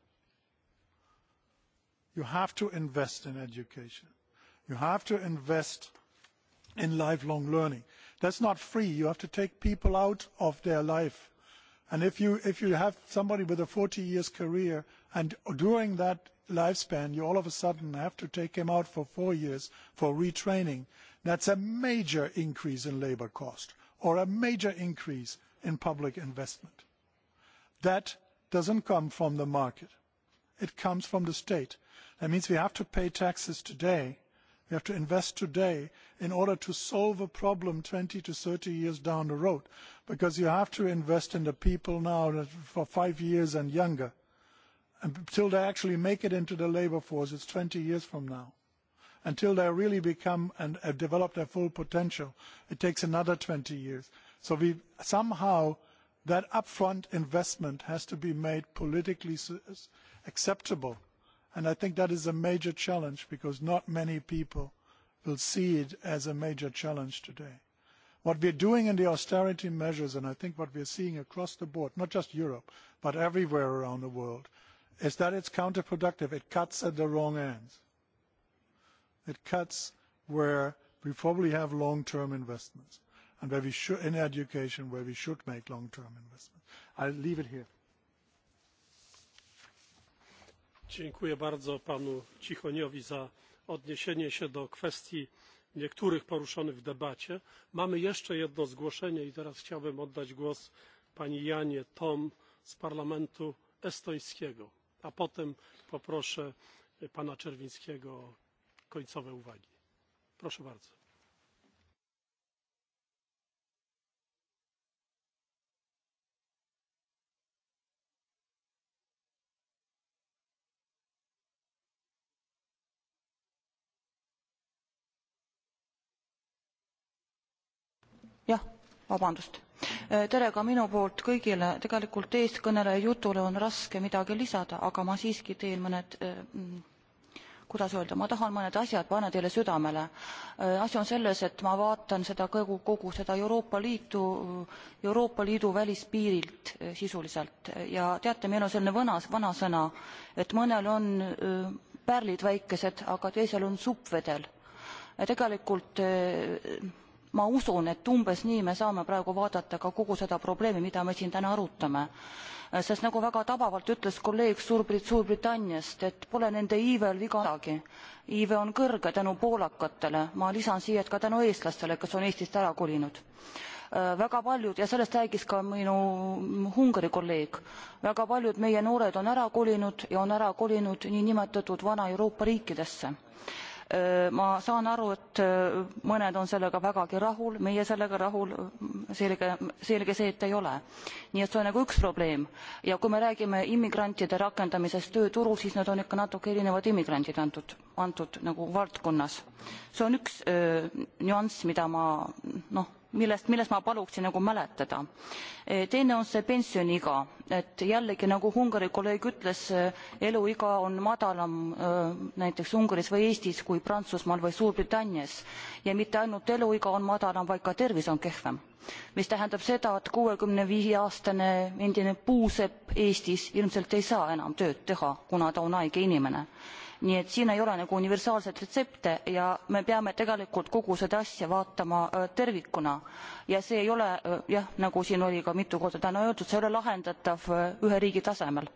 S4: You have to invest in education. You have to invest in lifelong learning. That's not free. You have to take people out of their life. And if you, if you have somebody with a forty years career and during that lifespan, you all of a sudden have to take him out for four years for retraining. That's a major increase in labour cost or a major increase in public investment. That doesn't come from the market. It comes from the state. That means we have to pay taxes today. We have to invest today in order to solve a problem 20 to 30 years down the road because you have to invest in the people now for five years and younger until they actually make it into the labor force, it's 20 years from now. Until they really become and uh, develop their full potential, it takes another 20 years. So we somehow that upfront investment has to be made politically acceptable. And I think that is a major challenge because not many people will see it as a major challenge today. What we're doing in the austerity measures, and I think what we're seeing across the board, not just Europe, but everywhere around the world, is that it's counterproductive. It cuts at the wrong end. It cuts where we probably have long-term investments and where we should, in education, where we should make long-term investments. I'll leave it here.
S14: Dziękuję bardzo panu Cichoniowi za odniesienie się do kwestii niektórych poruszonych w debacie. Mamy jeszcze jedno zgłoszenie i teraz chciałbym oddać głos pani Janie Tom z Parlamentu Estońskiego a potem poproszę pana Czerwińskiego o końcowe uwagi. Proszę bardzo.
S19: Yeah vabandust äh, tere ka minu poolt kõigile tegelikult eeskõneleja jutule on raske midagi lisada aga ma siiski teen mõned äh, mm, kuidas öelda ma tahan mõned asjad panna teile südamele äh, asi on selles et ma vaatan seda kogu kogu seda Euroopa Liitu Euroopa Liidu välispiirilt sisuliselt ja teate meil on selline vana vanasõna et mõnel on pärlid väikesed aga teisel on suppvedel. tegelikult ma usun, et umbes nii me saame praegu vaadata ka kogu seda probleemi, mida me siin täna arutame. sest nagu väga tabavalt ütles kolleeg Suurbrit-, Suurbritanniast, et pole nende iivel viga midagi. iive on kõrge tänu poolakatele, ma lisan siia, et ka tänu eestlastele, kes on Eestist ära kolinud äh, väga paljud ja sellest räägis ka minu Ungari kolleeg, väga paljud meie noored on ära kolinud ja on ära kolinud nimetatud Vana-Euroopa riikidesse ma saan aru, et mõned on sellega vägagi rahul, meie sellega rahul, selge, selge see, et ei ole. nii et see on nagu üks probleem ja kui me räägime immigrantide rakendamisest tööturul, siis nad on ikka natuke erinevad immigrandid antud, antud nagu valdkonnas. see on üks öö, nüanss, mida ma noh millest, millest ma paluksin nagu mäletada. E, teine on see pensioniga, et jällegi nagu Ungari kolleeg ütles, e, eluiga on madalam e, näiteks Ungaris või Eestis kui Prantsusmaal või Suurbritannias ja mitte ainult eluiga on madalam, vaid ka tervis on kehvem mis tähendab seda, et 65 aastane endine puusepp Eestis ilmselt ei saa enam tööd teha, kuna ta on aige inimene nii et siin ei ole nagu universaalset retsepte ja me peame tegelikult kogu seda asja vaatama äh, tervikuna ja see ei ole äh, jah nagu siin oli ka mitu korda täna öeldud see ei ole lahendatav äh, ühe riigi tasemel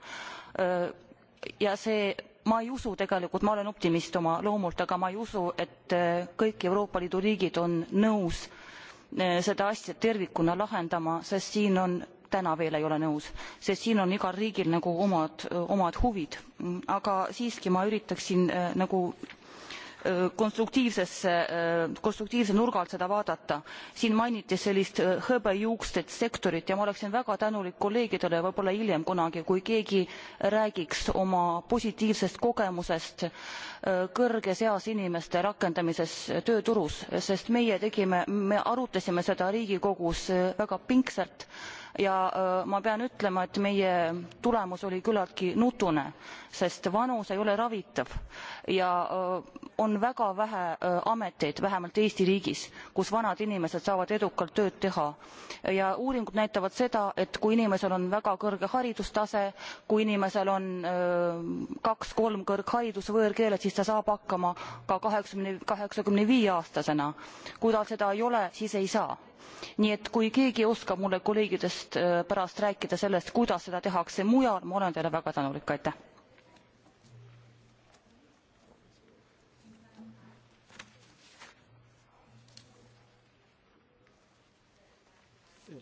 S19: ja see ma ei usu tegelikult ma olen optimist oma loomult aga ma ei usu et kõik euroopa liidu riigid on nõus seda asja tervikuna lahendama sest siin on täna veel ei ole nõus, sest siin on igal riigil nagu omad, omad huvid. aga siiski ma üritaksin äh, nagu äh, äh, konstruktiivse nurga alt seda vaadata. siin mainiti sellist hõbejuukstet sektorit ja ma oleksin väga tänulik kolleegidele võib-olla hiljem kunagi, kui keegi räägiks oma positiivsest kogemusest kõrges eas inimeste rakendamises tööturus, sest meie tegime, me arutasime seda Riigikogus väga pingsalt ja ma pean ütlema, et meie tulemus oli küllaltki nutune sest vanus ei ole ravitav ja äh, on väga vähe äh, ameteid, vähemalt Eesti riigis, kus vanad inimesed saavad edukalt tööd teha. ja uuringud näitavad seda, et kui inimesel on väga kõrge haridustase, kui inimesel on äh, kaks-kolm kõrgharidus võõrkeeles, siis ta saab hakkama ka kaheksakümne, kaheksakümne viie aastasena. kui tal seda ei ole, siis ei saa nii et kui keegi oskab mulle kolleegidest pärast rääkida sellest kuidas seda tehakse mujal ma olen teile väga tänulik aitäh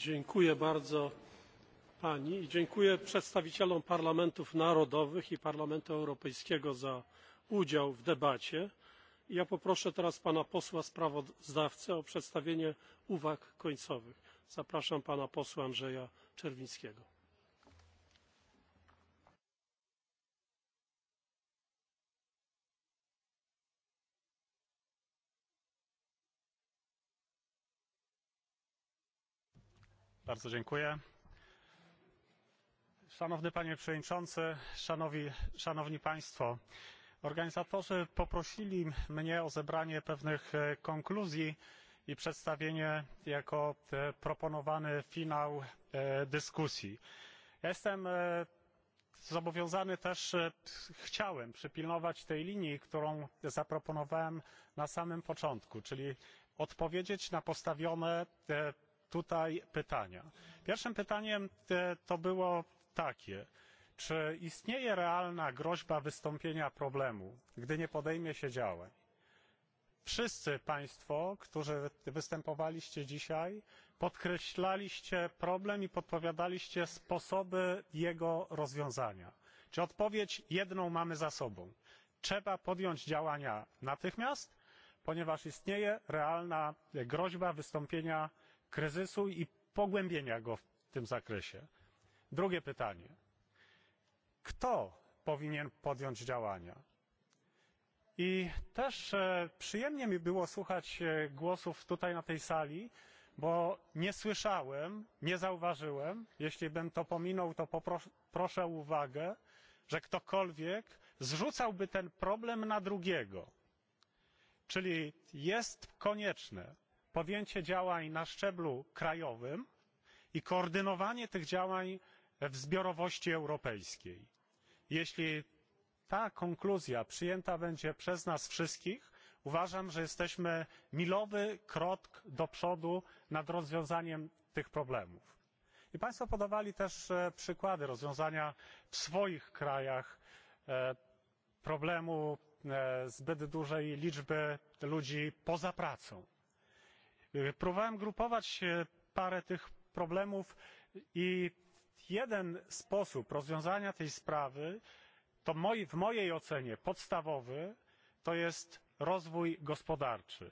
S14: Dziękuję bardzo Pani i dziękuję przedstawicielom parlamentów narodowych i Parlamentu Europejskiego za udział w debacie. Ja poproszę teraz pana posła sprawozdawcę o przedstawienie uwag końcowych. Zapraszam pana posła Andrzeja Czerwińskiego.
S2: Bardzo dziękuję. Szanowny Panie Przewodniczący, szanowi, Szanowni Państwo, organizatorzy poprosili mnie o zebranie pewnych e, konkluzji i przedstawienie jako e, proponowany finał e, dyskusji. Jestem zobowiązany też chciałem przypilnować tej linii, którą zaproponowałem na samym początku, czyli odpowiedzieć na postawione tutaj pytania. Pierwszym pytaniem e, to było takie. Czy istnieje realna groźba wystąpienia problemu, gdy nie podejmie się działań? Wszyscy Państwo, którzy występowaliście dzisiaj, podkreślaliście problem i podpowiadaliście sposoby jego rozwiązania. Czy odpowiedź jedną mamy za sobą? Trzeba podjąć działania natychmiast, ponieważ istnieje realna groźba wystąpienia kryzysu i pogłębienia go w tym zakresie. Drugie pytanie. Kto powinien podjąć działania? I też e, przyjemnie mi było słuchać e, głosów tutaj na tej sali, bo nie słyszałem, nie zauważyłem, jeśli bym to pominął, to popros- proszę uwagę, że ktokolwiek zrzucałby ten problem na drugiego. Czyli jest konieczne podjęcie działań na szczeblu krajowym i koordynowanie tych działań w zbiorowości europejskiej. Jeśli ta konkluzja przyjęta będzie przez nas wszystkich, uważam, że jesteśmy milowy krok do przodu nad rozwiązaniem tych problemów. I Państwo podawali też e, przykłady rozwiązania w swoich krajach e, problemu e, zbyt dużej liczby ludzi poza pracą. Próbowałem grupować parę tych problemów i jeden sposób rozwiązania tej sprawy, to moi, w mojej ocenie podstawowy, to jest rozwój gospodarczy.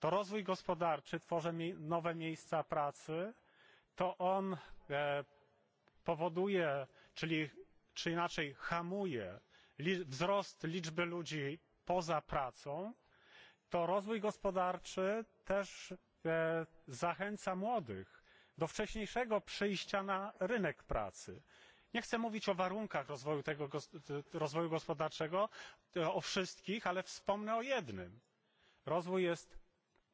S2: To rozwój gospodarczy tworzy nowe miejsca pracy, to on e, powoduje, czyli czy inaczej hamuje li, wzrost liczby ludzi poza pracą, to rozwój gospodarczy też e, zachęca młodych do wcześniejszego przyjścia na rynek pracy. Nie chcę mówić o warunkach rozwoju, tego, rozwoju gospodarczego, e, o wszystkich, ale wspomnę o jednym. Rozwój jest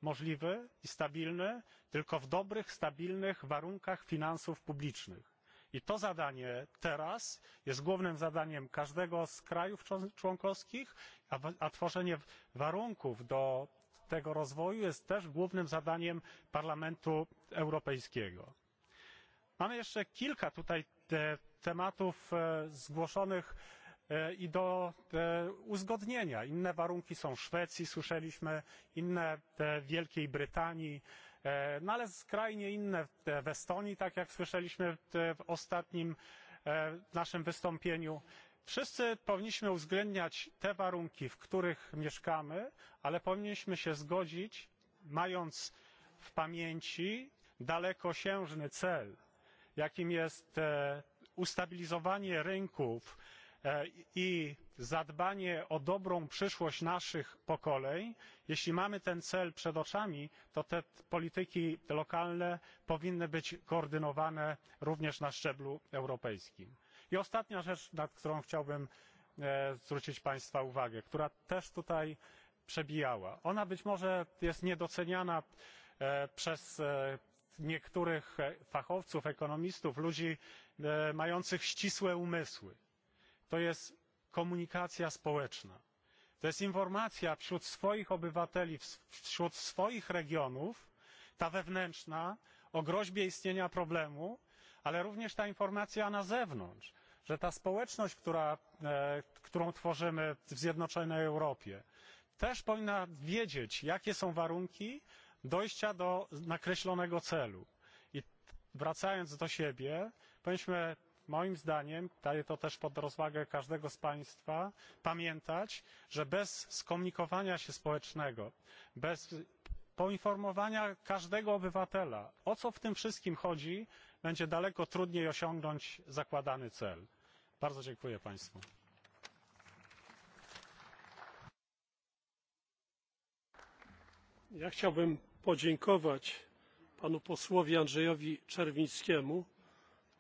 S2: możliwy i stabilny tylko w dobrych, stabilnych warunkach finansów publicznych. I to zadanie teraz jest głównym zadaniem każdego z krajów członkowskich, a, a tworzenie warunków do tego rozwoju jest też głównym zadaniem Parlamentu Europejskiego. Mamy jeszcze kilka tutaj te, tematów e, zgłoszonych e, i do e, uzgodnienia. Inne warunki są w Szwecji, słyszeliśmy, inne w Wielkiej Brytanii. E, no ale skrajnie inne w Estonii, tak jak słyszeliśmy w ostatnim e, naszym wystąpieniu. Wszyscy powinniśmy uwzględniać te warunki, w których mieszkamy, ale powinniśmy się zgodzić, mając w pamięci dalekosiężny cel, jakim jest e, ustabilizowanie rynków E, i zadbanie o dobrą przyszłość naszych pokoleń, jeśli mamy ten cel przed oczami, to te polityki lokalne powinny być koordynowane również na szczeblu europejskim. I ostatnia rzecz, na którą chciałbym e, zwrócić Państwa uwagę, która też tutaj przebijała. Ona być może jest niedoceniana e, przez niektórych fachowców, ekonomistów, ludzi mających ścisłe umysły to jest komunikacja społeczna. To jest informacja wśród swoich obywateli, wśród swoich regionów, ta wewnętrzna, o groźbie istnienia problemu, ale również ta informacja na zewnątrz, że ta społeczność, która, e, którą tworzymy w Zjednoczonej Europie, też powinna wiedzieć, jakie są warunki dojścia do nakreślonego celu. I wracając do siebie, powinniśmy moim zdaniem daję to też pod rozwagę każdego z państwa pamiętać że bez skomunikowania się społecznego bez poinformowania każdego obywatela o co w tym wszystkim chodzi będzie daleko trudniej osiągnąć zakładany cel. bardzo dziękuję państwu.
S14: ja chciałbym podziękować panu posłowi andrzejowi czerwińskiemu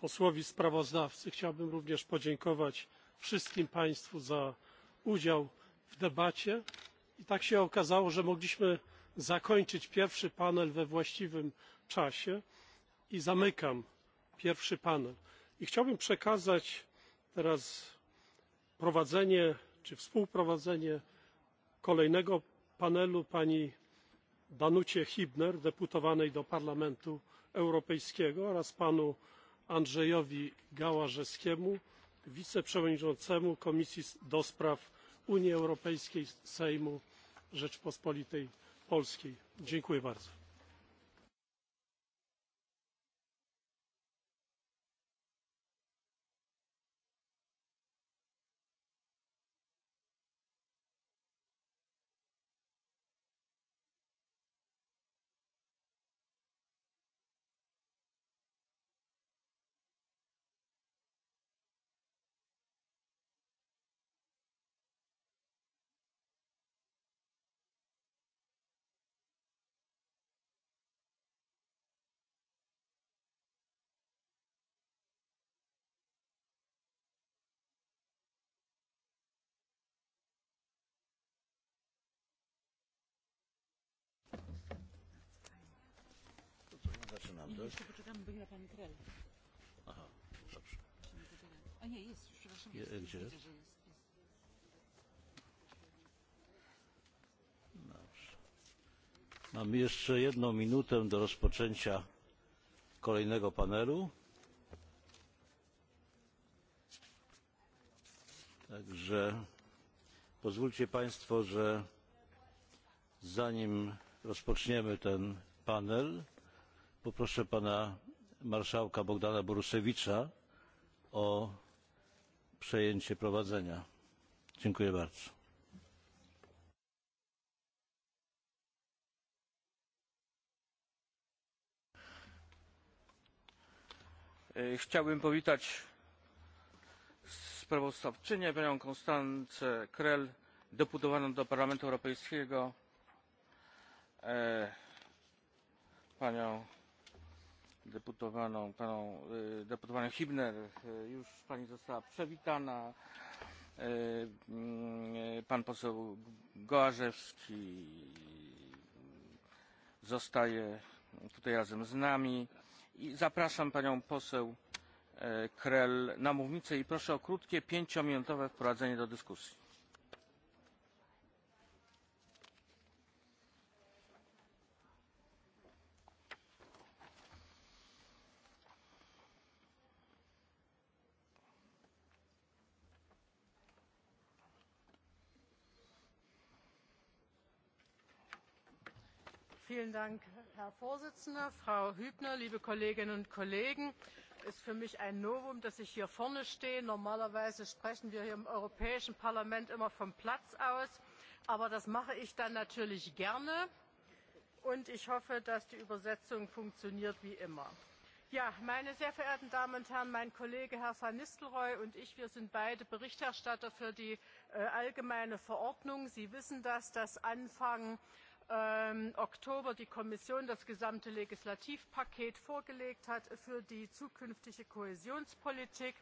S14: posłowi sprawozdawcy. Chciałbym również podziękować wszystkim Państwu za udział w debacie i tak się okazało, że mogliśmy zakończyć pierwszy panel we właściwym czasie i zamykam pierwszy panel. I chciałbym przekazać teraz prowadzenie czy współprowadzenie kolejnego panelu pani Danucie Hibner, deputowanej do Parlamentu Europejskiego oraz panu Andrzejowi Gałażewskiemu, wiceprzewodniczącemu Komisji do Spraw Unii Europejskiej Sejmu Rzeczpospolitej Polskiej. Dziękuję bardzo.
S20: E, Mamy
S21: Mam jeszcze jedną minutę do rozpoczęcia kolejnego panelu. Także pozwólcie Państwo, że zanim rozpoczniemy ten panel, Poproszę pana marszałka Bogdana Borusewicza o przejęcie prowadzenia. Dziękuję bardzo. E, chciałbym powitać sprawozdawczynię, panią Konstancę Krel, deputowaną do Parlamentu Europejskiego, e, panią deputowaną, panią deputowaną Hibner. Już pani została przewitana. Pan poseł Gołażewski zostaje tutaj razem z nami. I zapraszam panią poseł Krel na mównicę i proszę o krótkie, pięciominutowe wprowadzenie do dyskusji.
S20: Dank, Herr Vorsitzender, Frau Hübner, liebe Kolleginnen und Kollegen. Es ist für mich ein Novum, dass ich hier vorne stehe. Normalerweise sprechen wir hier im Europäischen Parlament immer vom Platz aus, aber das mache ich dann natürlich gerne. Und ich hoffe, dass die Übersetzung funktioniert wie immer. Ja, meine sehr verehrten Damen und Herren, mein Kollege Herr van Nistelrooy und ich, wir sind beide Berichterstatter für die äh, allgemeine Verordnung. Sie wissen das, dass Anfang ähm, Oktober die Kommission das gesamte Legislativpaket vorgelegt hat für die zukünftige Kohäsionspolitik.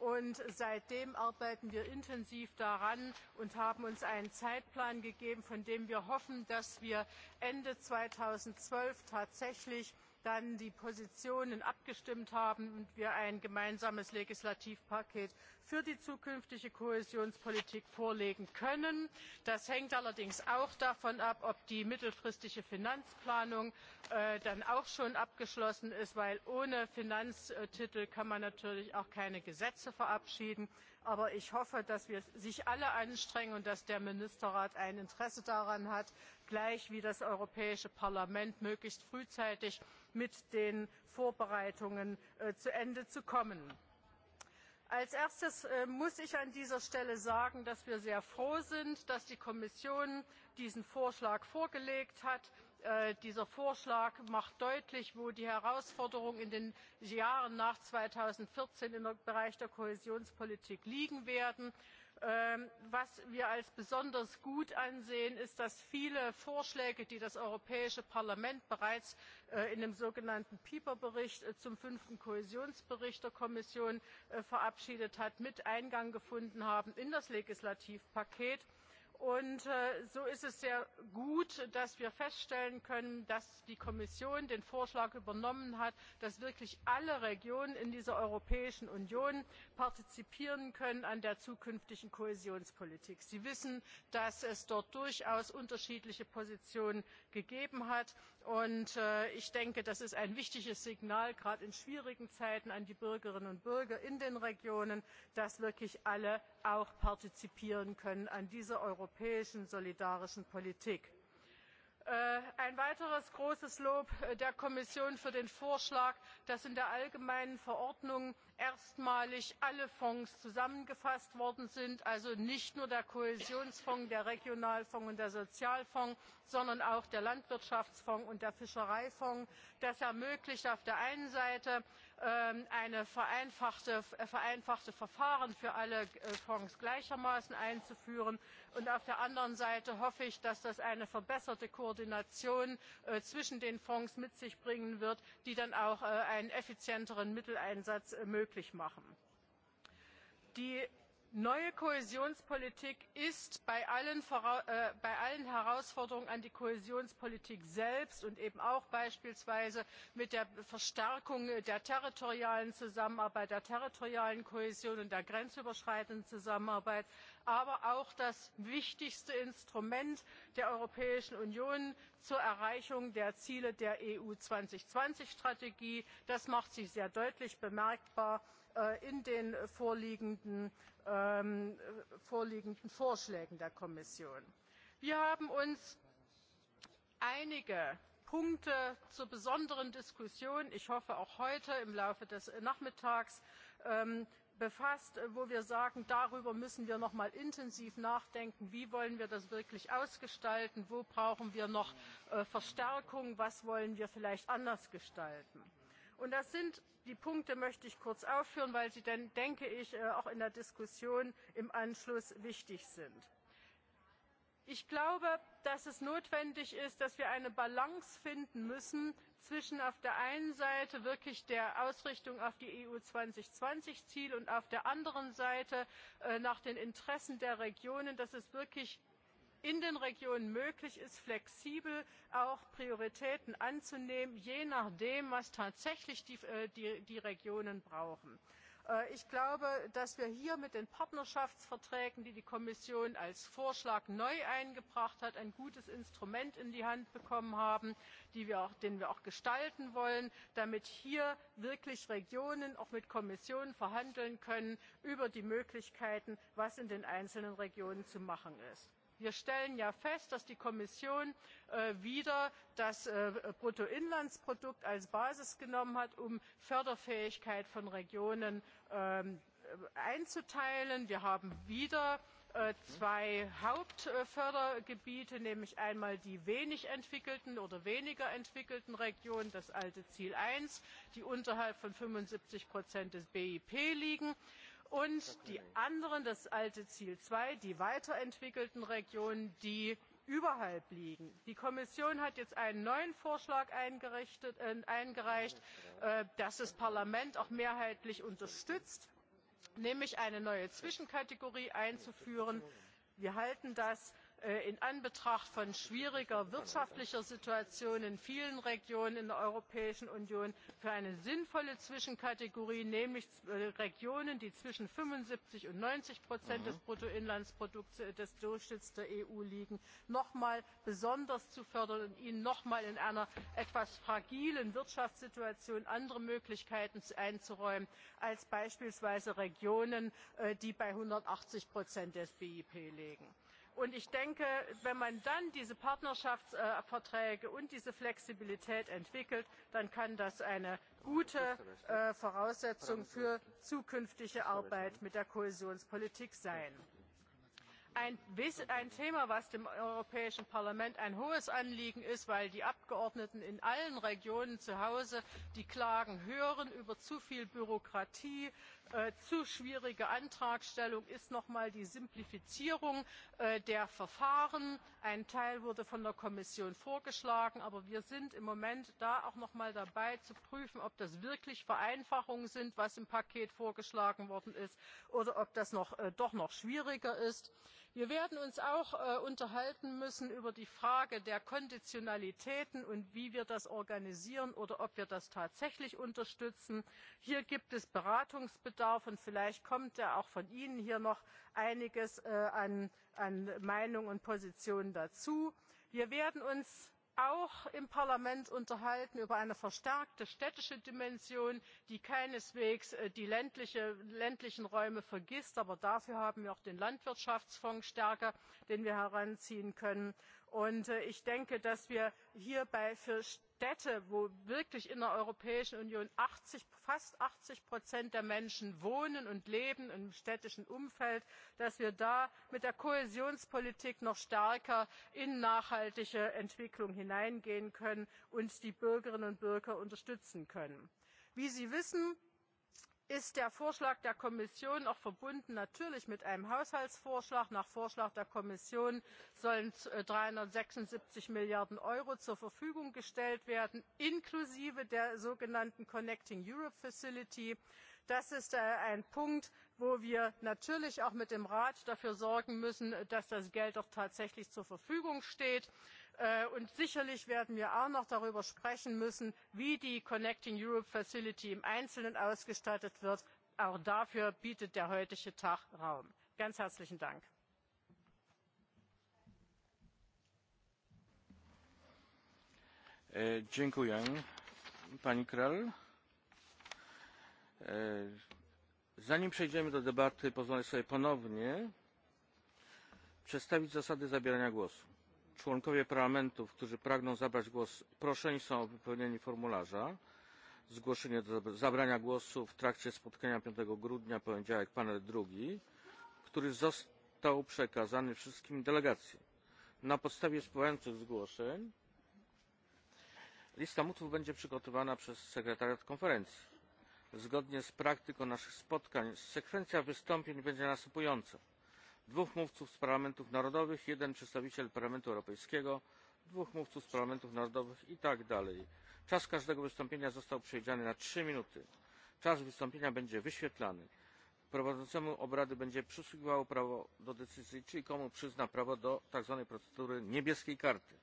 S20: Und seitdem arbeiten wir intensiv daran und haben uns einen Zeitplan gegeben, von dem wir hoffen, dass wir Ende 2012 tatsächlich dann die Positionen abgestimmt haben und wir ein gemeinsames Legislativpaket für die zukünftige Kohäsionspolitik vorlegen können. Das hängt allerdings auch davon ab, ob die mittelfristige Finanzplanung äh, dann auch schon abgeschlossen ist, weil ohne Finanztitel kann man natürlich auch keine Gesetze verabschieden. Aber ich hoffe, dass wir sich alle anstrengen und dass der Ministerrat ein Interesse daran hat, gleich wie das Europäische Parlament möglichst frühzeitig mit den Vorbereitungen äh, zu Ende zu kommen. Als erstes äh, muss ich an dieser Stelle sagen, dass wir sehr froh sind, dass die Kommission diesen Vorschlag vorgelegt hat. Äh, dieser Vorschlag macht deutlich, wo die Herausforderungen in den Jahren nach 2014 im Bereich der Kohäsionspolitik liegen werden. Ähm, was wir als besonders gut ansehen, ist, dass viele Vorschläge, die das Europäische Parlament bereits äh, in dem sogenannten PIPER-Bericht äh, zum fünften Kohäsionsbericht der Kommission äh, verabschiedet hat, mit Eingang gefunden haben in das Legislativpaket Und äh, so ist es sehr gut, dass wir feststellen können, dass die Kommission den Vorschlag übernommen hat, dass wirklich alle Regionen in dieser Europäischen Union partizipieren können an der zukünftigen Kohäsionspolitik. Sie wissen, dass es dort durchaus unterschiedliche Positionen gegeben hat. Und äh, ich denke, das ist ein wichtiges Signal, gerade in schwierigen Zeiten an die Bürgerinnen und Bürger in den Regionen, dass wirklich alle auch partizipieren können an dieser europäischen solidarischen Politik. Äh, ein weiteres großes Lob äh, der Kommission für den Vorschlag, dass in der allgemeinen Verordnung erstmalig alle Fonds zusammengefasst worden sind, also nicht nur der Kohäsionsfonds, der Regionalfonds und der Sozialfonds, sondern auch der Landwirtschaftsfonds und der Fischereifonds. Das ermöglicht auf der einen Seite Ähm, eine vereinfachte, äh, vereinfachte Verfahren für alle äh, Fonds gleichermaßen einzuführen. Und auf der anderen Seite hoffe ich, dass das eine verbesserte Koordination äh, zwischen den Fonds mit sich bringen wird, die dann auch einen effizienteren Mitteleinsatz möglich machen. Die neue kohäsionspolitik ist bei allen, äh, bei allen herausforderungen an die kohäsionspolitik selbst und eben auch beispielsweise mit der verstärkung der territorialen zusammenarbeit der territorialen kohäsion und der grenzüberschreitenden zusammenarbeit aber auch das wichtigste Instrument der Europäischen Union zur Erreichung der Ziele der EU 2020 Strategie. Das macht sich sehr deutlich bemerkbar äh, in den vorliegenden, ähm, vorliegenden Vorschlägen der Kommission. Wir haben uns einige Punkte zur besonderen Diskussion, ich hoffe auch heute im Laufe des Nachmittags, ähm, befasst, äh, wo wir sagen, darüber müssen wir noch mal intensiv nachdenken, wie wollen wir das wirklich ausgestalten, wo brauchen wir noch äh, Verstärkung, was wollen wir vielleicht anders gestalten. Und das sind die Punkte, möchte ich kurz aufführen, weil sie dann, denke ich, äh, auch in der Diskussion im Anschluss wichtig sind. Ich glaube, dass es notwendig ist, dass wir eine Balance finden müssen zwischen auf der einen Seite wirklich der Ausrichtung auf die EU 2020 Ziel und auf der anderen Seite äh, nach den Interessen der Regionen, dass es wirklich in den Regionen möglich ist, flexibel auch Prioritäten anzunehmen, je nachdem, was tatsächlich die, äh, die, die Regionen brauchen. Äh, ich glaube, dass wir hier mit den Partnerschaftsverträgen, die die Kommission als Vorschlag neu eingebracht hat, ein gutes Instrument in die Hand bekommen haben, wir auch, den wir auch gestalten wollen, damit hier wirklich Regionen auch mit Kommissionen verhandeln können über die Möglichkeiten, was in den einzelnen Regionen zu machen ist. Wir stellen ja fest, dass die Kommission äh, wieder das äh, Bruttoinlandsprodukt als Basis genommen hat, um Förderfähigkeit von Regionen ähm, äh, einzuteilen. Wir haben wieder äh, zwei Hauptfördergebiete, nämlich einmal die wenig entwickelten oder weniger entwickelten Regionen, das alte Ziel 1, die unterhalb von 75 Prozent des BIP liegen und die anderen das alte Ziel zwei, die weiterentwickelten Regionen, die überhalb liegen. Die Kommission hat jetzt einen neuen Vorschlag äh, eingereicht, äh, das das Parlament auch mehrheitlich unterstützt, nämlich eine neue Zwischenkategorie einzuführen. Wir halten das Äh, in Anbetracht von schwieriger wirtschaftlicher Situation in vielen Regionen in der Europäischen Union für eine sinnvolle Zwischenkategorie, nämlich äh, Regionen, die zwischen 75 und 90 Prozent mhm. des Bruttoinlandsprodukts äh, des Durchschnitts der EU liegen, nochmal besonders zu fördern und ihnen nochmal in einer etwas fragilen Wirtschaftssituation andere Möglichkeiten einzuräumen als beispielsweise Regionen, die bei 180 Prozent des BIP liegen. Und ich denke, wenn man dann diese Partnerschaftsverträge und diese Flexibilität entwickelt, dann kann das eine gute äh, Voraussetzung für zukünftige Arbeit mit der Kohäsionspolitik sein. Ein, ein Thema, das dem Europäischen Parlament ein hohes Anliegen ist, weil die Abgeordneten in allen Regionen zu Hause die Klagen hören über zu viel Bürokratie, Äh, zu schwierige Antragstellung ist nochmal die Simplifizierung äh, der Verfahren. Ein Teil wurde von der Kommission vorgeschlagen, aber wir sind im Moment da auch nochmal dabei zu prüfen, ob das wirklich Vereinfachungen sind, was im Paket vorgeschlagen worden ist, oder ob das noch, äh, doch noch schwieriger ist wir werden uns auch äh, unterhalten müssen über die frage der konditionalitäten und wie wir das organisieren oder ob wir das tatsächlich unterstützen. hier gibt es beratungsbedarf und vielleicht kommt ja auch von ihnen hier noch einiges äh, an, an meinung und position dazu. wir werden uns auch im parlament unterhalten über eine verstärkte städtische dimension die keineswegs äh, die ländliche, ländlichen räume vergisst aber dafür haben wir auch den landwirtschaftsfonds stärker den wir heranziehen können Und äh, ich denke, dass wir hierbei für Städte, wo wirklich in der Europäischen Union 80, fast 80 Prozent der Menschen wohnen und leben im städtischen Umfeld, dass wir da mit der Kohäsionspolitik noch stärker in nachhaltige Entwicklung hineingehen können und die Bürgerinnen und Bürger unterstützen können. Wie Sie wissen, ist der Vorschlag der Kommission auch verbunden natürlich mit einem Haushaltsvorschlag. Nach Vorschlag der Kommission sollen 376 äh, Milliarden Euro zur Verfügung gestellt werden, inklusive der sogenannten Connecting Europe Facility das ist äh, ein punkt wo wir natürlich auch mit dem rat dafür sorgen müssen dass das geld auch tatsächlich zur verfügung steht. Äh, und sicherlich werden wir auch noch darüber sprechen müssen wie die connecting europe facility im einzelnen ausgestattet wird. auch dafür bietet der heutige tag raum. ganz herzlichen dank!
S21: Äh, dziękuję. Pani E, zanim przejdziemy do debaty, pozwolę sobie ponownie przedstawić zasady zabierania głosu. Członkowie parlamentów, którzy pragną zabrać głos, proszeni są o wypełnienie formularza. Zgłoszenie do zabrania głosu w trakcie spotkania 5 grudnia, poniedziałek, panel drugi, który został przekazany wszystkim delegacjom. Na podstawie spływających zgłoszeń lista mówców będzie przygotowana przez sekretariat konferencji zgodnie z praktyką naszych spotkań sekwencja wystąpień będzie następująca dwóch mówców z parlamentów narodowych jeden przedstawiciel parlamentu europejskiego dwóch mówców z parlamentów narodowych i tak dalej. czas każdego wystąpienia został przewidziany na trzy minuty. czas wystąpienia będzie wyświetlany. prowadzącemu obrady będzie przysługiwało prawo do decyzji czyli komu przyzna prawo do tak zwanej procedury niebieskiej karty.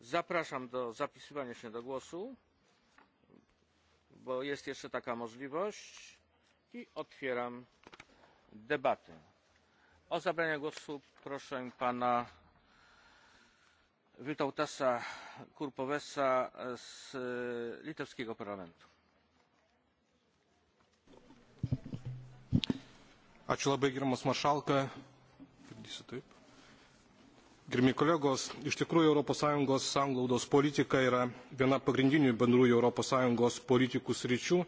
S21: zapraszam do zapisywania się do głosu bo jest jeszcze taka możliwość i otwieram debatę. O zabranie głosu proszę pana Witautasa Kurpowesa z litewskiego parlamentu.
S22: Ačiū labai, gerbiamas maršalka. Girdisi taip. Gerbiami kolegos, iš tikrųjų Sąjungos sanglaudos politika yra viena pagrindinių bendrųjų Sąjungos politikų sričių.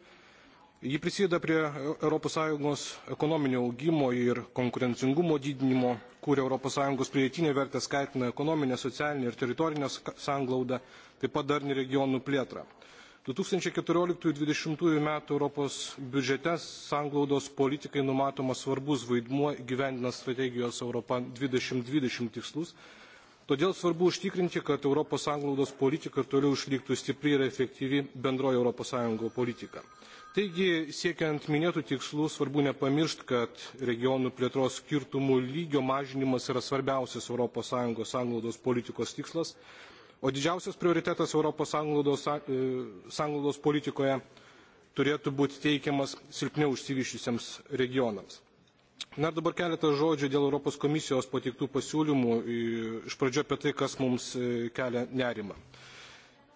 S22: Ji prisideda prie Europos Sąjungos ekonominio augimo ir konkurencingumo didinimo, kuria Sąjungos pridėtinė vertė skatina ekonominę, socialinę ir teritorinę sanglaudą, taip pat darnį regionų plėtrą. 2014-2020 metų Europos biudžete sanglaudos politikai numatomas svarbus vaidmuo gyvendinant strategijos Europa 2020 tikslus, todėl svarbu užtikrinti, kad Europos sanglaudos politika ir toliau išliktų stipri ir efektyvi bendroji Europos Sąjungo politika. Taigi, siekiant minėtų tikslų, svarbu nepamiršti, kad regionų plėtros skirtumų lygio mažinimas yra svarbiausias Europos sąjungos sanglaudos politikos tikslas, o didžiausias prioritetas Europos sanglaudos, e, politikoje turėtų būti teikiamas silpniau užsivyšusiems regionams. Na ir dabar keletas žodžių dėl Europos komisijos pateiktų pasiūlymų, e, iš pradžio apie tai, kas mums e, kelia nerimą.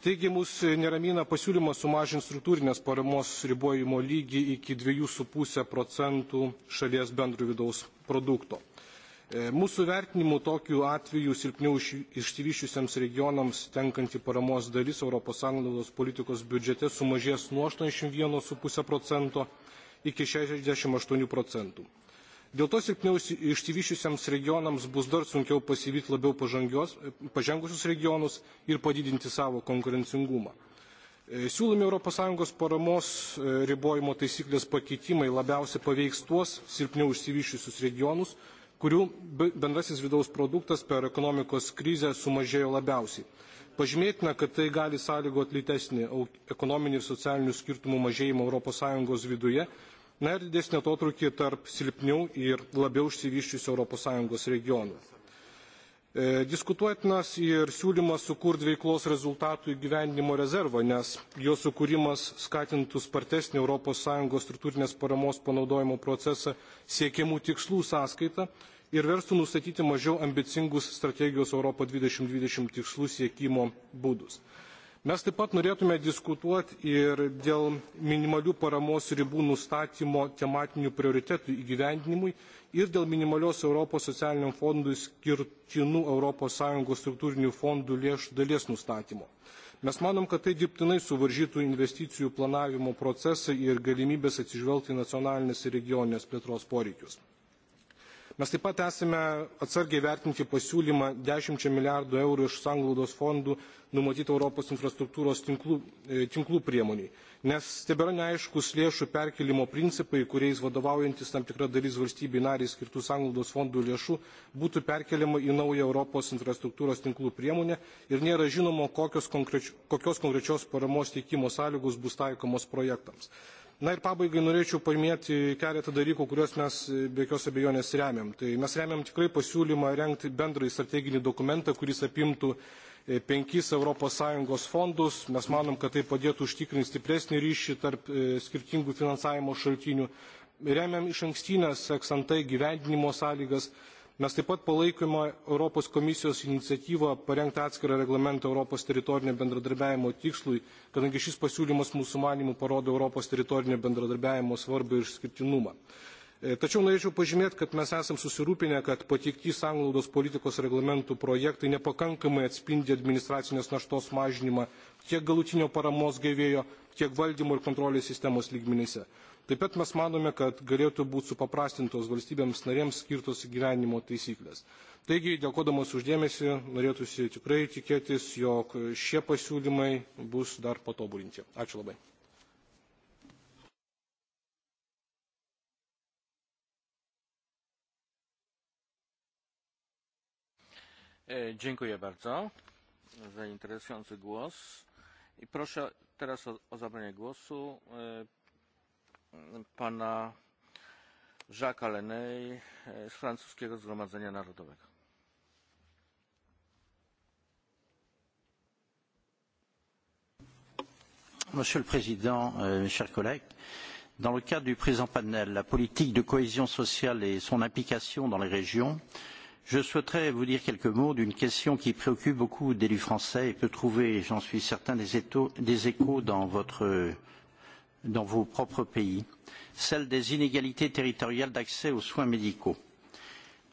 S22: Taigi mus neramina pasiūlymas sumažinti struktūrinės paramos ribojimo lygį iki 2,5 procentų šalies bendro vidaus produkto. E, mūsų vertinimu tokių atveju silpniau išsivysčiusiems regionams tenkanti paramos dalis ES politikos biudžete sumažės nuo 81,5 procento iki 68 procentų. Dėl to silpniau išsivyščiusiams regionams bus dar sunkiau pasivyti labiau pažengusius regionus ir padidinti savo konkurencingumą. E, siūlomi ES paramos e, ribojimo taisyklės pakeitimai labiausiai paveiks tuos silpniau išsivyščiusius regionus, kurių bendrasis vidaus produktas per ekonomikos krizę sumažėjo labiausiai. Pažymėtina, kad tai gali sąlygoti lytesnį ekonominių ir socialinių skirtumų mažėjimą ES viduje, na ir didesnį atotrukį tarp silpniau ir labiau išsivyščiusių ES regionų. Diskutuotinas ir siūlymas sukurti veiklos rezultatų įgyvendinimo rezervą, nes jo sukūrimas skatintų spartesnį ES struktūrinės paramos panaudojimo procesą siekiamų tikslų sąskaitą ir verstų nustatyti mažiau ambicingus strategijos Europo 2020 tikslų siekimo būdus. Mes taip pat norėtume diskutuoti ir dėl minimalių paramos ribų nustatymo tematinių prioritetų įgyvendinimui ir dėl minimalios Europos socialiniam fondui skirtinų ES struktūrinių fondų lėšų dalies nustatymo. Mes manom, kad tai dirbtinai suvaržytų investicijų planavimo procesą ir galimybės atsižvelgti nacionalinės ir regioninės plėtros poreikius. Mes taip pat esame atsargiai vertinti pasiūlymą 10 milijardų eurų iš sanglaudos fondų numatyti Europos infrastruktūros tinklų, e, tinklų priemoniai, nes tebėra neaiškus lėšų perkelimo principai, kuriais vadovaujantis tam tikra dalis valstybių nariai skirtų sanglaudos fondų lėšų būtų perkeliama į naują Europos infrastruktūros tinklų priemonę ir nėra žinoma, kokios, kokios konkrečios paramos teikimo sąlygos bus taikomos projektams. Na ir pabaigai norėčiau paminėti keletą dalykų, kuriuos mes e, be jokios abejonės remiam. Tai mes remiam tikrai pasiūlymą renkti bendrąjį strateginį dokumentą, kuris apimtų e, penkis ES fondus. Mes manom, kad tai padėtų užtikrinti stipresnį ryšį tarp e, skirtingų finansavimo šaltinių. Remiam iš ankstinės eksantai gyvendinimo sąlygas, Mes taip pat palaikome Europos komisijos iniciatyvą parengti atskirą reglamentą Europos teritorinio bendradarbiavimo tikslui, kadangi šis pasiūlymas mūsų manimų parodo Europos teritorinio bendradarbiavimo svarbą ir išskirtinumą. E, tačiau norėčiau pažymėti, kad mes esam susirūpinę, kad pateikti sanglaudos politikos reglamentų projektai nepakankamai atspindi administracinės naštos mažinimą tiek galutinio paramos gavėjo, tiek valdymo ir kontrolės sistemos lygmenyse. Taip pat mes manome, kad galėtų būti supaprastintos valstybėms narėms skirtos gyvenimo taisyklės. Taigi, dėkodamas uždėmesi, norėtųsi tikrai tikėtis, jog šie pasiūlymai bus dar patobulinti. Ačiū labai.
S21: E, dziękuję bardzo za interesujący głos. I proszę teraz o, o zabranie głosu e, pana Jacques Leney e, z francuskiego Zgromadzenia Narodowego.
S6: Monsieur le Président, e, mes chers collègues, dans le cadre du présent panel, la politique de cohésion sociale et son implication dans les régions, je souhaiterais vous dire quelques mots d'une question qui préoccupe beaucoup d'élus français et peut trouver, j'en suis certain, des, échos dans votre dans vos propres pays, celle des inégalités territoriales d'accès aux soins médicaux.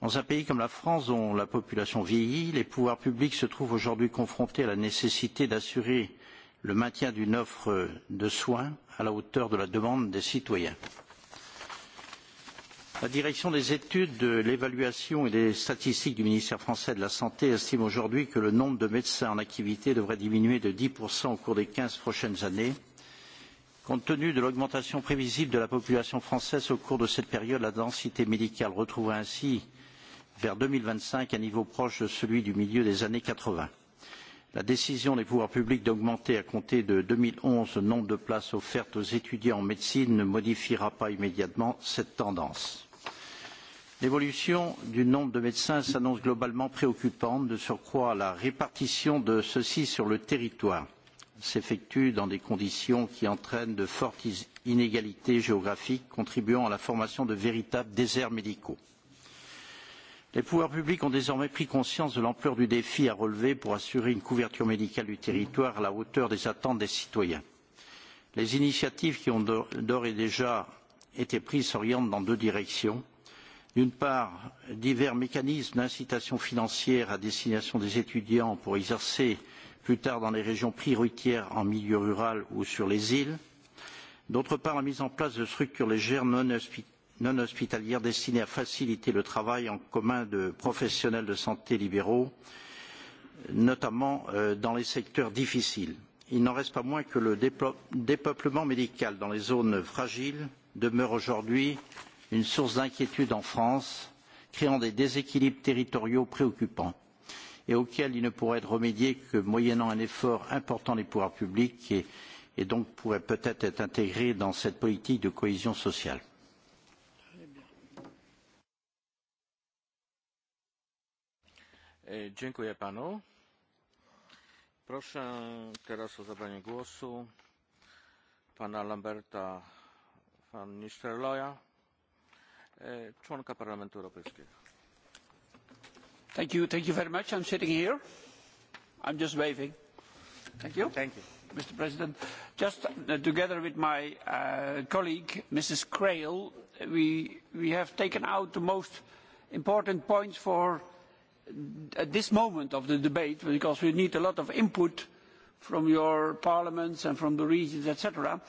S6: Dans un pays comme la France, dont la population vieillit, les pouvoirs publics se trouvent aujourd'hui confrontés à la nécessité d'assurer le maintien d'une offre de soins à la hauteur de la demande des citoyens. La direction des études, de l'évaluation et des statistiques du ministère français de la Santé estime aujourd'hui que le nombre de médecins en activité devrait diminuer de 10% au cours des quinze prochaines années Compte tenu de l'augmentation prévisible de la population française au cours de cette période, la densité médicale retrouvera ainsi vers deux mille vingt cinq un niveau proche de celui du milieu des années quatre La décision des pouvoirs publics d'augmenter à compter de deux mille onze le nombre de places offertes aux étudiants en médecine ne modifiera pas immédiatement cette tendance. L'évolution du nombre de médecins s'annonce globalement préoccupante, de surcroît la répartition de ceux-ci sur le territoire s'effectuent dans des conditions qui entraînent de fortes inégalités géographiques contribuant à la formation de véritables déserts médicaux. Les pouvoirs publics ont désormais pris conscience de l'ampleur du défi à relever pour assurer une couverture médicale du territoire à la hauteur des attentes des citoyens. Les initiatives qui ont d'ores et déjà été prises s'orientent dans deux directions. D'une part, divers mécanismes d'incitation financière à destination des étudiants pour exercer plus tard dans les régions prioritaires en milieu rural ou sur les îles. D'autre part, la mise en place de structures légères non, hospi non hospitalières destinées à faciliter le travail en commun de professionnels de santé libéraux, notamment euh, dans les secteurs difficiles. Il n'en reste pas moins que le dépeuplement médical dans les zones fragiles demeure aujourd'hui une source d'inquiétude en France, créant des déséquilibres territoriaux préoccupants et auxquels il ne pourrait être remédié que moyennant un effort important des pouvoirs publics et, et donc pourrait peut-être être intégré dans cette politique de cohésion sociale.
S21: E, dziękuję panu. Proszę teraz o zabranie głosu pana Lamberta van Nistelrooya, e, członka
S23: Parlamentu Europejskiego. Thank you. Thank you very much. I'm sitting here. I'm just waving. Thank you. Thank you. Mr. President, just uh, together with my uh, colleague, Mrs. Crail, we, we have taken out the most important points for at uh, this moment of the debate, because we need a lot of input from your parliaments and from the regions, etc.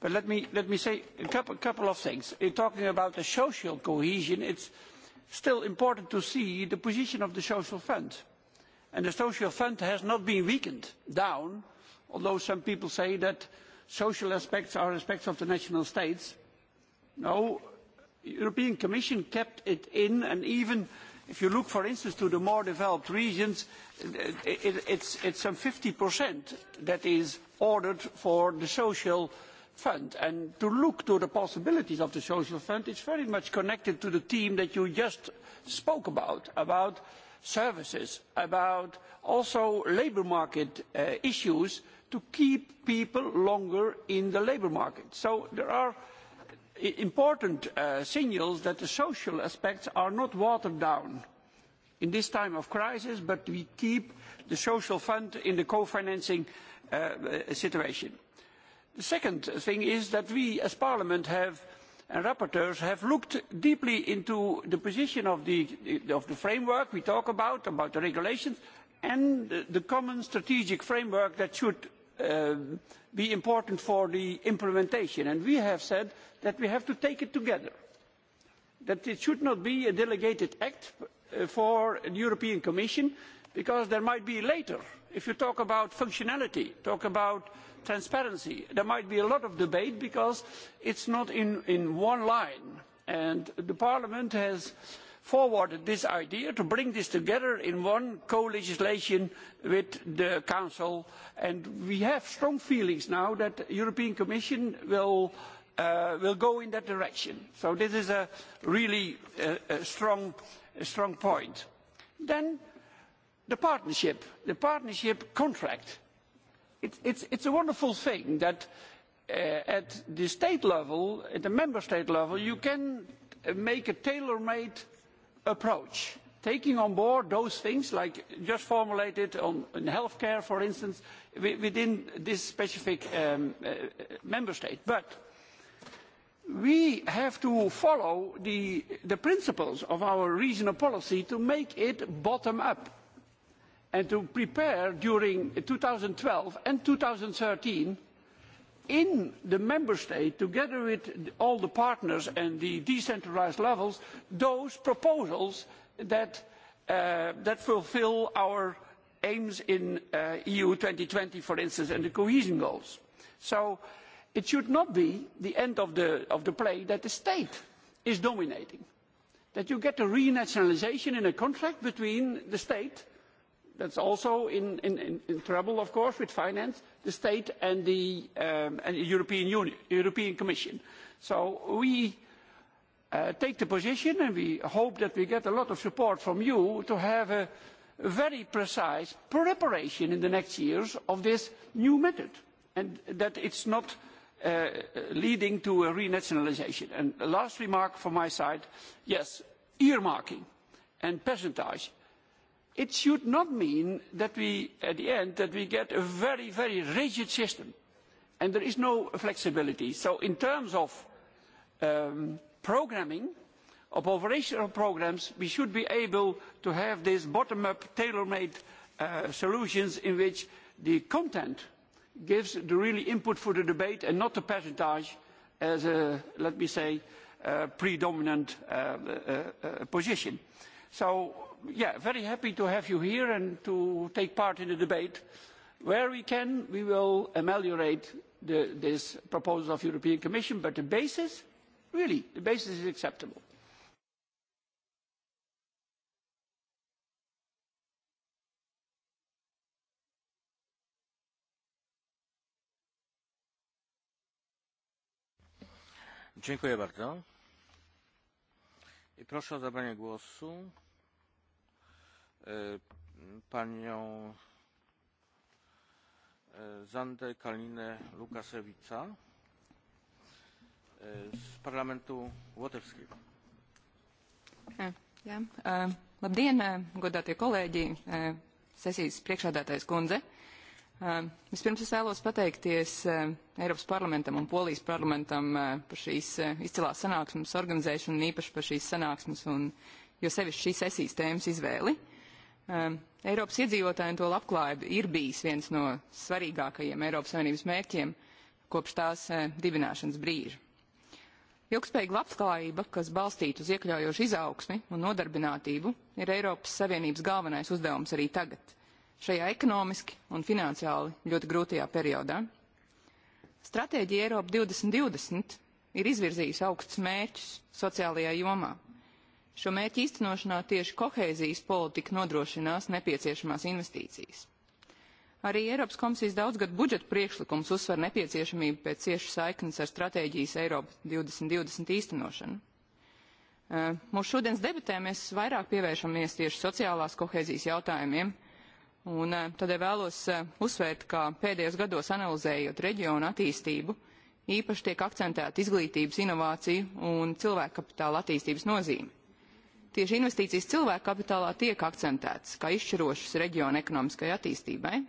S23: But let me, let me say a couple, couple of things. In talking about the social cohesion, it's still important to see the position of the social fund. And the social fund has not been weakened down, although some people say that social aspects are aspects of the national states. No, the European Commission kept it in, and even if you look, for instance, to the more developed regions, it, it, it's, it's some 50% that is ordered for the social fund. And to look to the possibilities of the social fund is very much connected to the theme that you just spoke about, about services, about also labour market uh, issues to keep people longer in the labour market. So there are important uh, signals that the social aspects are not watered down in this time of crisis, but we keep the social fund in the co-financing uh, uh situation. The second thing is that we as Parliament have and rapporteurs have looked deeply into the position of the, of the framework we talk about, about the regulations, and the common strategic framework that should um, be important for the implementation. And we have said that we have to take it together, that it should not be a delegated act uh, for the European Commission, because there might be later, if you talk about functionality, talk about transparency. There might be a lot of debate because it is not in, in one line. And Parliament has forwarded this idea to bring this together in one co-legislation with the Council. And we have strong feelings now that the European Commission will, uh, will go in that direction. So this is a really uh, a strong, a strong point. Then the partnership, the partnership contract it, is it's a wonderful thing that uh, at the state level, at the member state level, you can make a tailor-made approach, taking on board those things like just formulated on in healthcare, for instance, within this specific um, uh, member state. But we have to follow the, the principles of our regional policy to make it bottom up and to prepare during 2012 and 2013 in the member state, together with all the partners and the decentralized levels, those proposals that, uh, that fulfill our aims in uh, EU 2020, for instance, and the cohesion goals. So it should not be the end of the, of the play that the state is dominating. That you get a renationalization in a contract between the state that's also in, in, in trouble, of course, with finance, the state and the, um, and European, Union, European Commission. So we uh, take the position and we hope that we get a lot of support from you to have a very precise preparation in the next years of this new method and that it's not uh, leading to a renationalization. And the last remark from my side, yes, earmarking and percentage it should not mean that we, at the end, that we get a very, very rigid system and there is no flexibility. So in terms of um, programming, of operational programs, we should be able to have these bottom-up, tailor-made uh, solutions in which the content gives the really input for the debate and not the percentage as a, let me say, a predominant uh, uh, uh, position. So yeah, very happy to have you here and to take part in the debate. Where we can, we will ameliorate the, this proposal of the European Commission, but the basis, really, the basis is acceptable.
S21: Dziękuję bardzo. I proszę o zabranie głosu panią Zandę Kalinę Lukasewica z Parlamentu Łotewskiego.
S24: E, Jā, e, labdien, e, godātie kolēģi, sesijas priekšādātais kundze. Vispirms es vēlos pateikties Eiropas parlamentam un Polijas parlamentam par šīs izcilās sanāksmes organizēšanu un īpaši par šīs sanāksmes un jo sevišķi šīs sesijas tēmas izvēli. Um, Eiropas iedzīvotājiem to labklājību ir bijis viens no svarīgākajiem Eiropas Savienības mērķiem kopš tās uh, dibināšanas brīža. Ilgspējīga labklājība, kas balstīta uz iekļaujošu izaugsmi un nodarbinātību, ir Eiropas Savienības galvenais uzdevums arī tagad, šajā ekonomiski un finansiāli ļoti grūtajā periodā. Stratēģija Eiropa 2020 ir izvirzījusi augstus mērķus sociālajā jomā Šo mērķu īstenošanā tieši kohēzijas politika nodrošinās nepieciešamās investīcijas. Arī Eiropas komisijas daudzgadu budžeta priekšlikums uzsver nepieciešamību pēc ciešu saiknes ar stratēģijas Eiropa 2020 īstenošanu. Mūsu šodienas debatē mēs vairāk pievēršamies tieši sociālās kohēzijas jautājumiem, un tādēļ vēlos uzsvērt, ka pēdējos gados analizējot reģionu attīstību, īpaši tiek akcentēta izglītības, inovāciju un cilvēka kapitāla attīstības nozīme tieši investīcijas cilvēku kapitālā tiek akcentētas kā izšķirošas reģiona ekonomiskai attīstībai.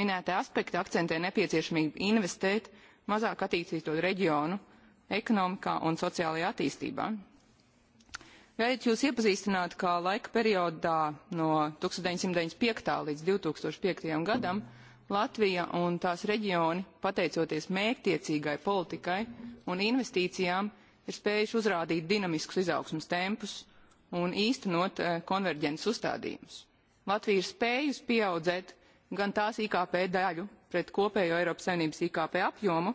S24: Minētā aspekti akcentē nepieciešamību investēt mazāk attīstīto reģionu ekonomikā un sociālajā attīstībā. Vēlēt jūs iepazīstināt, ka laika periodā no 1995. līdz 2005. gadam Latvija un tās reģioni, pateicoties mērķtiecīgai politikai un investīcijām, ir spējuši uzrādīt dinamiskus izaugsmus tempus, un īstenot eh, konverģences uzstādījumus. Latvija ir spējusi pieaudzēt gan tās IKP daļu pret kopējo Eiropas Savienības IKP apjomu,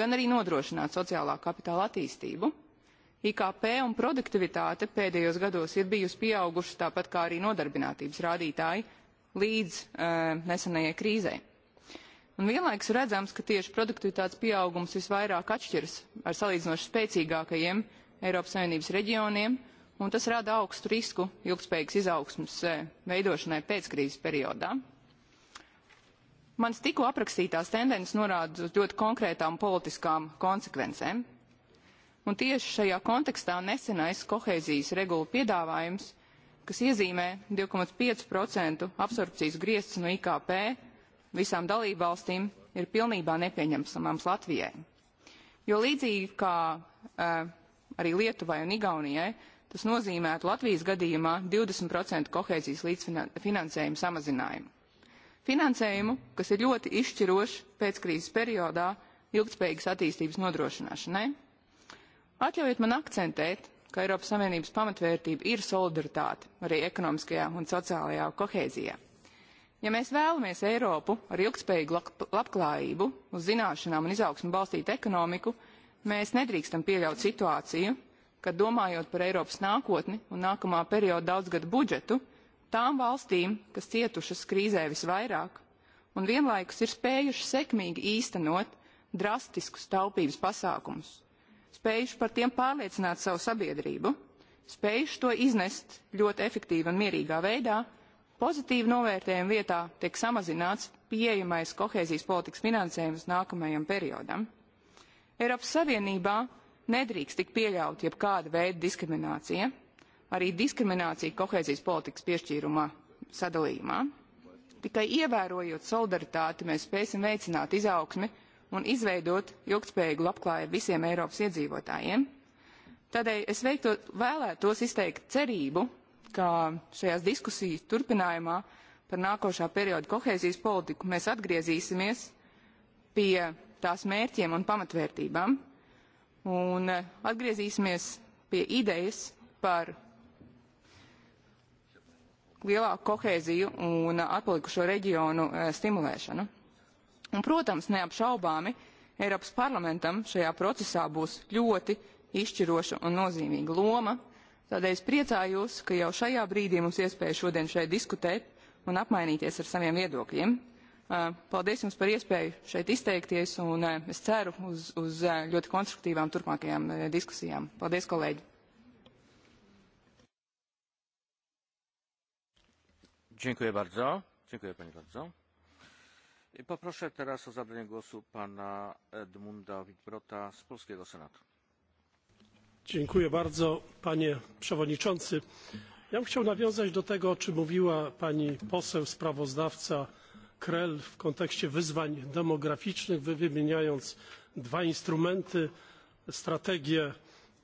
S24: gan arī nodrošināt sociālā kapitāla attīstību. IKP un produktivitāte pēdējos gados ir bijusi pieauguši tāpat kā arī nodarbinātības rādītāji līdz uh, nesenajai krīzē. Un vienlaikus redzams, ka tieši produktivitātes pieaugums visvairāk atšķiras ar salīdzinoši spēcīgākajiem Eiropas Savienības reģioniem, un tas rada augstu risku ilgspējīgas izaugsmas eh, veidošanai pēckrīzes periodā. Mans tikko aprakstītās tendences norāda uz ļoti konkrētām politiskām konsekvencēm. Un tieši šajā kontekstā nesenais kohēzijas regula piedāvājums, kas iezīmē 2,5% absorpcijas griezts no IKP visām valstīm, ir pilnībā nepieņemsamams Latvijai. Jo līdzīgi kā uh, arī Lietuvai un Igaunijai, Tas nozīmētu Latvijas gadījumā 20% kohēzijas līdzfinansējumu samazinājumu. Finansējumu, kas ir ļoti izšķirošs pēckrīzes periodā ilgtspējīgas attīstības nodrošināšanai. Atļaujiet man akcentēt, ka Eiropas Savienības pamatvērtība ir solidaritāte arī ekonomiskajā un sociālajā kohēzijā. Ja mēs vēlamies Eiropu ar ilgspējīgu labklājību, uz zināšanām un izaugsmu balstītu ekonomiku, mēs nedrīkstam pieļaut situāciju, ka domājot par Eiropas nākotni un nākamā perioda daudzgadu budžetu, tām valstīm, kas cietušas krīzē visvairāk un vienlaikus ir spējušas sekmīgi īstenot drastiskus taupības pasākumus, spējuši par tiem pārliecināt savu sabiedrību, spējuši to iznest ļoti efektīvi un mierīgā veidā, pozitīvu novērtējumu vietā tiek samazināts pieejamais kohēzijas politikas finansējums nākamajam periodam. Eiropas Savienībā Nedrīkst tik pieļaut jebkāda veida diskriminācija, arī diskriminācija kohēzijas politikas piešķīrumā sadalījumā. Tikai ievērojot solidaritāti, mēs spēsim veicināt izaugsmi un izveidot ilgspējīgu labklājību visiem Eiropas iedzīvotājiem. Tādēļ es veikto, vēlētos izteikt cerību, ka šajās diskusijas turpinājumā par nākošā perioda kohēzijas politiku mēs atgriezīsimies pie tās mērķiem un pamatvērtībām, Un atgriezīsimies pie idejas par lielāku kohēziju un atpalikušo reģionu eh, stimulēšanu. Un, protams, neapšaubāmi Eiropas parlamentam šajā procesā būs ļoti izšķiroša un nozīmīga loma. Tādēļ es priecājos, ka jau šajā brīdī mums iespēja šodien šeit diskutēt un apmainīties ar saviem viedokļiem. Eh, paldies jums par iespēju šeit izteikties un eh, es ceru uz, uz eh, ļoti konstruktīvām turpmākajām diskusijām. Paldies, kolēģi!
S21: Dziękuję bardzo. Dziękuję Pani bardzo. I Poproszę teraz o zabranie głosu pana Edmunda Witbrota z Polskiego Senatu.
S14: Dziękuję bardzo Panie Przewodniczący. Ja bym chciał nawiązać do tego, o czym mówiła Pani poseł sprawozdawca Krell w kontekście wyzwań demograficznych, wymieniając dwa instrumenty, strategię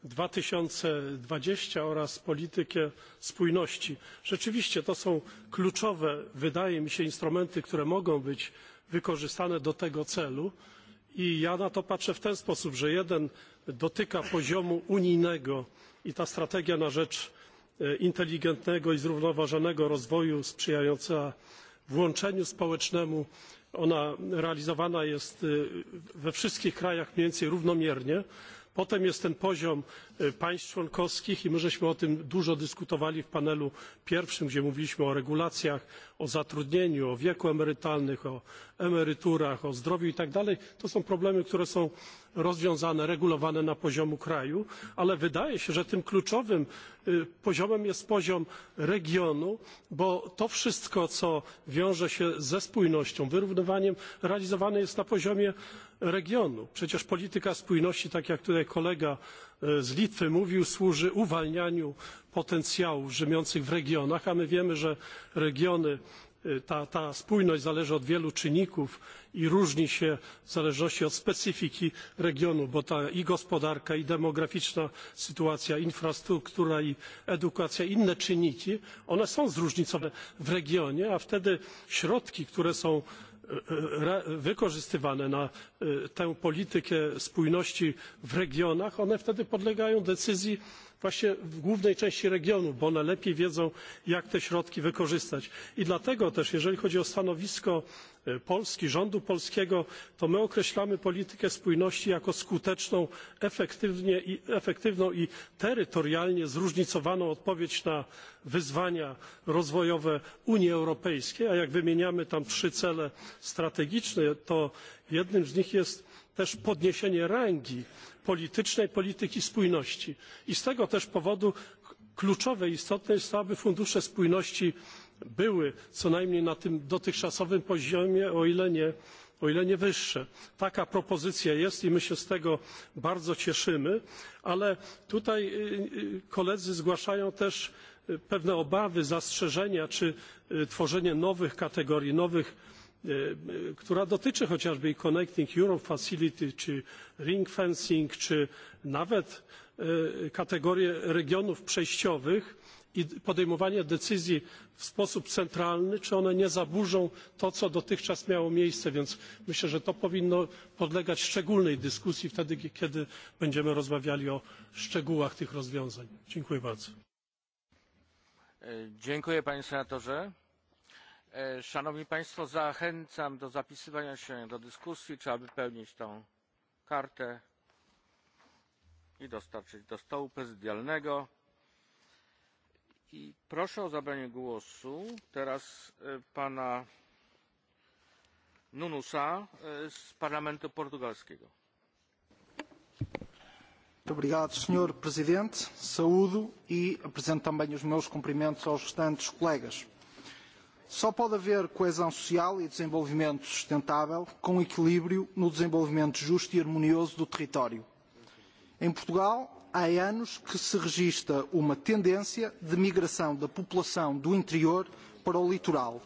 S14: 2020 oraz politykę spójności. Rzeczywiście to są kluczowe, wydaje mi się, instrumenty, które mogą być wykorzystane do tego celu. I ja na to patrzę w ten sposób, że jeden dotyka poziomu unijnego i ta strategia na rzecz e, inteligentnego i zrównoważonego rozwoju sprzyjająca włączeniu społecznemu. Ona realizowana jest we wszystkich krajach mniej więcej równomiernie. Potem jest ten poziom e, państw członkowskich i my żeśmy o tym dużo dyskutowali w panelu pierwszym, gdzie mówiliśmy o regulacjach, o zatrudnieniu, o wieku emerytalnych, o emeryturach, o zdrowiu i tak dalej. To są problemy, które są rozwiązane, regulowane na poziomu kraju, ale wydaje się, że tym kluczowym e, poziomem jest poziom regionu, bo to wszystko, co wiąże się ze spójnością, wyrównywaniem, realizowane jest na poziomie regionu. Przecież polityka spójności, tak jak tutaj kolega e, z Litwy mówił, służy uwalnianiu potencjału drzemiących w regionach, a my wiemy, że regiony e, ta, ta spójność zależy od wielu czynników i różni się w zależności od specyfiki regionu, bo ta i gospodarka, i demograficzna sytuacja, infrastruktura, i edukacja, inne czynniki, one są zróżnicowane w regionie, a wtedy środki, które są wykorzystywane na e, tę politykę spójności w regionach, one wtedy podlegają decyzji właśnie w głównej części regionu, bo one lepiej wiedzą, jak te środki wykorzystać. I dlatego też, jeżeli chodzi o stanowisko E, polski, rządu polskiego, to my określamy politykę spójności jako skuteczną, efektywną i terytorialnie zróżnicowaną odpowiedź na wyzwania rozwojowe Unii Europejskiej, a jak wymieniamy tam trzy cele strategiczne, to jednym z nich jest też podniesienie rangi politycznej polityki spójności. I z tego też powodu kluczowe i istotne jest to, aby fundusze spójności były co najmniej na tym dotychczasowym poziomie, o ile nie, o ile nie wyższe. Taka propozycja jest i my się z tego bardzo cieszymy, ale tutaj koledzy zgłaszają też pewne obawy, zastrzeżenia czy tworzenie nowych kategorii, nowych która dotyczy chociażby i Connecting Europe Facility, czy ring fencing, czy nawet kategorie regionów przejściowych, i podejmowanie decyzji w sposób centralny, czy one nie zaburzą to, co dotychczas miało miejsce. Więc myślę, że to powinno podlegać szczególnej dyskusji wtedy, kiedy będziemy rozmawiali o szczegółach tych rozwiązań. Dziękuję bardzo.
S21: E, dziękuję panie senatorze. E, szanowni Państwo, zachęcam do zapisywania się do dyskusji. Trzeba wypełnić tą kartę i dostarczyć do stołu prezydialnego. I proszę o zabranie głosu teraz e, pana Nunusa e, z Parlamentu Portugalskiego.
S25: obrigado, Sr. Presidente. Saúdo e apresento também os meus cumprimentos aos restantes colegas. Só pode haver coesão social e desenvolvimento sustentável com equilíbrio no desenvolvimento justo e harmonioso do território. Em Portugal, há anos que se registra uma tendência de migração da população do interior para o litoral.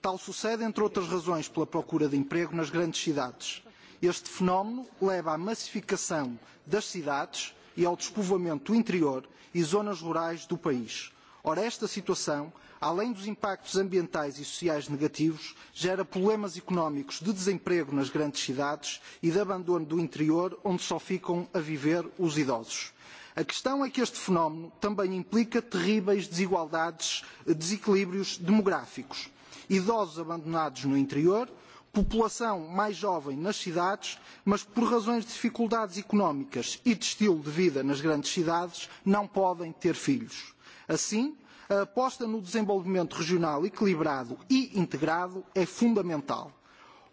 S25: Tal sucede, entre outras razões, pela procura de emprego nas grandes cidades. Este fenómeno leva à massificação das cidades e ao despovoamento do interior e zonas rurais do país. Ora, esta situação além dos impactos ambientais e sociais negativos, gera problemas económicos de desemprego nas grandes cidades e de abandono do interior, onde só ficam a viver os idosos. A questão é que este fenómeno também implica terríveis desigualdades, desequilíbrios demográficos. Idosos abandonados no interior, população mais jovem nas cidades, mas que por razões de dificuldades económicas e de estilo de vida nas grandes cidades não podem ter filhos. Assim, A aposta no desenvolvimento regional equilibrado e integrado é fundamental.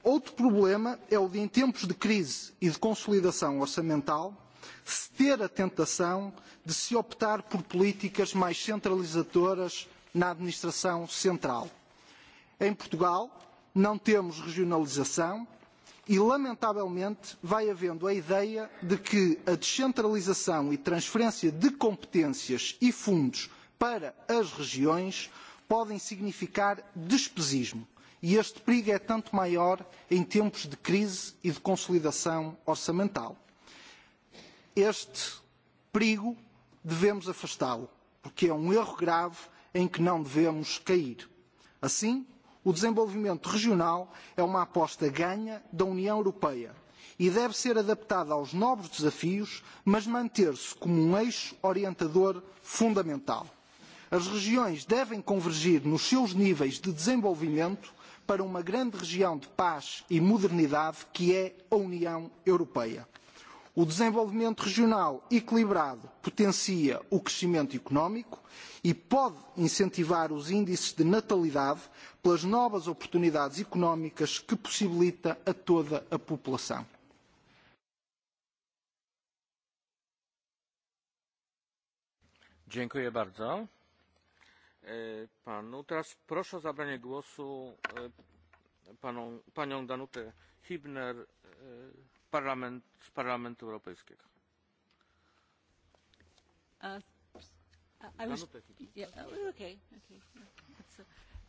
S25: Outro problema é o de, em tempos de crise e de consolidação orçamental, se ter a tentação de se optar por políticas mais centralizadoras na administração central. Em Portugal, não temos regionalização e, lamentavelmente, vai havendo a ideia de que a descentralização e transferência de competências e fundos para as regiões podem significar despesismo e este perigo é tanto maior em tempos de crise e de consolidação orçamental. Este perigo devemos afastá-lo, porque é um erro grave em que não devemos cair. Assim, o desenvolvimento regional é uma aposta ganha da União Europeia e deve ser adaptada aos novos desafios, mas manter-se como um eixo orientador fundamental. As regiões devem convergir nos seus níveis de desenvolvimento para uma grande região de paz e modernidade que é a União Europeia. O desenvolvimento regional equilibrado potencia o crescimento económico e pode incentivar os índices de natalidade pelas novas oportunidades económicas que possibilita a toda a população.
S21: Dziękuję bardzo. E, panu. Teraz proszę o zabranie głosu e, panu, panią Danutę Hibner e, parlament, z Parlamentu Europejskiego.
S26: Uh, I was, yeah, oh, okay, okay. Uh,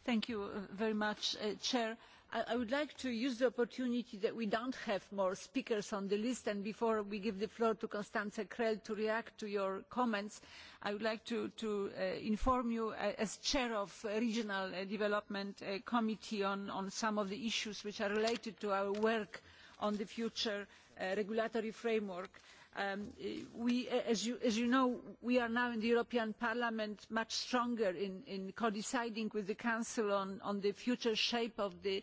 S26: thank you uh, very much, uh, Chair. Uh, I, would like to use the opportunity that we don't have more speakers on the list and before we give the floor to Constanze Krell to react to your comments, I would like to, to uh, inform you uh, as chair of the uh, regional uh, development uh, committee on, on some of the issues which are related to our work on the future uh, regulatory framework. Um, we, as, you, as you know, we are now in the European Parliament much stronger in, in co-deciding with the Council on, on the future shape of the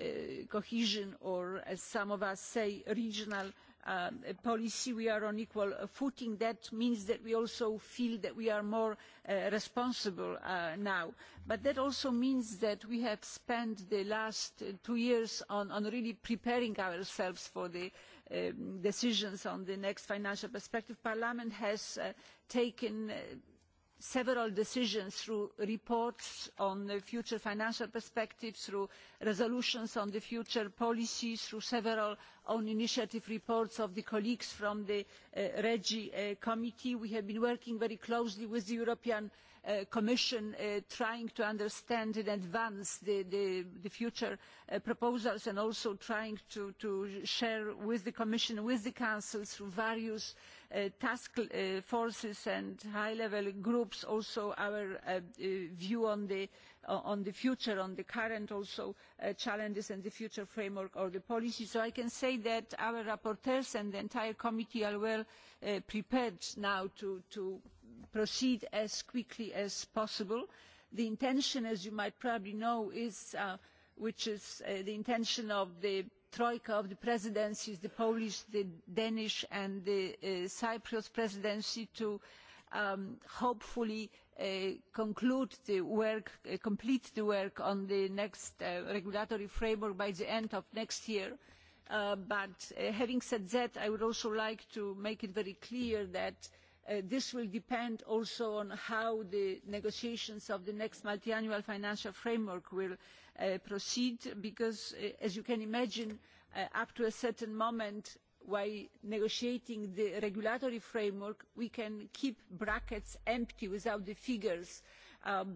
S26: uh, cohesion or, as some of us say, regional um, policy. We are on equal footing. That means that we also feel that we are more uh, responsible uh, now. But that also means that we have spent the last uh, two years on, on really preparing ourselves for the Uh, decisions on the next financial perspective, Parliament has uh, taken uh, several decisions through reports on the future financial perspectives, through resolutions on the future policies, through several own initiative reports of the colleagues from the uh, REGI uh, committee. We have been working very closely with the European uh, Commission uh, trying to understand in advance the, the, the future uh, proposals and also trying to, to share with the Commission, with the Council through various uh, task uh, forces and high-level groups also our uh, uh, view on the, uh, on the future, on the current also uh, challenges and the future framework or the policy. So I can say that our rapporteurs and the entire committee are well uh, prepared now to, to proceed as quickly as possible. The intention, as you might probably know, is, uh, which is uh, the intention of the troika of the presidencies, the Polish, the Danish and the uh, Cyprus presidency to um, hopefully Uh, conclude the work, uh, complete the work on the next uh, regulatory framework by the end of next year. Uh, but uh, having said that, I would also like to make it very clear that Uh, this will depend also on how the negotiations of the next multiannual financial framework will uh, proceed because uh, as you can imagine up to a certain moment while negotiating the regulatory framework we can keep brackets empty without the figures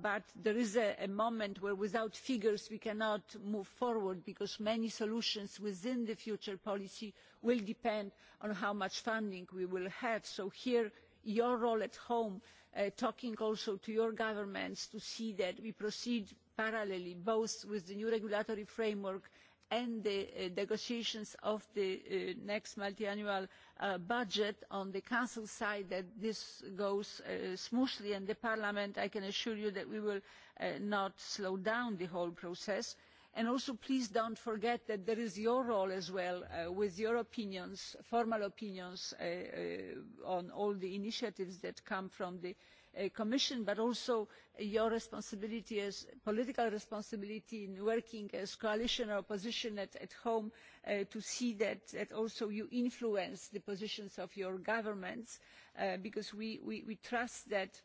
S26: but there is a moment where without figures we cannot move forward because many solutions within the future policy will depend on how much funding we will have so here your role at home, uh, talking also to your governments to see that we proceed parallelly both with the new regulatory framework and the uh, negotiations of the uh, next multiannual uh, budget on the council side that this goes uh, smoothly and the parliament i can assure you that we will uh, not slow down the whole process. And also please do not forget that there is your role as well uh, with your opinions, formal opinions uh, uh, on all the initiatives that come from the uh, Commission, but also your responsibility as political responsibility in working as coalition or opposition at, at home uh, to see that, that, also you influence the positions of your governments uh, because we, we, we, trust that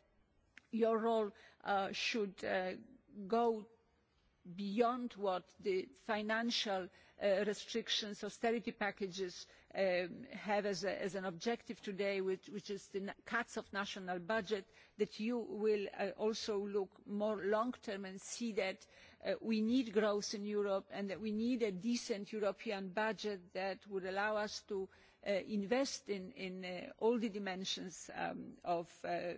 S26: your role should go beyond what the financial uh, restrictions, austerity packages um, have as, a, as, an objective today, which, which, is the cuts of national budget, that you will uh, also look more long-term and see that uh, we need growth in Europe and that we need a decent European budget that would allow us to uh, invest in, in uh, all the dimensions um, of uh,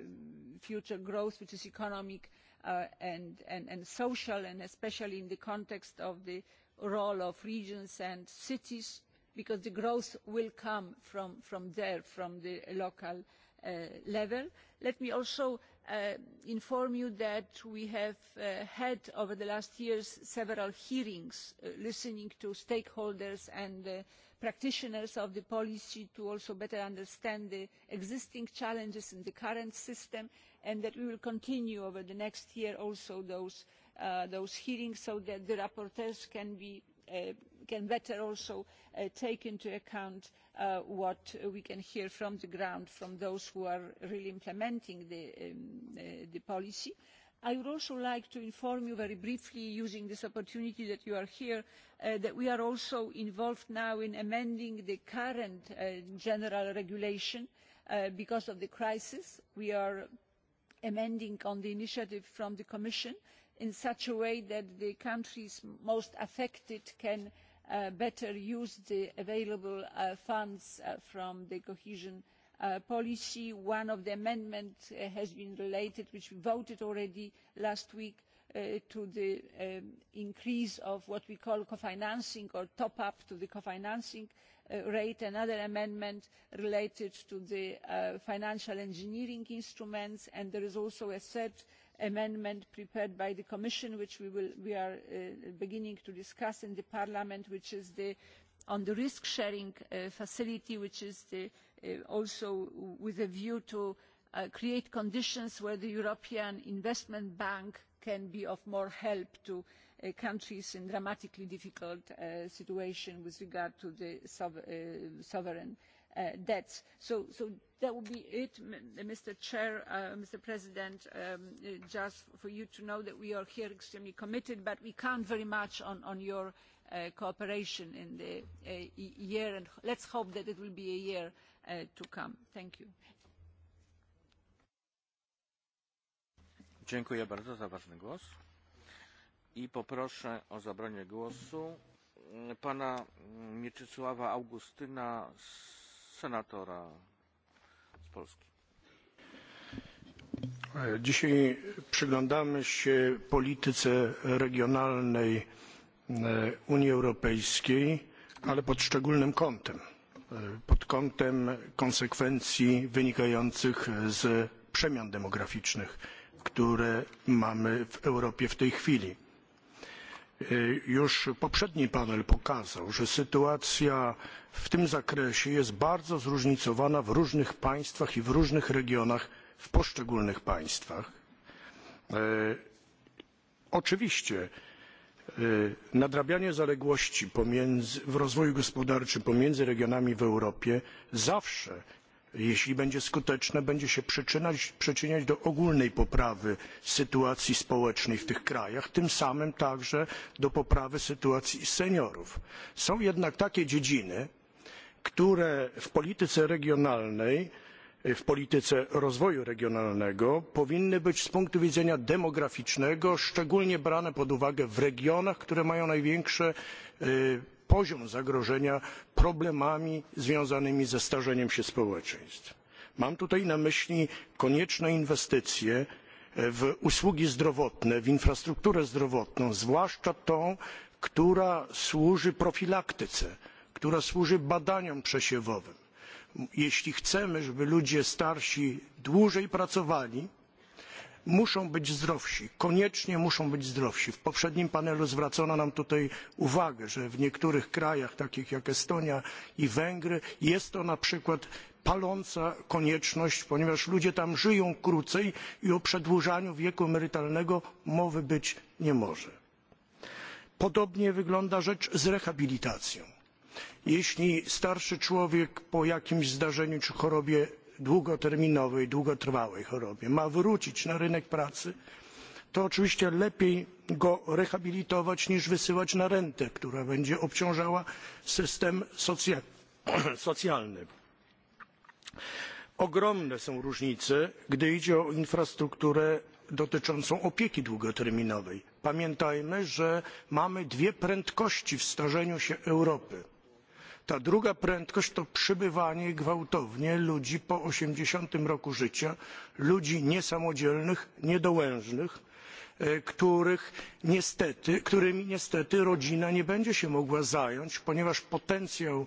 S26: future growth, which is economic, uh, and, and, and social, and especially in the context of the role of regions and cities, because the growth will come from, from there, from the local uh, level. Let me also uh, inform you that we have uh, had over the last years several hearings uh, listening to stakeholders and uh, practitioners of the policy to also better understand the existing challenges in the current system and that we will continue over the next year also those, uh, those hearings so that the rapporteurs can, be, uh, can better also uh, take into account uh, what we can hear from the ground from those who are really implementing the, um, uh, the policy. Uh, I would also like to inform you very briefly, using this opportunity that you are here, uh, that we are also involved now in amending the current uh, general regulation uh, because of the crisis. We are amending on the initiative from the Commission in such a way that the countries most affected can uh, better use the available uh, funds uh, from the cohesion uh, Uh, policy. One of the amendments uh, has been related, which we voted already last week, uh, to the um, increase of what we call co-financing or top-up to the co-financing uh, rate. Another amendment related to the uh, financial engineering instruments, and there is also a third amendment prepared by the Commission, which we, will, we are beginning to discuss in the Parliament, which is the, on the risk-sharing facility, which is the Uh, also with a view to uh, create conditions where the European Investment Bank can be of more help to uh, countries in dramatically difficult uh, situation with regard to the sov uh, sovereign uh, debts. So, so that would be it, Mr. Uh, Chair, uh, Mr. President, um, uh, just for you to know that we are here extremely committed, but we count very much on, on your uh, cooperation in the uh, e-, year, and let's hope that it will be a year uh, to come. Thank you.
S21: Dziękuję bardzo za ważny głos i poproszę o zabranie głosu pana Mieczysława Augustyna, senatora z Polski.
S16: Dzisiaj przyglądamy się polityce regionalnej e, Unii Europejskiej, ale pod szczególnym kątem. E, pod kątem konsekwencji wynikających z przemian demograficznych, które mamy w Europie w tej chwili. E, już poprzedni panel pokazał, że sytuacja w tym zakresie jest bardzo zróżnicowana w różnych państwach i w różnych regionach w poszczególnych państwach. E, oczywiście E, nadrabianie zaległości w rozwoju gospodarczym pomiędzy regionami w Europie zawsze, jeśli będzie skuteczne, będzie się przyczyniać do ogólnej poprawy sytuacji społecznej w tych krajach, tym samym także do poprawy sytuacji seniorów. Są jednak takie dziedziny, które w polityce regionalnej w polityce rozwoju regionalnego powinny być z punktu widzenia demograficznego szczególnie brane pod uwagę w regionach, które mają największy poziom zagrożenia problemami związanymi ze starzeniem się społeczeństw. Mam tutaj na myśli konieczne inwestycje w usługi zdrowotne, w infrastrukturę zdrowotną, zwłaszcza tą, która służy profilaktyce, która służy badaniom przesiewowym jeśli chcemy, żeby ludzie starsi dłużej pracowali, muszą być zdrowsi, koniecznie muszą być zdrowsi. W poprzednim panelu zwracono nam tutaj uwagę, że w niektórych krajach, takich jak Estonia i Węgry, jest to na przykład paląca konieczność, ponieważ ludzie tam żyją krócej i o przedłużaniu wieku emerytalnego mowy być nie może. Podobnie wygląda rzecz z rehabilitacją. Jeśli starszy człowiek po jakimś zdarzeniu czy chorobie długoterminowej, długotrwałej chorobie ma wrócić na rynek pracy, to oczywiście lepiej go rehabilitować niż wysyłać na rentę, która będzie obciążała system [CLEARS THROAT] socjalny. Ogromne są różnice, gdy idzie o infrastrukturę dotyczącą opieki długoterminowej. Pamiętajmy, że mamy dwie prędkości w starzeniu się Europy. Ta druga prędkość to przybywanie gwałtownie ludzi po osiemdziesiątym roku życia, ludzi niesamodzielnych, niedołężnych, e, których niestety, którymi niestety rodzina nie będzie się mogła zająć, ponieważ potencjał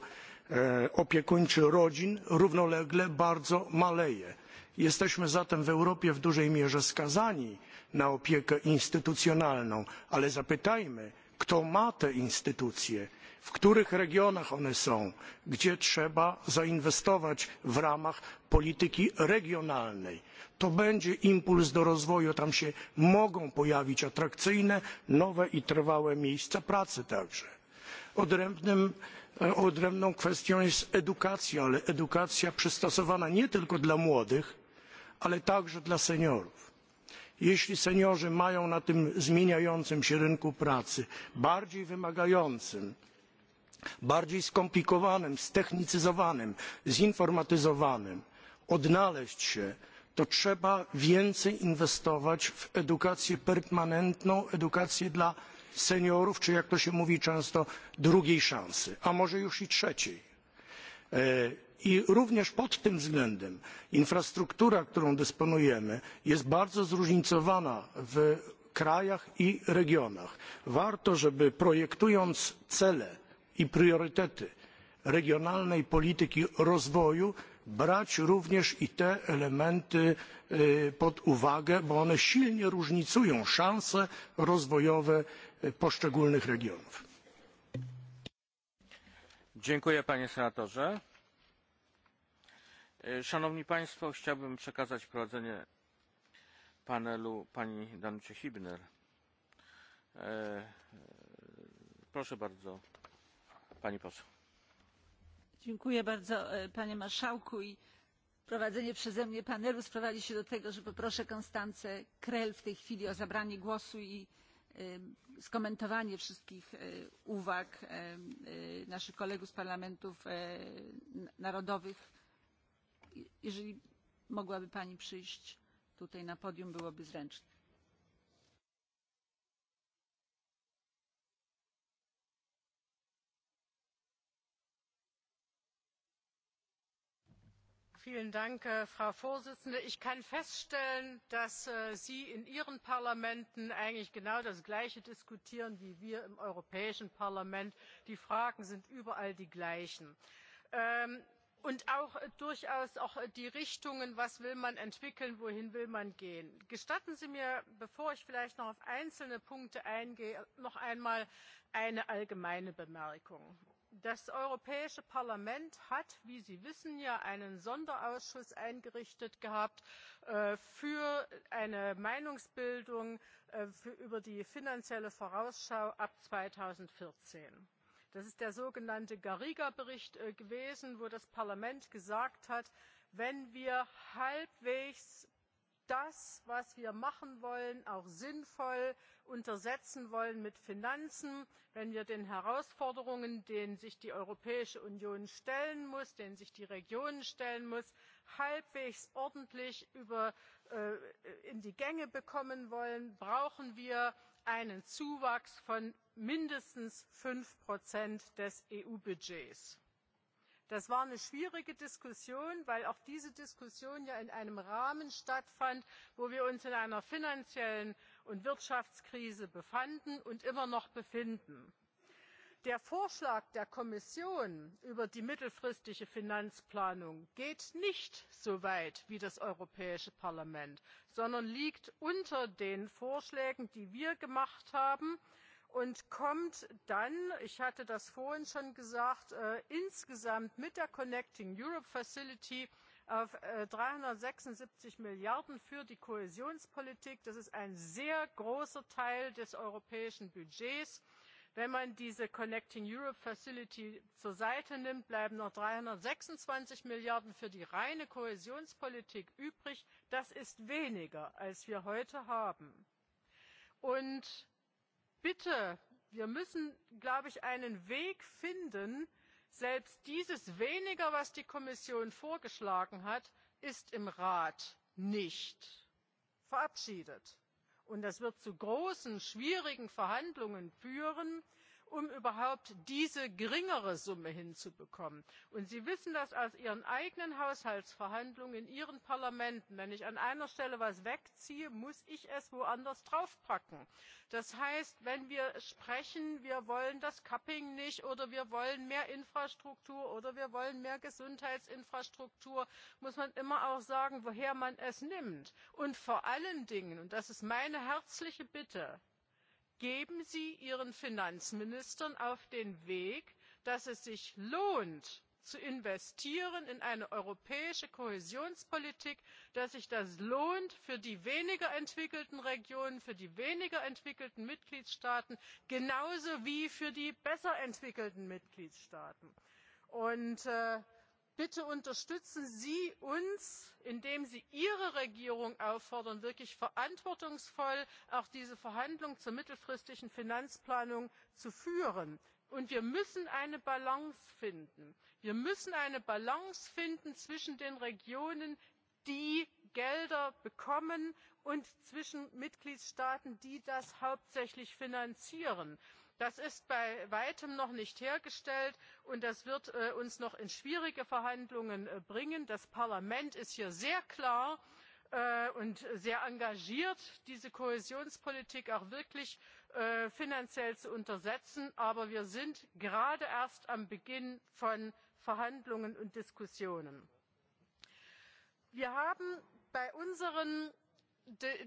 S16: e, opiekuńczy rodzin równolegle bardzo maleje. Jesteśmy zatem w Europie w dużej mierze skazani na opiekę instytucjonalną, ale zapytajmy, kto ma te instytucje, w których regionach one są, gdzie trzeba zainwestować w ramach polityki regionalnej. To będzie impuls do rozwoju, tam się mogą pojawić atrakcyjne, nowe i trwałe miejsca pracy także. E, odrębną kwestią jest edukacja, ale edukacja przystosowana nie tylko dla młodych, ale także dla seniorów. Jeśli seniorzy mają na tym zmieniającym się rynku pracy, bardziej wymagającym, bardziej skomplikowanym, ztechnicyzowanym, zinformatyzowanym odnaleźć się, to trzeba więcej inwestować w edukację permanentną, edukację dla seniorów, czy jak to się mówi często, drugiej szansy, a może już i trzeciej. E, I również pod tym względem infrastruktura, którą dysponujemy, jest bardzo zróżnicowana w krajach i regionach. Warto, żeby projektując cele, i priorytety regionalnej polityki rozwoju brać również i te elementy pod uwagę, bo one silnie różnicują szanse rozwojowe poszczególnych regionów.
S21: Dziękuję panie senatorze. Szanowni państwo, chciałbym przekazać prowadzenie panelu pani Danucie Hibner. Proszę bardzo.
S26: Pani poseł. Dziękuję bardzo e, panie marszałku i prowadzenie przeze mnie panelu sprowadzi się do tego, że poproszę Konstancę Krel w tej chwili o zabranie głosu i e, skomentowanie wszystkich e, uwag naszych kolegów z parlamentów narodowych. Jeżeli mogłaby Pani przyjść tutaj na podium, byłoby zręcznie.
S20: Vielen Dank, äh, Frau Vorsitzende. Ich kann feststellen, dass äh, Sie in Ihren Parlamenten eigentlich genau das Gleiche diskutieren wie wir im Europäischen Parlament. Die Fragen sind überall die gleichen. Ähm, und auch äh, durchaus auch die Richtungen, was will man entwickeln, wohin will man gehen. Gestatten Sie mir, bevor ich vielleicht noch auf einzelne Punkte eingehe, noch einmal eine allgemeine Bemerkung. Das Europäische Parlament hat, wie Sie wissen, ja einen Sonderausschuss eingerichtet gehabt äh, für eine Meinungsbildung äh, für, über die finanzielle Vorausschau ab 2014. Das ist der sogenannte Garriga-Bericht äh, gewesen, wo das Parlament gesagt hat, wenn wir halbwegs das, was wir machen wollen, auch sinnvoll untersetzen wollen mit Finanzen, wenn wir den Herausforderungen, denen sich die Europäische Union stellen muss, denen sich die Regionen stellen muss, halbwegs ordentlich über, äh, in die Gänge bekommen wollen, brauchen wir einen Zuwachs von mindestens fünf Prozent des EU-Budgets das war eine schwierige diskussion weil auch diese diskussion ja in einem rahmen stattfand wo wir uns in einer finanziellen und wirtschaftskrise befanden und immer noch befinden. der vorschlag der kommission über die mittelfristige finanzplanung geht nicht so weit wie das europäische parlament sondern liegt unter den vorschlägen die wir gemacht haben und kommt dann, ich hatte das vorhin schon gesagt, äh, insgesamt mit der Connecting Europe Facility auf 376 äh, Milliarden für die Kohäsionspolitik. Das ist ein sehr großer Teil des europäischen Budgets. Wenn man diese Connecting Europe Facility zur Seite nimmt, bleiben noch 326 Milliarden für die reine Kohäsionspolitik übrig. Das ist weniger, als wir heute haben. Und bitte, wir müssen, glaube ich, einen Weg finden, selbst dieses weniger, was die Kommission vorgeschlagen hat, ist im Rat nicht verabschiedet. Und das wird zu großen, schwierigen Verhandlungen führen, um überhaupt diese geringere Summe hinzubekommen. Und Sie wissen das aus Ihren eigenen Haushaltsverhandlungen in Ihren Parlamenten. Wenn ich an einer Stelle etwas wegziehe, muss ich es woanders draufpacken. Das heißt, wenn wir sprechen, wir wollen das Cupping nicht oder wir wollen mehr Infrastruktur oder wir wollen mehr Gesundheitsinfrastruktur, muss man immer auch sagen, woher man es nimmt. Und vor allen Dingen, und das ist meine herzliche Bitte, geben sie ihren finanzministern auf den weg dass es sich lohnt zu investieren in eine europäische kohäsionspolitik dass sich das lohnt für die weniger entwickelten regionen für die weniger entwickelten mitgliedstaaten genauso wie für die besser entwickelten mitgliedstaaten. Und, äh, bitte unterstützen Sie uns, indem Sie Ihre Regierung auffordern, wirklich verantwortungsvoll auch diese Verhandlungen zur mittelfristigen Finanzplanung zu führen. Und wir müssen eine Balance finden. Wir müssen eine Balance finden zwischen den Regionen, die Gelder bekommen und zwischen Mitgliedstaaten, die das hauptsächlich finanzieren das ist bei weitem noch nicht hergestellt und das wird äh, uns noch in schwierige verhandlungen äh, bringen. das parlament ist hier sehr klar äh, und sehr engagiert diese kohäsionspolitik auch wirklich äh, finanziell zu untersetzen aber wir sind gerade erst am beginn von verhandlungen und diskussionen. wir haben bei unseren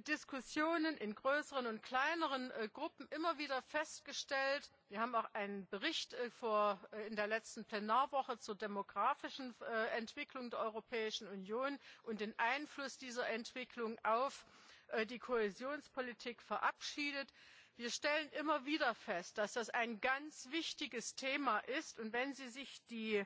S20: Diskussionen in größeren und kleineren äh, Gruppen immer wieder festgestellt. Wir haben auch einen Bericht äh, vor, äh, in der letzten Plenarwoche zur demografischen äh, Entwicklung der Europäischen Union und den Einfluss dieser Entwicklung auf äh, die Kohäsionspolitik verabschiedet. Wir stellen immer wieder fest, dass das ein ganz wichtiges Thema ist. Und wenn Sie sich die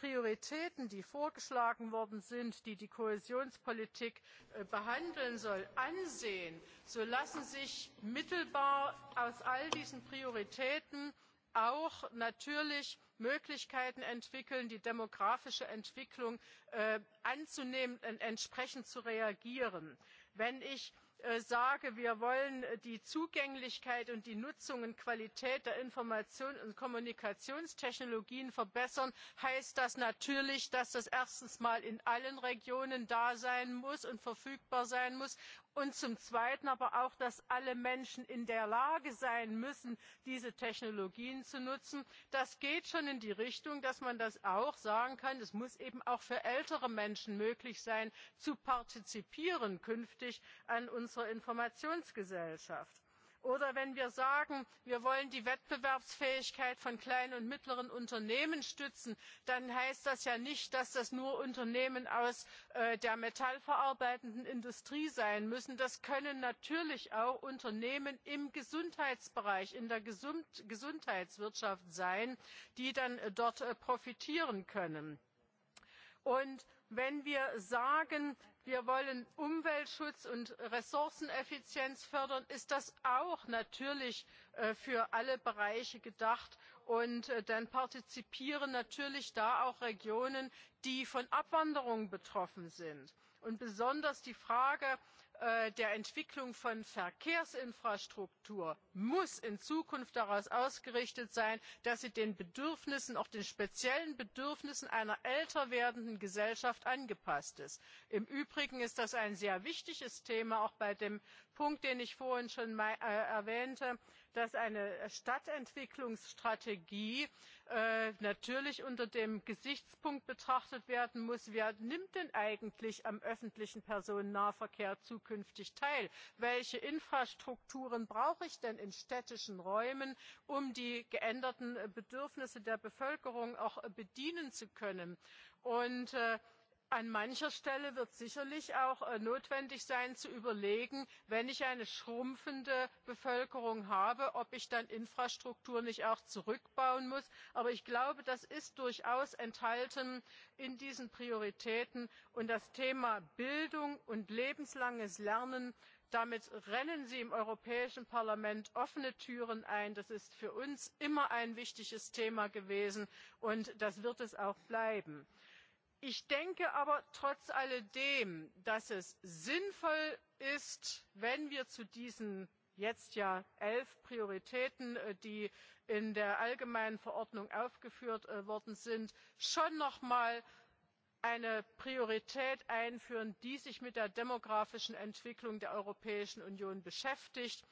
S20: prioritäten die vorgeschlagen worden sind die die kohäsionspolitik äh, behandeln soll ansehen so lassen sich mittelbar aus all diesen prioritäten auch natürlich möglichkeiten entwickeln die demografische entwicklung äh, anzunehmen und entsprechend zu reagieren. wenn ich Äh, sage, wir wollen die Zugänglichkeit und die Nutzung und Qualität der Informations und Kommunikationstechnologien verbessern, heißt das natürlich, dass das erstens mal in allen Regionen da sein muss und verfügbar sein muss und zum Zweiten aber auch, dass alle Menschen in der Lage sein müssen, diese Technologien zu nutzen. Das geht schon in die Richtung, dass man das auch sagen kann. Es muss eben auch für ältere Menschen möglich sein, zu partizipieren künftig an unserer Informationsgesellschaft Oder wenn wir sagen, wir wollen die Wettbewerbsfähigkeit von kleinen und mittleren Unternehmen stützen, dann heißt das ja nicht, dass das nur Unternehmen aus äh, der metallverarbeitenden Industrie sein müssen. Das können natürlich auch Unternehmen im Gesundheitsbereich, in der Gesund Gesundheitswirtschaft sein, die dann äh, dort äh, profitieren können. Und wenn wir sagen, wir wollen umweltschutz und ressourceneffizienz fördern ist das auch natürlich äh, für alle bereiche gedacht und äh, dann partizipieren natürlich da auch regionen die von abwanderung betroffen sind und besonders die frage Äh, der Entwicklung von Verkehrsinfrastruktur muss in Zukunft daraus ausgerichtet sein, dass sie den Bedürfnissen, auch den speziellen Bedürfnissen einer älter werdenden Gesellschaft angepasst ist. Im Übrigen ist das ein sehr wichtiges Thema, auch bei dem Punkt, den ich vorhin schon äh, erwähnte, dass eine Stadtentwicklungsstrategie äh, natürlich unter dem Gesichtspunkt betrachtet werden muss, wer nimmt denn eigentlich am öffentlichen Personennahverkehr zukünftig teil? Welche Infrastrukturen brauche ich denn in städtischen Räumen, um die geänderten Bedürfnisse der Bevölkerung auch bedienen zu können? Und äh, An mancher Stelle wird sicherlich auch äh, notwendig sein zu überlegen, wenn ich eine schrumpfende Bevölkerung habe, ob ich dann Infrastruktur nicht auch zurückbauen muss. Aber ich glaube, das ist durchaus enthalten in diesen Prioritäten. Und das Thema Bildung und lebenslanges Lernen, damit rennen Sie im Europäischen Parlament offene Türen ein. Das ist für uns immer ein wichtiges Thema gewesen und das wird es auch bleiben. Ich denke aber trotz alledem, dass es sinnvoll ist, wenn wir zu diesen jetzt ja elf Prioritäten, äh, die in der allgemeinen Verordnung aufgeführt äh, worden sind, schon noch mal eine Priorität einführen, die sich mit der demografischen Entwicklung der Europäischen Union beschäftigt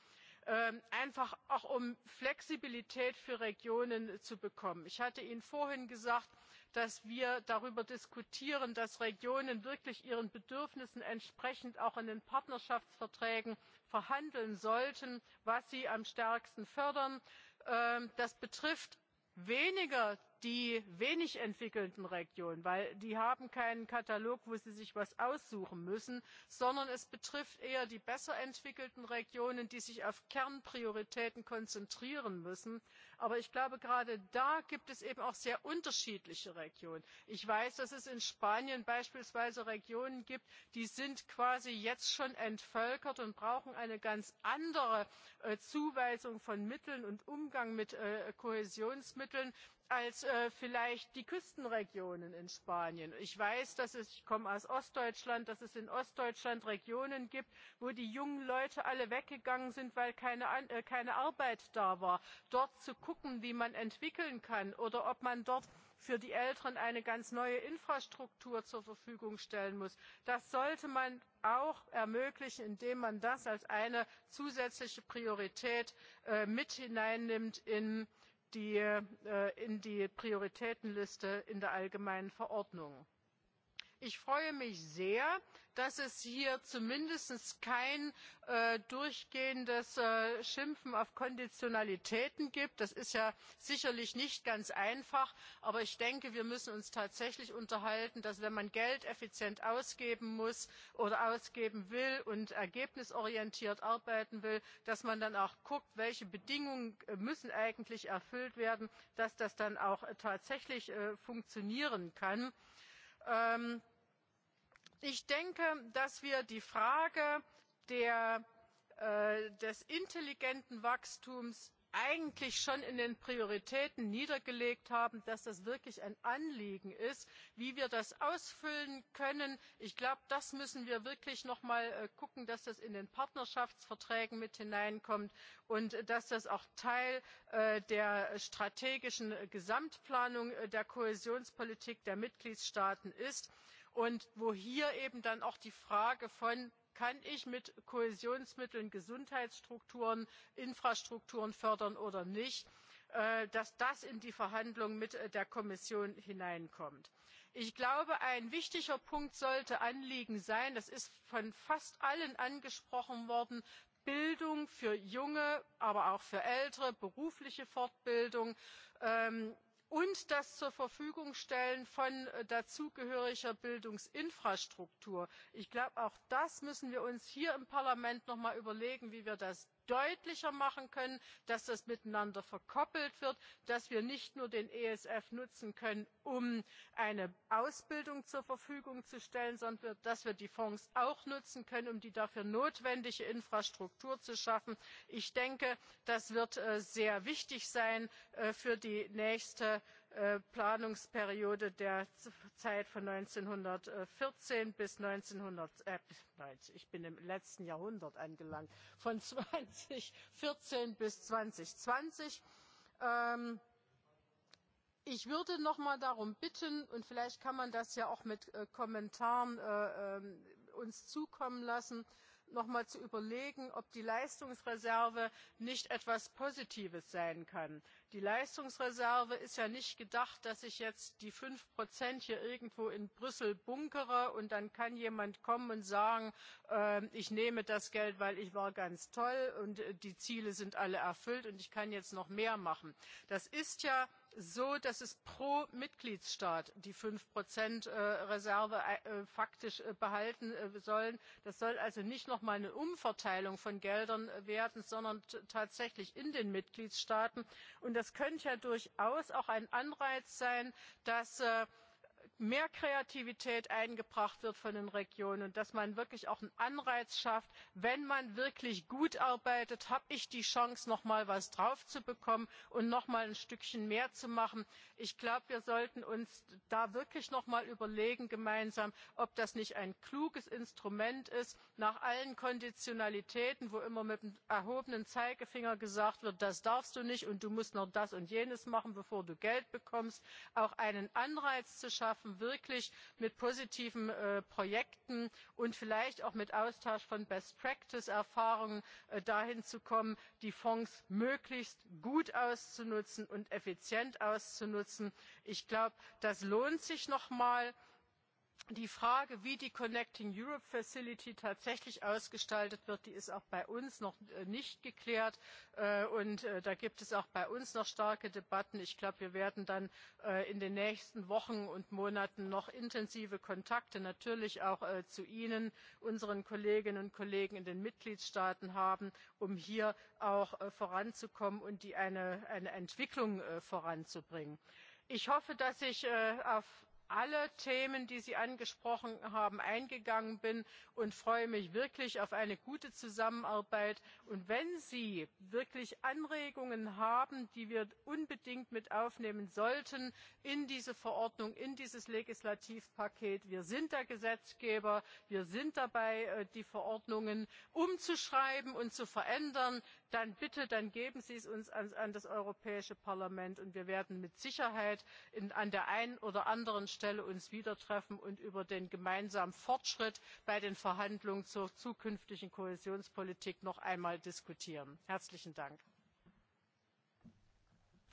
S20: Ähm, einfach auch um Flexibilität für Regionen zu bekommen. Ich hatte Ihnen vorhin gesagt, dass wir darüber diskutieren, dass Regionen wirklich ihren Bedürfnissen entsprechend auch in den Partnerschaftsverträgen verhandeln sollten, was sie am stärksten fördern. Ähm, das betrifft weniger die wenig entwickelten Regionen, weil die haben keinen Katalog, wo sie sich was aussuchen müssen, sondern es betrifft eher die besser entwickelten Regionen, die sich auf Kernprioritäten konzentrieren müssen. Aber ich glaube, gerade da gibt es eben auch sehr unterschiedliche Regionen. Ich weiß, dass es in Spanien beispielsweise Regionen gibt, die sind quasi jetzt schon entvölkert und brauchen eine ganz andere äh, Zuweisung von Mitteln und Umgang mit äh, Kohäsionsmitteln als äh, vielleicht die Küstenregionen in Spanien. Ich weiß, dass es, ich komme aus Ostdeutschland, dass es in Ostdeutschland Regionen gibt, wo die jungen Leute alle weggegangen sind, weil keine, äh, keine Arbeit da war. Dort zu gucken, wie man entwickeln kann oder ob man dort für die Älteren eine ganz neue Infrastruktur zur Verfügung stellen muss. Das sollte man auch ermöglichen, indem man das als eine zusätzliche Priorität äh, mit hineinnimmt in äh, die, äh, in die prioritätenliste in der allgemeinen verordnung. Ich freue mich sehr, dass es hier zumindest kein äh, durchgehendes äh, Schimpfen auf Konditionalitäten gibt. Das ist ja sicherlich nicht ganz einfach, aber ich denke, wir müssen uns tatsächlich unterhalten, dass wenn man Geld effizient ausgeben muss oder ausgeben will und ergebnisorientiert arbeiten will, dass man dann auch guckt, welche Bedingungen äh, müssen eigentlich erfüllt werden, dass das dann auch tatsächlich äh, funktionieren kann. Ähm, ich denke, dass wir die Frage der, äh, des intelligenten Wachstums eigentlich schon in den Prioritäten niedergelegt haben, dass das wirklich ein Anliegen ist. Wie wir das ausfüllen können, ich glaube, das müssen wir wirklich noch mal äh, gucken, dass das in den Partnerschaftsverträgen mit hineinkommt und äh, dass das auch Teil äh, der strategischen Gesamtplanung äh, der Kohäsionspolitik der Mitgliedstaaten ist und wo hier eben dann auch die Frage von kann ich mit Kohäsionsmitteln Gesundheitsstrukturen, Infrastrukturen fördern oder nicht, äh, dass das in die Verhandlungen mit äh, der Kommission hineinkommt. Ich glaube, ein wichtiger Punkt sollte Anliegen sein, das ist von fast allen angesprochen worden, Bildung für junge, aber auch für ältere, berufliche Fortbildung, ähm, und das zur Verfügung stellen von äh, dazugehöriger Bildungsinfrastruktur. Ich glaube, auch das müssen wir uns hier im Parlament noch mal überlegen, wie wir das deutlicher machen können, dass das miteinander verkoppelt wird, dass wir nicht nur den ESF nutzen können, um eine Ausbildung zur Verfügung zu stellen, sondern dass wir die Fonds auch nutzen können, um die dafür notwendige Infrastruktur zu schaffen. Ich denke, das wird äh, sehr wichtig sein äh, für die nächste Äh, Planungsperiode der Zeit von 1914 bis 1900, äh, ich bin im letzten Jahrhundert angelangt, von 2014 bis 2020. Ähm, ich würde noch mal darum bitten, und vielleicht kann man das ja auch mit äh, Kommentaren äh, ähm, uns zukommen lassen, noch mal zu überlegen, ob die Leistungsreserve nicht etwas Positives sein kann. Die Leistungsreserve ist ja nicht gedacht, dass ich jetzt die fünf Prozent hier irgendwo in Brüssel bunkere und dann kann jemand kommen und sagen, äh, ich nehme das Geld, weil ich war ganz toll und äh, die Ziele sind alle erfüllt und ich kann jetzt noch mehr machen. Das ist ja so, dass es pro Mitgliedstaat die fünf Prozent äh, Reserve äh, faktisch äh, behalten sollen. Das soll also nicht noch mal eine Umverteilung von Geldern werden, sondern tatsächlich in den Mitgliedstaaten. Und das könnte ja durchaus auch ein Anreiz sein, dass mehr Kreativität eingebracht wird von den Regionen und dass man wirklich auch einen Anreiz schafft, wenn man wirklich gut arbeitet, habe ich die Chance, noch mal was drauf zu bekommen und noch mal ein Stückchen mehr zu machen. Ich glaube, wir sollten uns da wirklich noch mal überlegen gemeinsam, ob das nicht ein kluges Instrument ist, nach allen Konditionalitäten, wo immer mit dem erhobenen Zeigefinger gesagt wird, das darfst du nicht und du musst noch das und jenes machen, bevor du Geld bekommst, auch einen Anreiz zu schaffen, schaffen, wirklich mit positiven äh, Projekten und vielleicht auch mit Austausch von Best Practice Erfahrungen äh, dahin zu kommen, die Fonds möglichst gut auszunutzen und effizient auszunutzen. Ich glaube, das lohnt sich nochmal. mal die Frage, wie die Connecting Europe Facility tatsächlich ausgestaltet wird, die ist auch bei uns noch äh, nicht geklärt. Äh, und äh, da gibt es auch bei uns noch starke Debatten. Ich glaube, wir werden dann in den nächsten Wochen und Monaten noch intensive Kontakte natürlich auch zu Ihnen, unseren Kolleginnen und Kollegen in den Mitgliedstaaten haben, um hier auch voranzukommen und die eine, eine Entwicklung voranzubringen. Ich hoffe, dass ich auf alle Themen, die Sie angesprochen haben, eingegangen bin und freue mich wirklich auf eine gute Zusammenarbeit. Und wenn Sie wirklich Anregungen haben, die wir unbedingt mit aufnehmen sollten in diese Verordnung, in dieses Legislativpaket, wir sind der Gesetzgeber, wir sind dabei, äh, die Verordnungen umzuschreiben und zu verändern dann bitte dann geben sie es uns an, an das Europäische Parlament und wir werden mit Sicherheit in, an der einen oder anderen Stelle uns wieder treffen und über den gemeinsamen Fortschritt bei den Verhandlungen zur zukünftigen Kohäsionspolitik noch einmal diskutieren. Herzlichen Dank.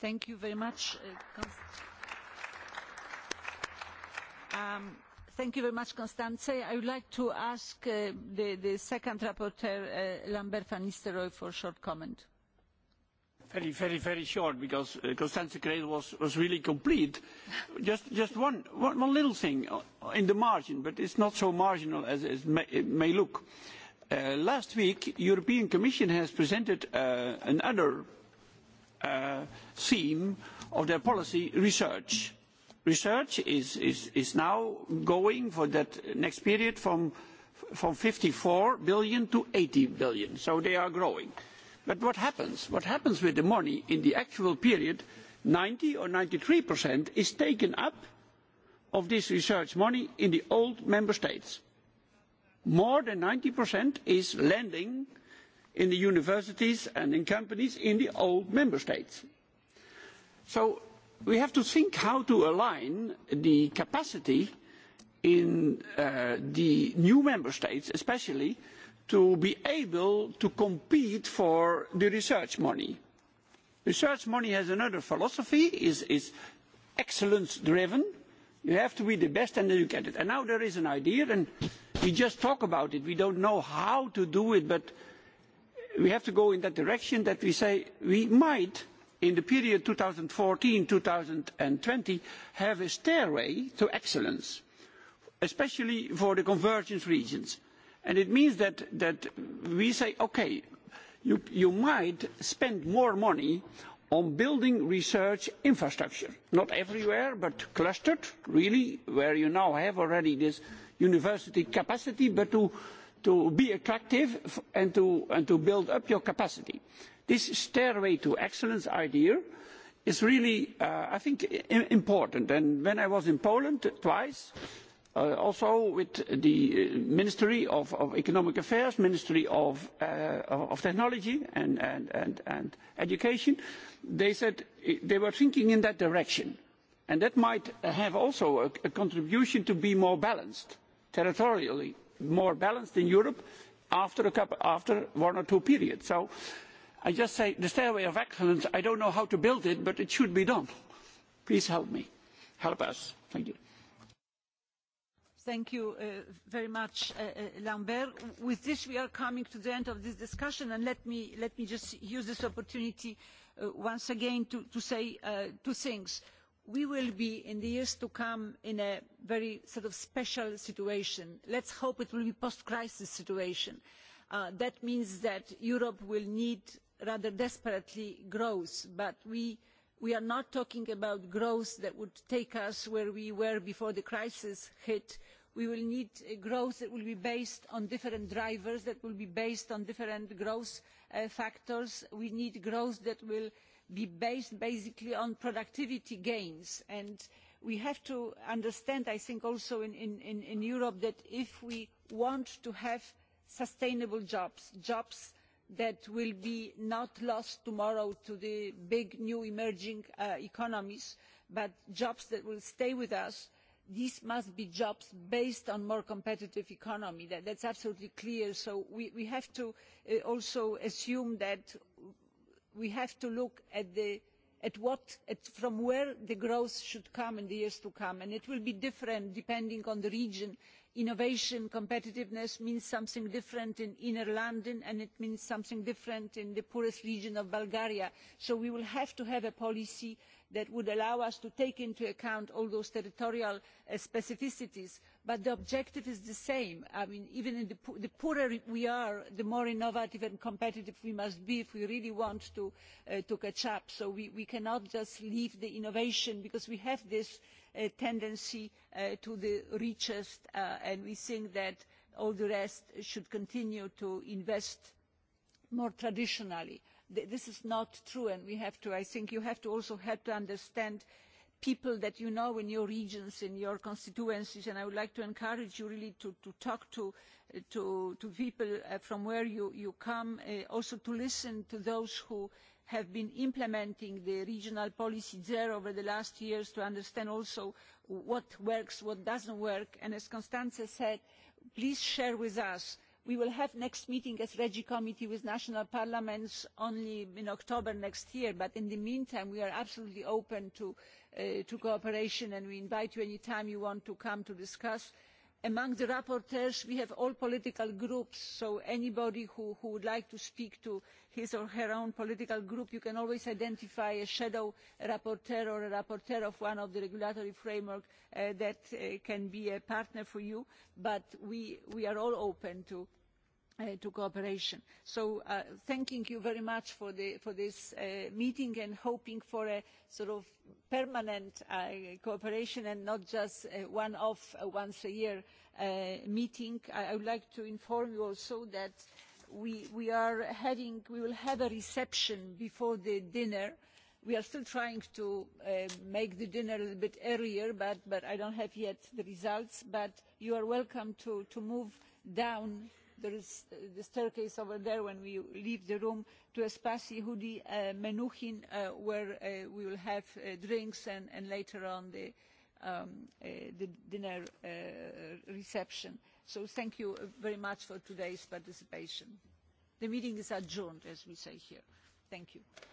S26: Thank you very much. Uh, um, Thank you very much, Constanze. I would like to ask uh, the, second rapporteur, uh, Lambert van Nistelrooy, for a short comment.
S23: Very, very, very short, because uh, Constanze Creel was, was really complete. just just one, one, one little thing in the margin, but it's not so marginal as, as may, it may look. Uh, last week, European Commission has presented uh, another uh, theme of their policy research research is, is, is now going for that next period from, from 54 billion to 80 billion. So they are growing. But what happens? What happens with the money in the actual period, 90 or 93% is taken up of this research money in the old member states. More than 90% is lending in the universities and in companies in the old member states. So we have to think how to align the capacity in uh, the new member states, especially, to be able to compete for the research money. Research money has another philosophy, is, is excellence driven. You have to be the best and then you get it. And now there is an idea and we just talk about it. We don't know how to do it, but we have to go in that direction that we say we might in the period 2014-2020 have a stairway to excellence, especially for the convergence regions. And it means that, that we say, okay, you, you might spend more money on building research infrastructure, not everywhere, but clustered, really, where you now have already this university capacity, but to, to be attractive and to, and to build up your capacity. This stairway to excellence idea is really, uh, I think, important. And when I was in Poland twice, uh, also with the Ministry of, of Economic Affairs, Ministry of, uh, of Technology and, and, and, and Education, they said they were thinking in that direction. And that might have also a, a contribution to be more balanced, territorially more balanced in Europe after, a couple, after one or two periods. So I just say the stairway of excellence, I don't know how to build it, but it should be done. Please help me. Help us. Thank you.
S26: Thank you uh, very much, uh, uh, Lambert. With this, we are coming to the end of this discussion, and let me, let me just use this opportunity uh, once again to, to say uh, two things. We will be, in the years to come, in a very sort of special situation. Let's hope it will be post-crisis situation. Uh, that means that Europe will need rather desperately grows, but we, we are not talking about growth that would take us where we were before the crisis hit. We will need growth that will be based on different drivers, that will be based on different growth uh, factors. We need growth that will be based basically on productivity gains and we have to understand, I think, also in, in, in Europe that if we want to have sustainable jobs, jobs that will be not lost tomorrow to the big new emerging uh, economies, but jobs that will stay with us, these must be jobs based on a more competitive economy. That, that's absolutely clear. So we, we have to uh, also assume that we have to look at the at what from where the growth should come in the years to come and it will be different depending on the region innovation competitiveness means something different in inner london and it means something different in the poorest region of bulgaria so we will have to have a policy that would allow us to take into account all those territorial uh, specificities but the objective is the same i mean even in the, po the poorer we are the more innovative and competitive we must be if we really want to, uh, to catch up so we, we cannot just leave the innovation because we have this uh, tendency uh, to the richest uh, and we think that all the rest should continue to invest more traditionally. Th this is not true and we have to, I think you have to also help to understand people that you know in your regions, in your constituencies, and I would like to encourage you really to, to talk to, to, to people uh, from where you, you come, uh, also to listen to those who have been implementing the regional policy there over the last years to understand also what works, what does not work. And as Constanze said, please share with us. We will have next meeting as Regi Committee with national parliaments only in October next year, but in the meantime we are absolutely open to, uh, to cooperation and we invite you any time you want to come to discuss among the rapporteurs we have all political groups so anybody who, would like to speak to his or her own political group you can always identify a shadow rapporteur or a rapporteur of one of the regulatory frameworks uh, that uh, can be a partner for you but we, we are all open to Uh, to cooperation. So uh, thanking you very much for, the, for this uh, meeting and hoping for a sort of permanent uh, cooperation and not just uh, one-off, uh, once a year uh, meeting. I, I would like to inform you also that we, we are having, we will have a reception before the dinner we are still trying to uh, make the dinner a little bit earlier, but, but I don't have yet the results. But you are welcome to, to move down there is the staircase over there when we leave the room to Espasi Hudi uh, Menuhin uh, where uh, we will have uh, drinks and, and later on the, um, uh, the dinner uh, reception. So thank you very much for today's participation. The meeting is adjourned as we say here. Thank you.